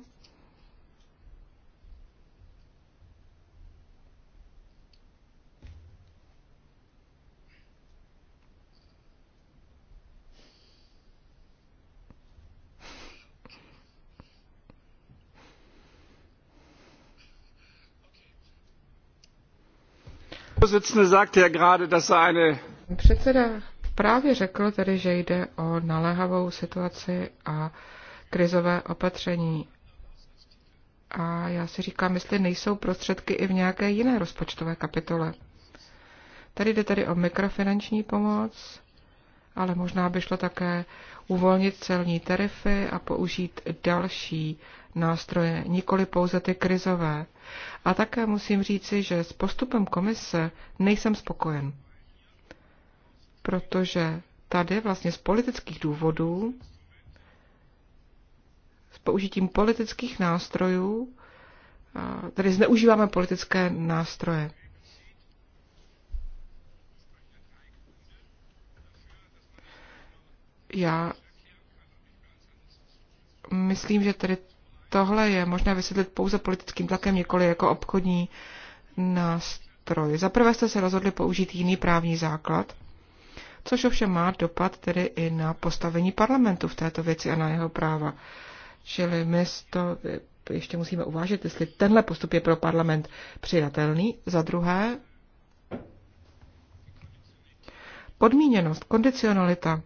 Er předseda právě řekl tedy, že jde o naléhavou situaci a krizové opatření. A já si říkám, jestli nejsou prostředky i v nějaké jiné rozpočtové kapitole. Tady jde tedy o mikrofinanční pomoc, ale možná by šlo také uvolnit celní tarify a použít další nástroje, nikoli pouze ty krizové. A také musím říci, že s postupem komise nejsem spokojen, protože tady vlastně z politických důvodů, s použitím politických nástrojů, tady zneužíváme politické nástroje. Já myslím, že tedy tohle je možné vysvětlit pouze politickým tlakem, nikoli jako obchodní nástroj. Za prvé jste se rozhodli použít jiný právní základ, což ovšem má dopad tedy i na postavení parlamentu v této věci a na jeho práva. Čili my to ještě musíme uvážit, jestli tenhle postup je pro parlament přijatelný. Za druhé, podmíněnost, kondicionalita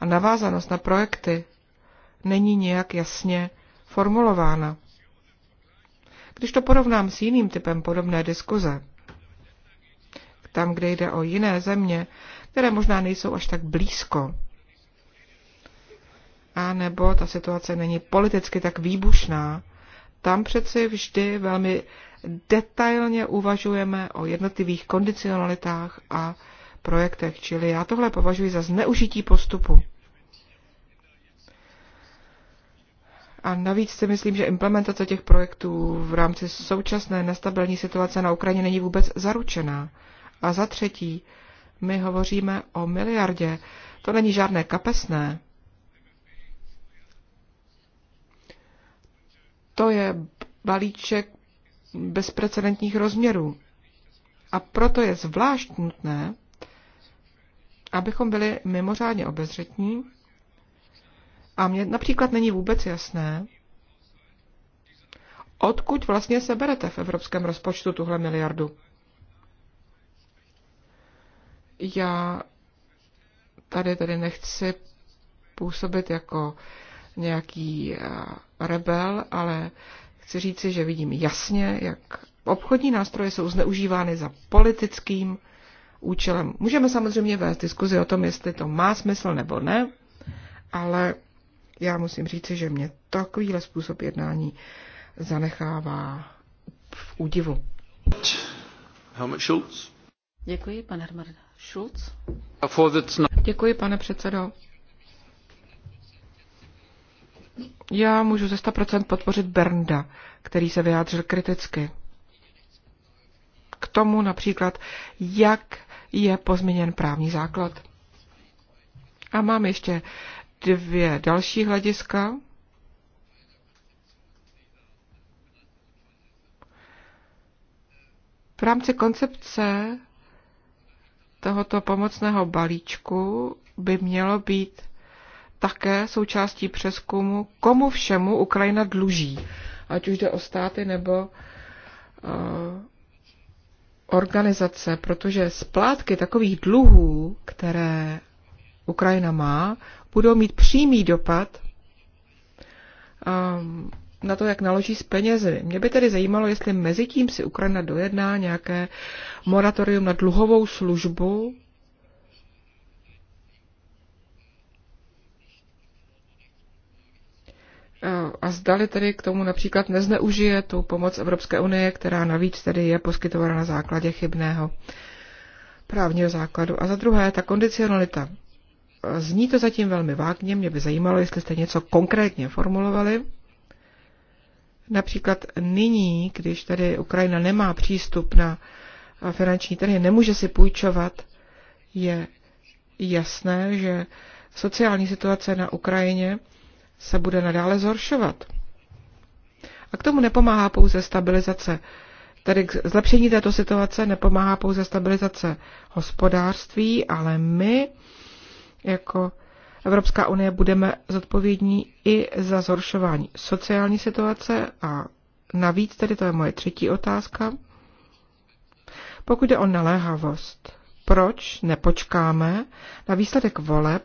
a navázanost na projekty není nějak jasně formulována. Když to porovnám s jiným typem podobné diskuze, tam, kde jde o jiné země, které možná nejsou až tak blízko, a nebo ta situace není politicky tak výbušná, tam přeci vždy velmi detailně uvažujeme o jednotlivých kondicionalitách a projektech. Čili já tohle považuji za zneužití postupu. A navíc si myslím, že implementace těch projektů v rámci současné nestabilní situace na Ukrajině není vůbec zaručená. A za třetí, my hovoříme o miliardě. To není žádné kapesné. To je balíček bezprecedentních rozměrů. A proto je zvlášť nutné, abychom byli mimořádně obezřetní. A mně například není vůbec jasné, odkud vlastně seberete v evropském rozpočtu tuhle miliardu. Já tady tedy nechci působit jako nějaký eh, rebel, ale chci říci, že vidím jasně, jak obchodní nástroje jsou zneužívány za politickým účelem. Můžeme samozřejmě vést diskuzi o tom, jestli to má smysl nebo ne, ale já musím říci, že mě takovýhle způsob jednání zanechává v údivu. Helmut Schulz. Děkuji, pan Hermann Schulz. Děkuji, pane předsedo. Já můžu ze 100% podpořit Bernda, který se vyjádřil kriticky. K tomu například, jak je pozměněn právní základ. A mám ještě dvě další hlediska. V rámci koncepce tohoto pomocného balíčku by mělo být také součástí přeskumu, komu všemu Ukrajina dluží, ať už jde o státy nebo eh, organizace, protože splátky takových dluhů, které Ukrajina má, budou mít přímý dopad ehm, na to, jak naloží s penězi. Mě by tedy zajímalo, jestli mezi tím si Ukrajina dojedná nějaké moratorium na dluhovou službu Eh, a zdali tedy k tomu například nezneužije tu pomoc Evropské unie, která navíc tedy je poskytována na základě chybného právního základu. A za druhé, ta kondicionalita. Eh, zní to zatím velmi vágně, mě by zajímalo, jestli jste něco konkrétně formulovali. Například nyní, když tedy Ukrajina nemá přístup na eh, finanční trhy, nemůže si půjčovat, je jasné, že sociální situace na Ukrajině se bude nadále zhoršovat. A k tomu nepomáhá pouze stabilizace. Tedy k zlepšení této situace nepomáhá pouze stabilizace hospodářství, ale my jako Evropská unie budeme zodpovědní i za zhoršování sociální situace a navíc, tedy to je moje třetí otázka, pokud jde o naléhavost, proč nepočkáme na výsledek voleb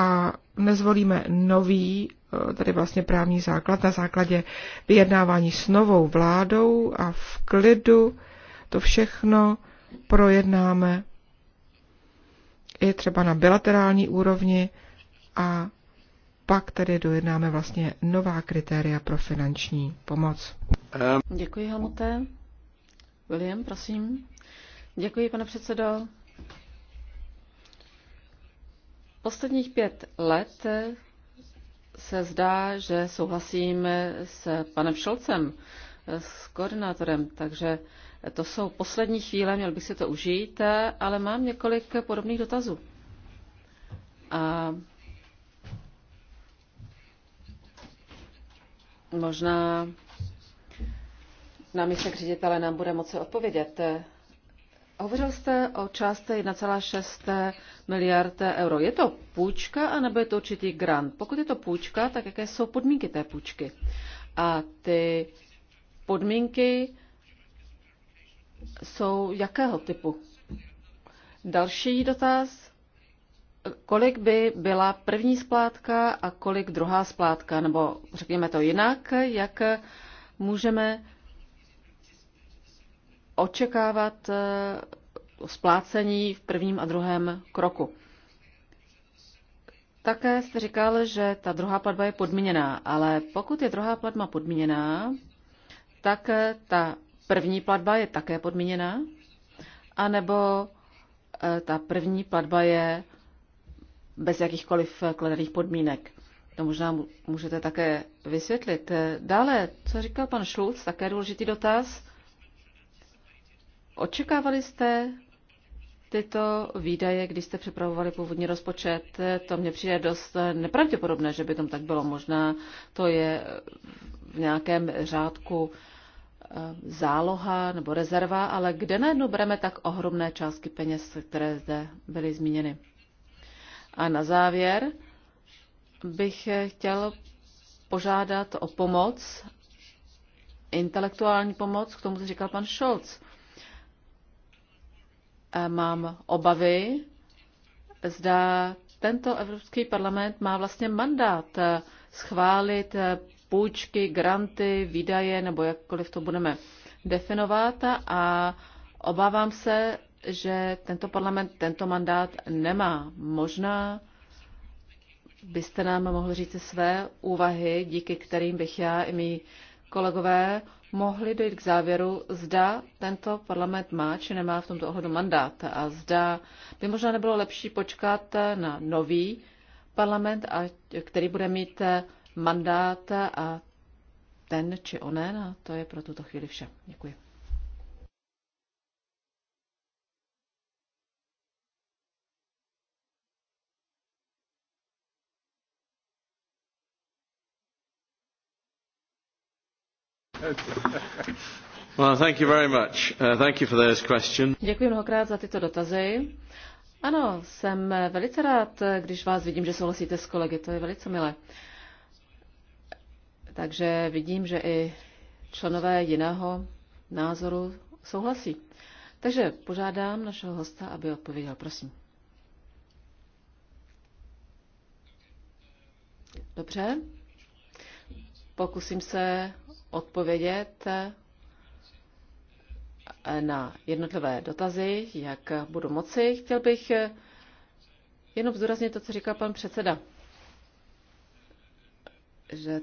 a nezvolíme nový, eh, tedy vlastně právní základ na základě vyjednávání s novou vládou a v klidu to všechno projednáme i třeba na bilaterální úrovni a pak tedy dojednáme vlastně nová kritéria pro finanční pomoc. Děkuji, Helmute. William, prosím. Děkuji, pane předsedo. Posledních pět let se zdá, že souhlasím s panem Šolcem, s koordinátorem, takže to jsou poslední chvíle, měl bych si to užít, ale mám několik podobných dotazů. A možná náměstek ředitele nám bude moci odpovědět. Hovořil jste o částce 1,6 miliard euro. Je to půjčka anebo je to určitý grant? Pokud je to půjčka, tak jaké jsou podmínky té půjčky? A ty podmínky jsou jakého typu? Další dotaz. Kolik by byla první splátka a kolik druhá splátka? Nebo řekněme to jinak, jak můžeme očekávat eh, splácení v prvním a druhém kroku. Také jste říkal, že ta druhá platba je podmíněná, ale pokud je druhá platba podmíněná, tak eh, ta první platba je také podmíněná, anebo eh, ta první platba je bez jakýchkoliv kladených podmínek. To možná můžete také vysvětlit. Dále, co říkal pan Šulc, také důležitý dotaz. Očekávali jste tyto výdaje, když jste připravovali původní rozpočet, to mně přijde dost nepravděpodobné, že by tom tak bylo. Možná to je v nějakém řádku eh, záloha nebo rezerva, ale kde najednou bereme tak ohromné částky peněz, které zde byly zmíněny. A na závěr bych chtěl požádat o pomoc, intelektuální pomoc k tomu, co říkal pan Scholz Eh, mám obavy, zda tento Evropský parlament má vlastně mandát eh, schválit eh, půjčky, granty, výdaje nebo jakkoliv to budeme definovat a obávám se, že tento parlament tento mandát nemá. Možná byste nám mohli říct své úvahy, díky kterým bych já i mý kolegové mohli dojít k závěru, zda tento parlament má či nemá v tomto ohledu mandát a zda by možná nebylo lepší počkat na nový parlament, a, který bude mít mandát a ten či onen. A to je pro tuto chvíli vše. Děkuji. Well, thank you very much. Uh, thank you for Děkuji mnohokrát za tyto dotazy. Ano, jsem velice rád, když vás vidím, že souhlasíte s kolegy, to je velice milé. Takže vidím, že i členové jiného názoru souhlasí. Takže požádám našeho hosta, aby odpověděl, prosím. Dobře, pokusím se odpovědět eh, na jednotlivé dotazy, jak budu moci. Chtěl bych eh, jenom zdůraznit to, co říkal pan předseda, že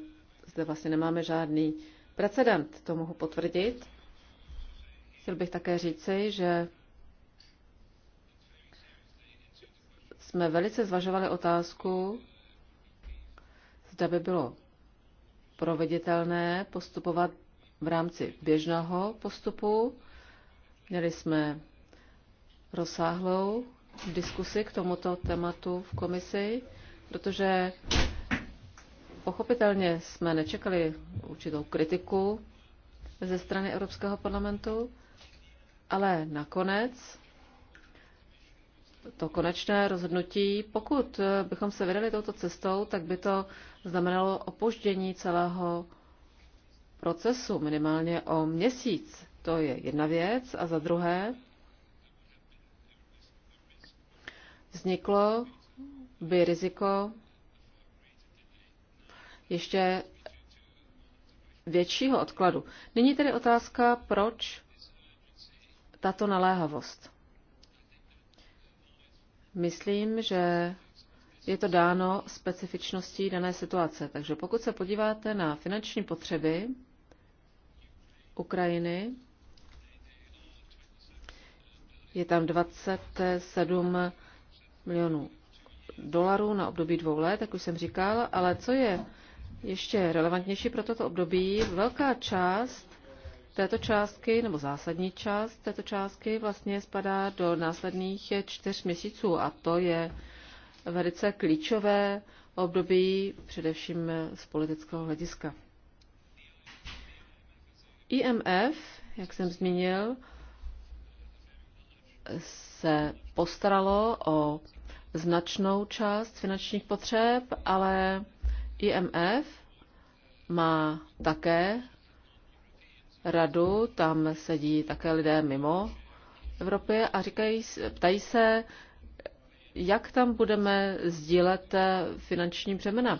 zde vlastně nemáme žádný precedent, to mohu potvrdit. Chtěl bych také říci, že jsme velice zvažovali otázku, zda by bylo proveditelné postupovat v rámci běžného postupu. Měli jsme rozsáhlou diskusi k tomuto tématu v komisi, protože pochopitelně jsme nečekali určitou kritiku ze strany Evropského parlamentu, ale nakonec to konečné rozhodnutí. Pokud bychom se vydali touto cestou, tak by to znamenalo opoždění celého procesu minimálně o měsíc. To je jedna věc. A za druhé, vzniklo by riziko ještě většího odkladu. Nyní tedy otázka, proč tato naléhavost. Myslím, že je to dáno specifičností dané situace. Takže pokud se podíváte na finanční potřeby Ukrajiny, je tam 27 milionů dolarů na období dvou let, jak už jsem říkal, ale co je ještě relevantnější pro toto období, velká část této částky, nebo zásadní část této částky vlastně spadá do následných čtyř měsíců a to je velice klíčové období, především z politického hlediska. IMF, jak jsem zmínil, se postaralo o značnou část finančních potřeb, ale IMF má také radu, tam sedí také lidé mimo Evropy a říkají, ptají se, jak tam budeme sdílet eh, finanční břemena.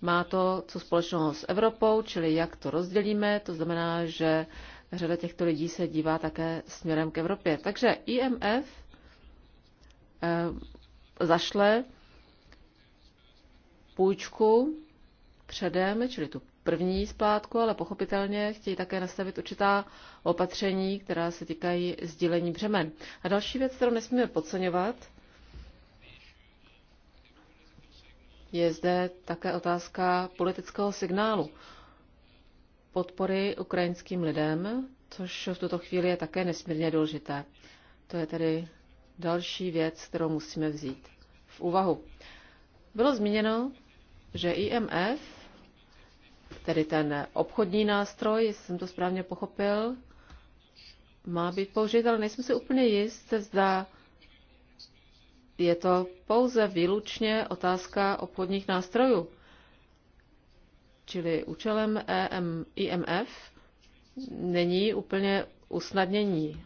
Má to co společného s Evropou, čili jak to rozdělíme, to znamená, že řada těchto lidí se dívá také směrem k Evropě. Takže IMF eh, zašle půjčku předem, čili tu první splátku, ale pochopitelně chtějí také nastavit určitá opatření, která se týkají sdílení břemen. A další věc, kterou nesmíme podceňovat, je zde také otázka politického signálu podpory ukrajinským lidem, což v tuto chvíli je také nesmírně důležité. To je tedy další věc, kterou musíme vzít v úvahu. Bylo zmíněno, že IMF tedy ten obchodní nástroj, jestli jsem to správně pochopil, má být použit, ale nejsem si úplně jist, zda je to pouze výlučně otázka obchodních nástrojů. Čili účelem EM, IMF není úplně usnadnění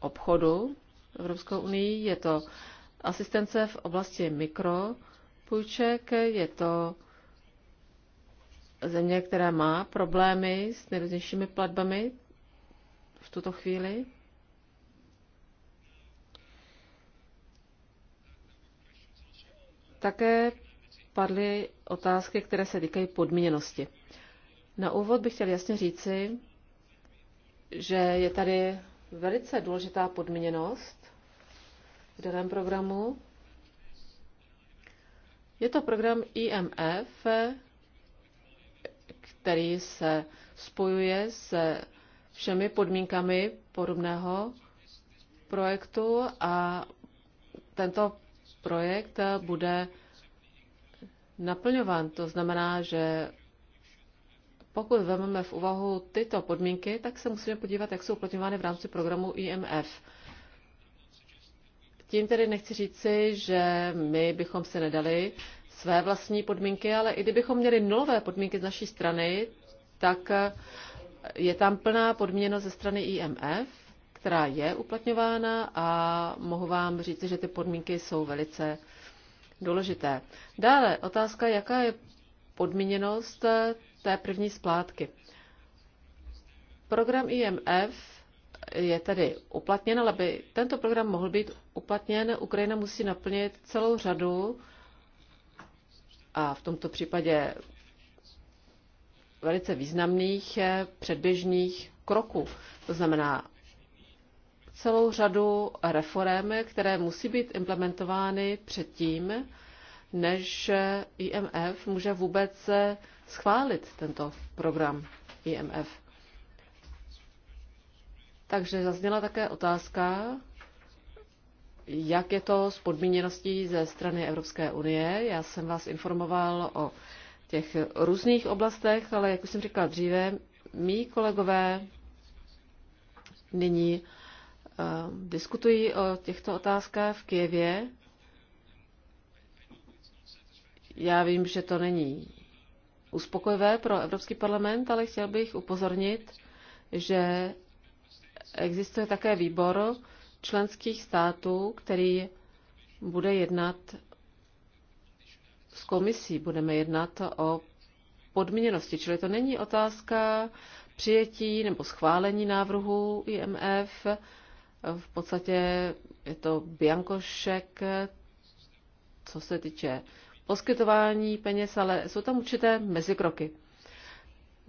obchodu Evropskou unii, je to asistence v oblasti mikropůjček, je to země, která má problémy s nejrůznějšími platbami v tuto chvíli? Také padly otázky, které se týkají podmíněnosti. Na úvod bych chtěl jasně říci, že je tady velice důležitá podmíněnost v daném programu. Je to program IMF, který se spojuje se všemi podmínkami podobného projektu a tento projekt bude naplňován. To znamená, že pokud vezmeme v úvahu tyto podmínky, tak se musíme podívat, jak jsou uplatňovány v rámci programu IMF. Tím tedy nechci říci, že my bychom se nedali své vlastní podmínky, ale i kdybychom měli nulové podmínky z naší strany, tak eh, je tam plná podměna ze strany IMF, která je uplatňována a mohu vám říct, že ty podmínky jsou velice důležité. Dále otázka, jaká je podmíněnost eh, té první splátky. Program IMF je tedy uplatněn, ale aby tento program mohl být uplatněn, Ukrajina musí naplnit celou řadu a v tomto případě velice významných eh, předběžných kroků. To znamená celou řadu reform, které musí být implementovány předtím, než IMF může vůbec eh, schválit tento program IMF. Takže zazněla také otázka, jak je to s podmíněností ze strany Evropské unie. Já jsem vás informoval o těch různých oblastech, ale jak už jsem říkala dříve, mý kolegové nyní uh, diskutují o těchto otázkách v Kijevě. Já vím, že to není uspokojivé pro Evropský parlament, ale chtěl bych upozornit, že existuje také výbor členských států, který bude jednat s komisí. Budeme jednat o podmíněnosti, čili to není otázka přijetí nebo schválení návrhu IMF. V podstatě je to biankošek, co se týče poskytování peněz, ale jsou tam určité mezikroky.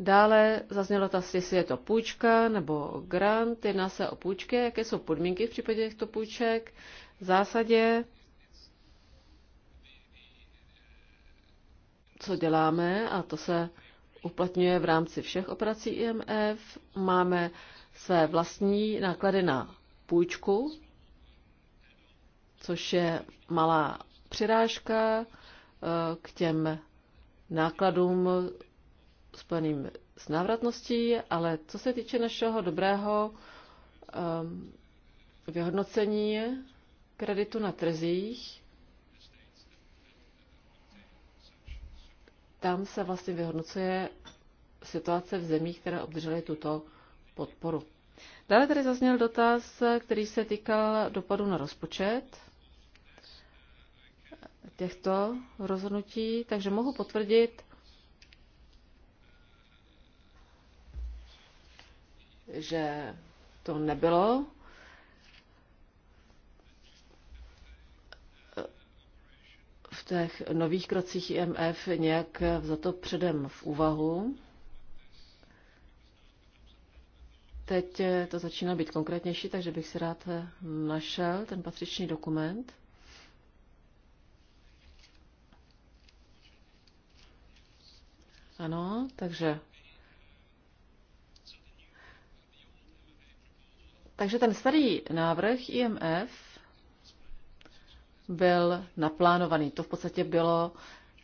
Dále zaznělo ta, jestli je to půjčka nebo grant, jedná se o půjčky, jaké jsou podmínky v případě těchto půjček. V zásadě, co děláme, a to se uplatňuje v rámci všech operací IMF, máme své vlastní náklady na půjčku, což je malá přirážka eh, k těm nákladům spojeným s návratností, ale co se týče našeho dobrého um, vyhodnocení kreditu na trzích, tam se vlastně vyhodnocuje situace v zemích, které obdržely tuto podporu. Dále tady zazněl dotaz, který se týkal dopadu na rozpočet těchto rozhodnutí, takže mohu potvrdit, že to nebylo eh, v těch nových krocích IMF nějak za to předem v úvahu. Teď eh, to začíná být konkrétnější, takže bych si rád eh, našel ten patřičný dokument. Ano, takže Takže ten starý návrh IMF byl naplánovaný. To v podstatě bylo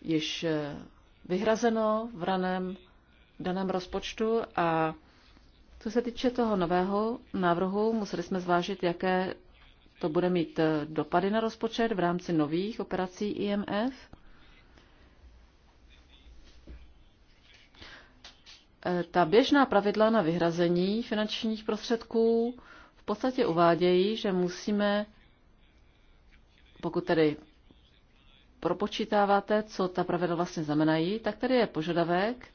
již eh, vyhrazeno v raném daném rozpočtu a co se týče toho nového návrhu, museli jsme zvážit, jaké to bude mít eh, dopady na rozpočet v rámci nových operací IMF. Eh, ta běžná pravidla na vyhrazení finančních prostředků podstatě uvádějí, že musíme, pokud tedy propočítáváte, co ta pravidla vlastně znamenají, tak tady je požadavek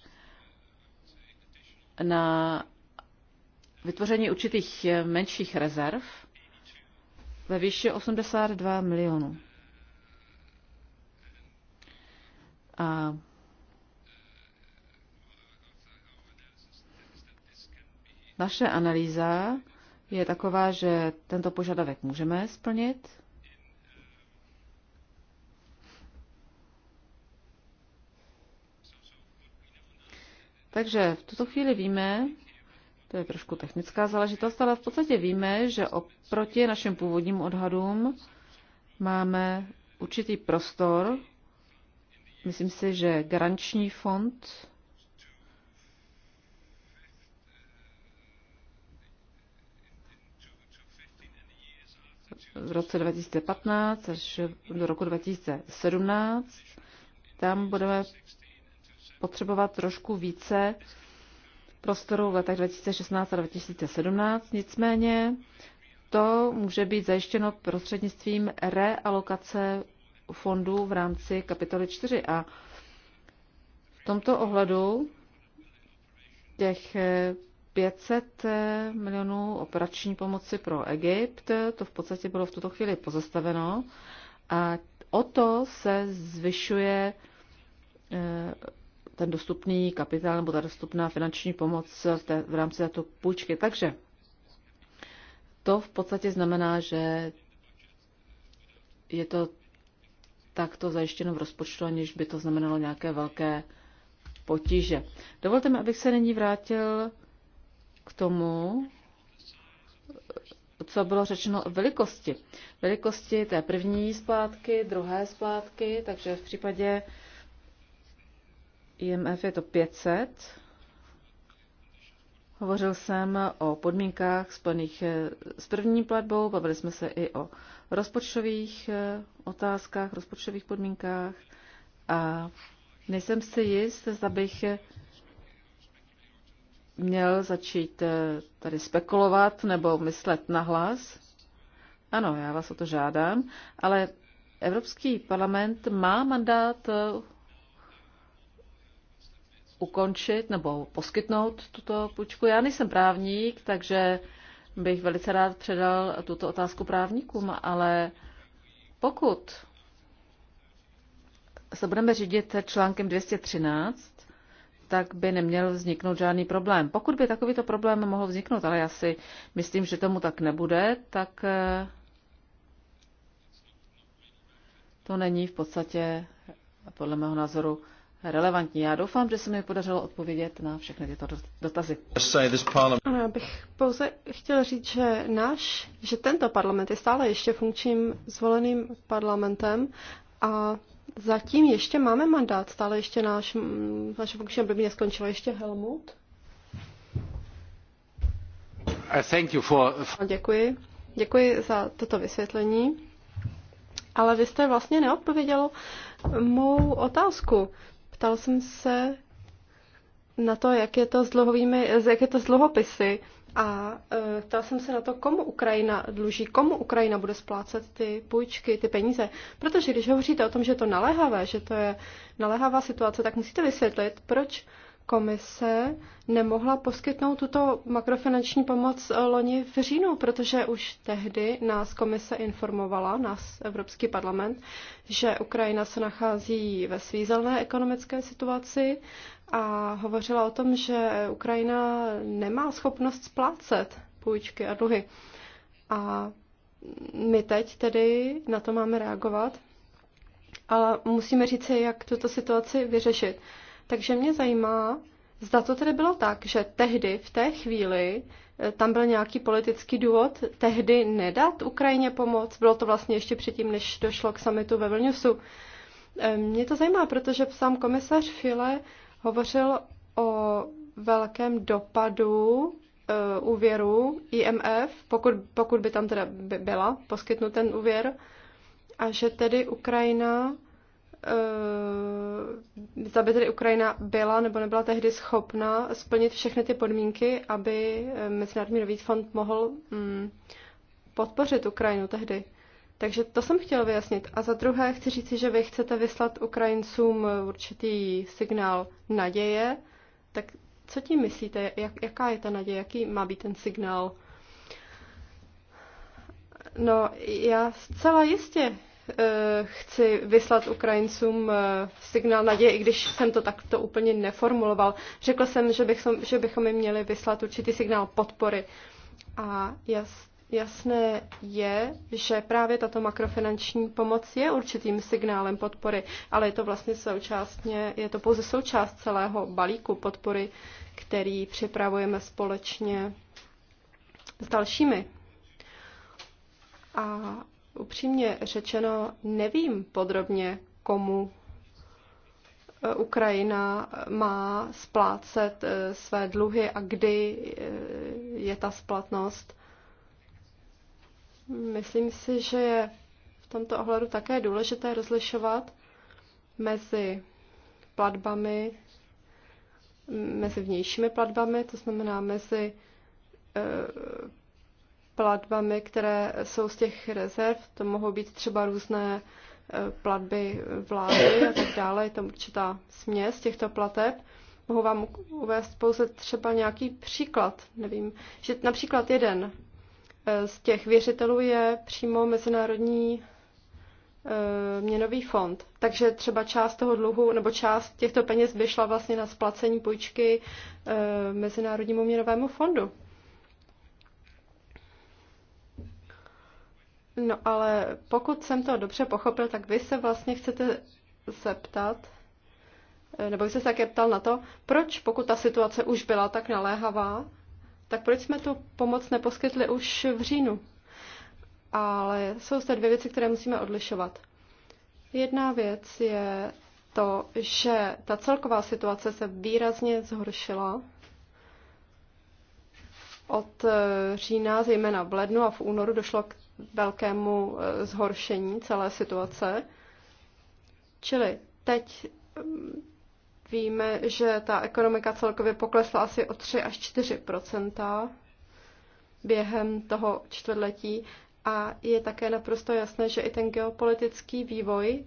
na vytvoření určitých menších rezerv ve výši 82 milionů. A naše analýza je taková, že tento požadavek můžeme splnit. Takže v tuto chvíli víme, to je trošku technická záležitost, ale v podstatě víme, že oproti našim původním odhadům máme určitý prostor. Myslím si, že garanční fond v roce 2015 až do roku 2017. Tam budeme potřebovat trošku více prostoru v letech 2016 a 2017. Nicméně to může být zajištěno prostřednictvím realokace fondů v rámci kapitoly 4. A v tomto ohledu těch 500 eh, milionů operační pomoci pro Egypt, to v podstatě bylo v tuto chvíli pozastaveno a o to se zvyšuje eh, ten dostupný kapitál nebo ta dostupná finanční pomoc v, té, v rámci této půjčky. Takže to v podstatě znamená, že je to takto zajištěno v rozpočtu, aniž by to znamenalo nějaké velké potíže. Dovolte mi, abych se nyní vrátil k tomu, co bylo řečeno o velikosti. Velikosti té první splátky, druhé splátky, takže v případě IMF je to 500. Hovořil jsem o podmínkách spojených eh, s první platbou, bavili jsme se i o rozpočtových eh, otázkách, rozpočtových podmínkách a nejsem si jist, zda bych eh, měl začít eh, tady spekulovat nebo myslet nahlas. Ano, já vás o to žádám, ale Evropský parlament má mandát eh, ukončit nebo poskytnout tuto půjčku. Já nejsem právník, takže bych velice rád předal tuto otázku právníkům, ale pokud se budeme řídit článkem 213, tak by neměl vzniknout žádný problém. Pokud by takovýto problém mohl vzniknout, ale já si myslím, že tomu tak nebude, tak eh, to není v podstatě podle mého názoru relevantní. Já doufám, že se mi podařilo odpovědět na všechny tyto dotazy. Já bych pouze chtěl říct, že náš, že tento parlament je stále ještě funkčním zvoleným parlamentem a Zatím ještě máme mandát, stále ještě náš, mm, naše funkční období neskončilo. Ještě Helmut? Uh, thank you for... Děkuji. Děkuji za toto vysvětlení. Ale vy jste vlastně neodpověděl mou otázku. Ptal jsem se na to, jak je to s, dluhovými, jak je to s dluhopisy a e, jsem se na to, komu Ukrajina dluží, komu Ukrajina bude splácet ty půjčky, ty peníze. Protože když hovoříte o tom, že je to naléhavé, že to je naléhavá situace, tak musíte vysvětlit, proč komise nemohla poskytnout tuto makrofinanční pomoc e, loni v říjnu, protože už tehdy nás komise informovala, nás Evropský parlament, že Ukrajina se nachází ve svízelné ekonomické situaci a hovořila o tom, že Ukrajina nemá schopnost splácet půjčky a dluhy. A my teď tedy na to máme reagovat, ale musíme říct si, jak tuto situaci vyřešit. Takže mě zajímá, zda to tedy bylo tak, že tehdy, v té chvíli, eh, tam byl nějaký politický důvod tehdy nedat Ukrajině pomoc. Bylo to vlastně ještě předtím, než došlo k samitu ve Vilniusu. Eh, mě to zajímá, protože sám komisař File Hovořil o velkém dopadu e, úvěru IMF, pokud, pokud by tam teda by byla poskytnut ten úvěr, a že tedy Ukrajina, uh, zda by tedy Ukrajina byla nebo nebyla tehdy schopna splnit všechny ty podmínky, aby Mezinárodní nový fond mohl um, podpořit Ukrajinu tehdy. Takže to jsem chtěla vyjasnit. A za druhé chci říci, že vy chcete vyslat Ukrajincům určitý signál naděje. Tak co tím myslíte? Jak, jaká je ta naděje? Jaký má být ten signál? No, já zcela jistě eh, chci vyslat Ukrajincům eh, signál naděje, i když jsem to takto úplně neformuloval. Řekl jsem, že bychom, že bychom jim měli vyslat určitý signál podpory. A já Jasné je, že právě tato makrofinanční pomoc je určitým signálem podpory, ale je to vlastně součástně, je to pouze součást celého balíku podpory, který připravujeme společně s dalšími. A upřímně řečeno, nevím podrobně, komu eh, Ukrajina má splácet eh, své dluhy a kdy eh, je ta splatnost. Myslím si, že je v tomto ohledu také důležité rozlišovat mezi platbami, mezi vnějšími platbami, to znamená mezi eh, platbami, které jsou z těch rezerv. To mohou být třeba různé eh, platby vlády a tak dále. Je tam určitá směs těchto plateb. Mohu vám uvést pouze třeba nějaký příklad. Nevím, že například jeden Eh, z těch věřitelů je přímo Mezinárodní eh, měnový fond. Takže třeba část toho dluhu nebo část těchto peněz by šla vlastně na splacení půjčky eh, Mezinárodnímu měnovému fondu. No ale pokud jsem to dobře pochopil, tak vy se vlastně chcete zeptat, nebo jste se také ptal na to, proč pokud ta situace už byla tak naléhavá, tak proč jsme tu pomoc neposkytli už v říjnu? Ale jsou zde dvě věci, které musíme odlišovat. Jedna věc je to, že ta celková situace se výrazně zhoršila od eh, října, zejména v lednu a v únoru došlo k velkému eh, zhoršení celé situace. Čili teď mm, Víme, že ta ekonomika celkově poklesla asi o 3 až 4 během toho čtvrtletí a je také naprosto jasné, že i ten geopolitický vývoj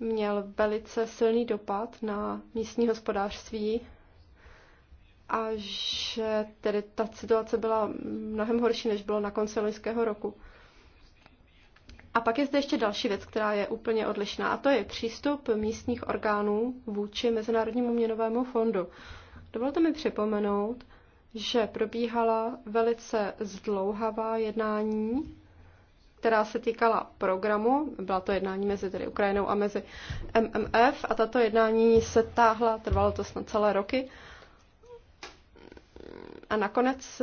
měl velice silný dopad na místní hospodářství a že tedy ta situace byla mnohem horší, než bylo na konci loňského roku. A pak je zde ještě další věc, která je úplně odlišná, a to je přístup místních orgánů vůči Mezinárodnímu měnovému fondu. Dovolte mi připomenout, že probíhala velice zdlouhavá jednání, která se týkala programu. Byla to jednání mezi tedy Ukrajinou a mezi MMF a tato jednání se táhla, trvalo to snad celé roky. A nakonec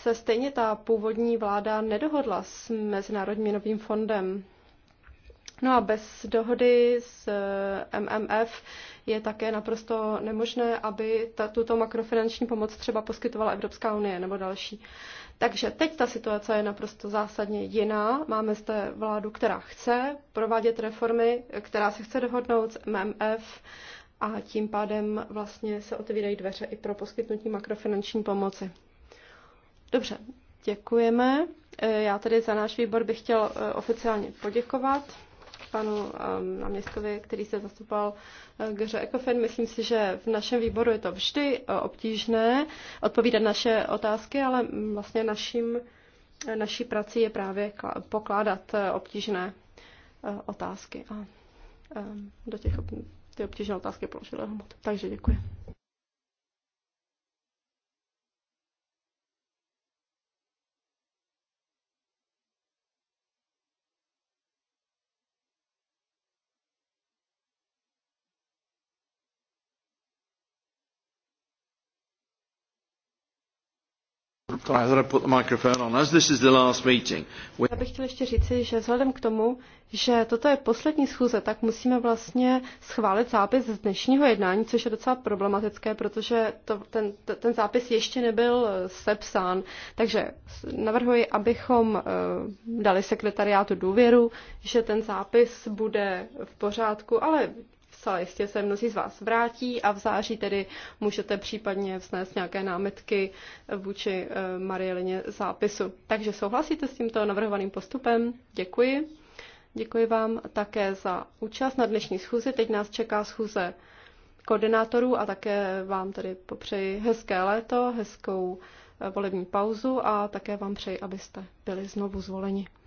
se stejně ta původní vláda nedohodla s Mezinárodním měnovým fondem. No a bez dohody s eh, MMF je také naprosto nemožné, aby ta, tuto makrofinanční pomoc třeba poskytovala Evropská unie nebo další. Takže teď ta situace je naprosto zásadně jiná. Máme zde vládu, která chce provádět reformy, která se chce dohodnout s MMF a tím pádem vlastně se otevírají dveře i pro poskytnutí makrofinanční pomoci. Dobře, děkujeme. E, já tedy za náš výbor bych chtěl e, oficiálně poděkovat panu um, náměstkovi, který se zastupoval e, GŘ Ekofin. Myslím si, že v našem výboru je to vždy obtížné odpovídat naše otázky, ale vlastně naším, naší prací je právě pokládat obtížné otázky. A do těch ty obtížné otázky položil Takže děkuji. Já bych chtěl ještě říci, že vzhledem k tomu, že toto je poslední schůze, tak musíme vlastně schválit zápis z dnešního jednání, což je docela problematické, protože to, ten, ten zápis ještě nebyl eh, sepsán. Takže navrhuji, abychom eh, dali sekretariátu důvěru, že ten zápis bude v pořádku, ale zcela jistě se mnozí z vás vrátí a v září tedy můžete případně vznést nějaké námitky vůči eh, Marielině zápisu. Takže souhlasíte s tímto navrhovaným postupem? Děkuji. Děkuji vám také za účast na dnešní schůzi. Teď nás čeká schůze koordinátorů a také vám tedy popřeji hezké léto, hezkou eh, volební pauzu a také vám přeji, abyste byli znovu zvoleni.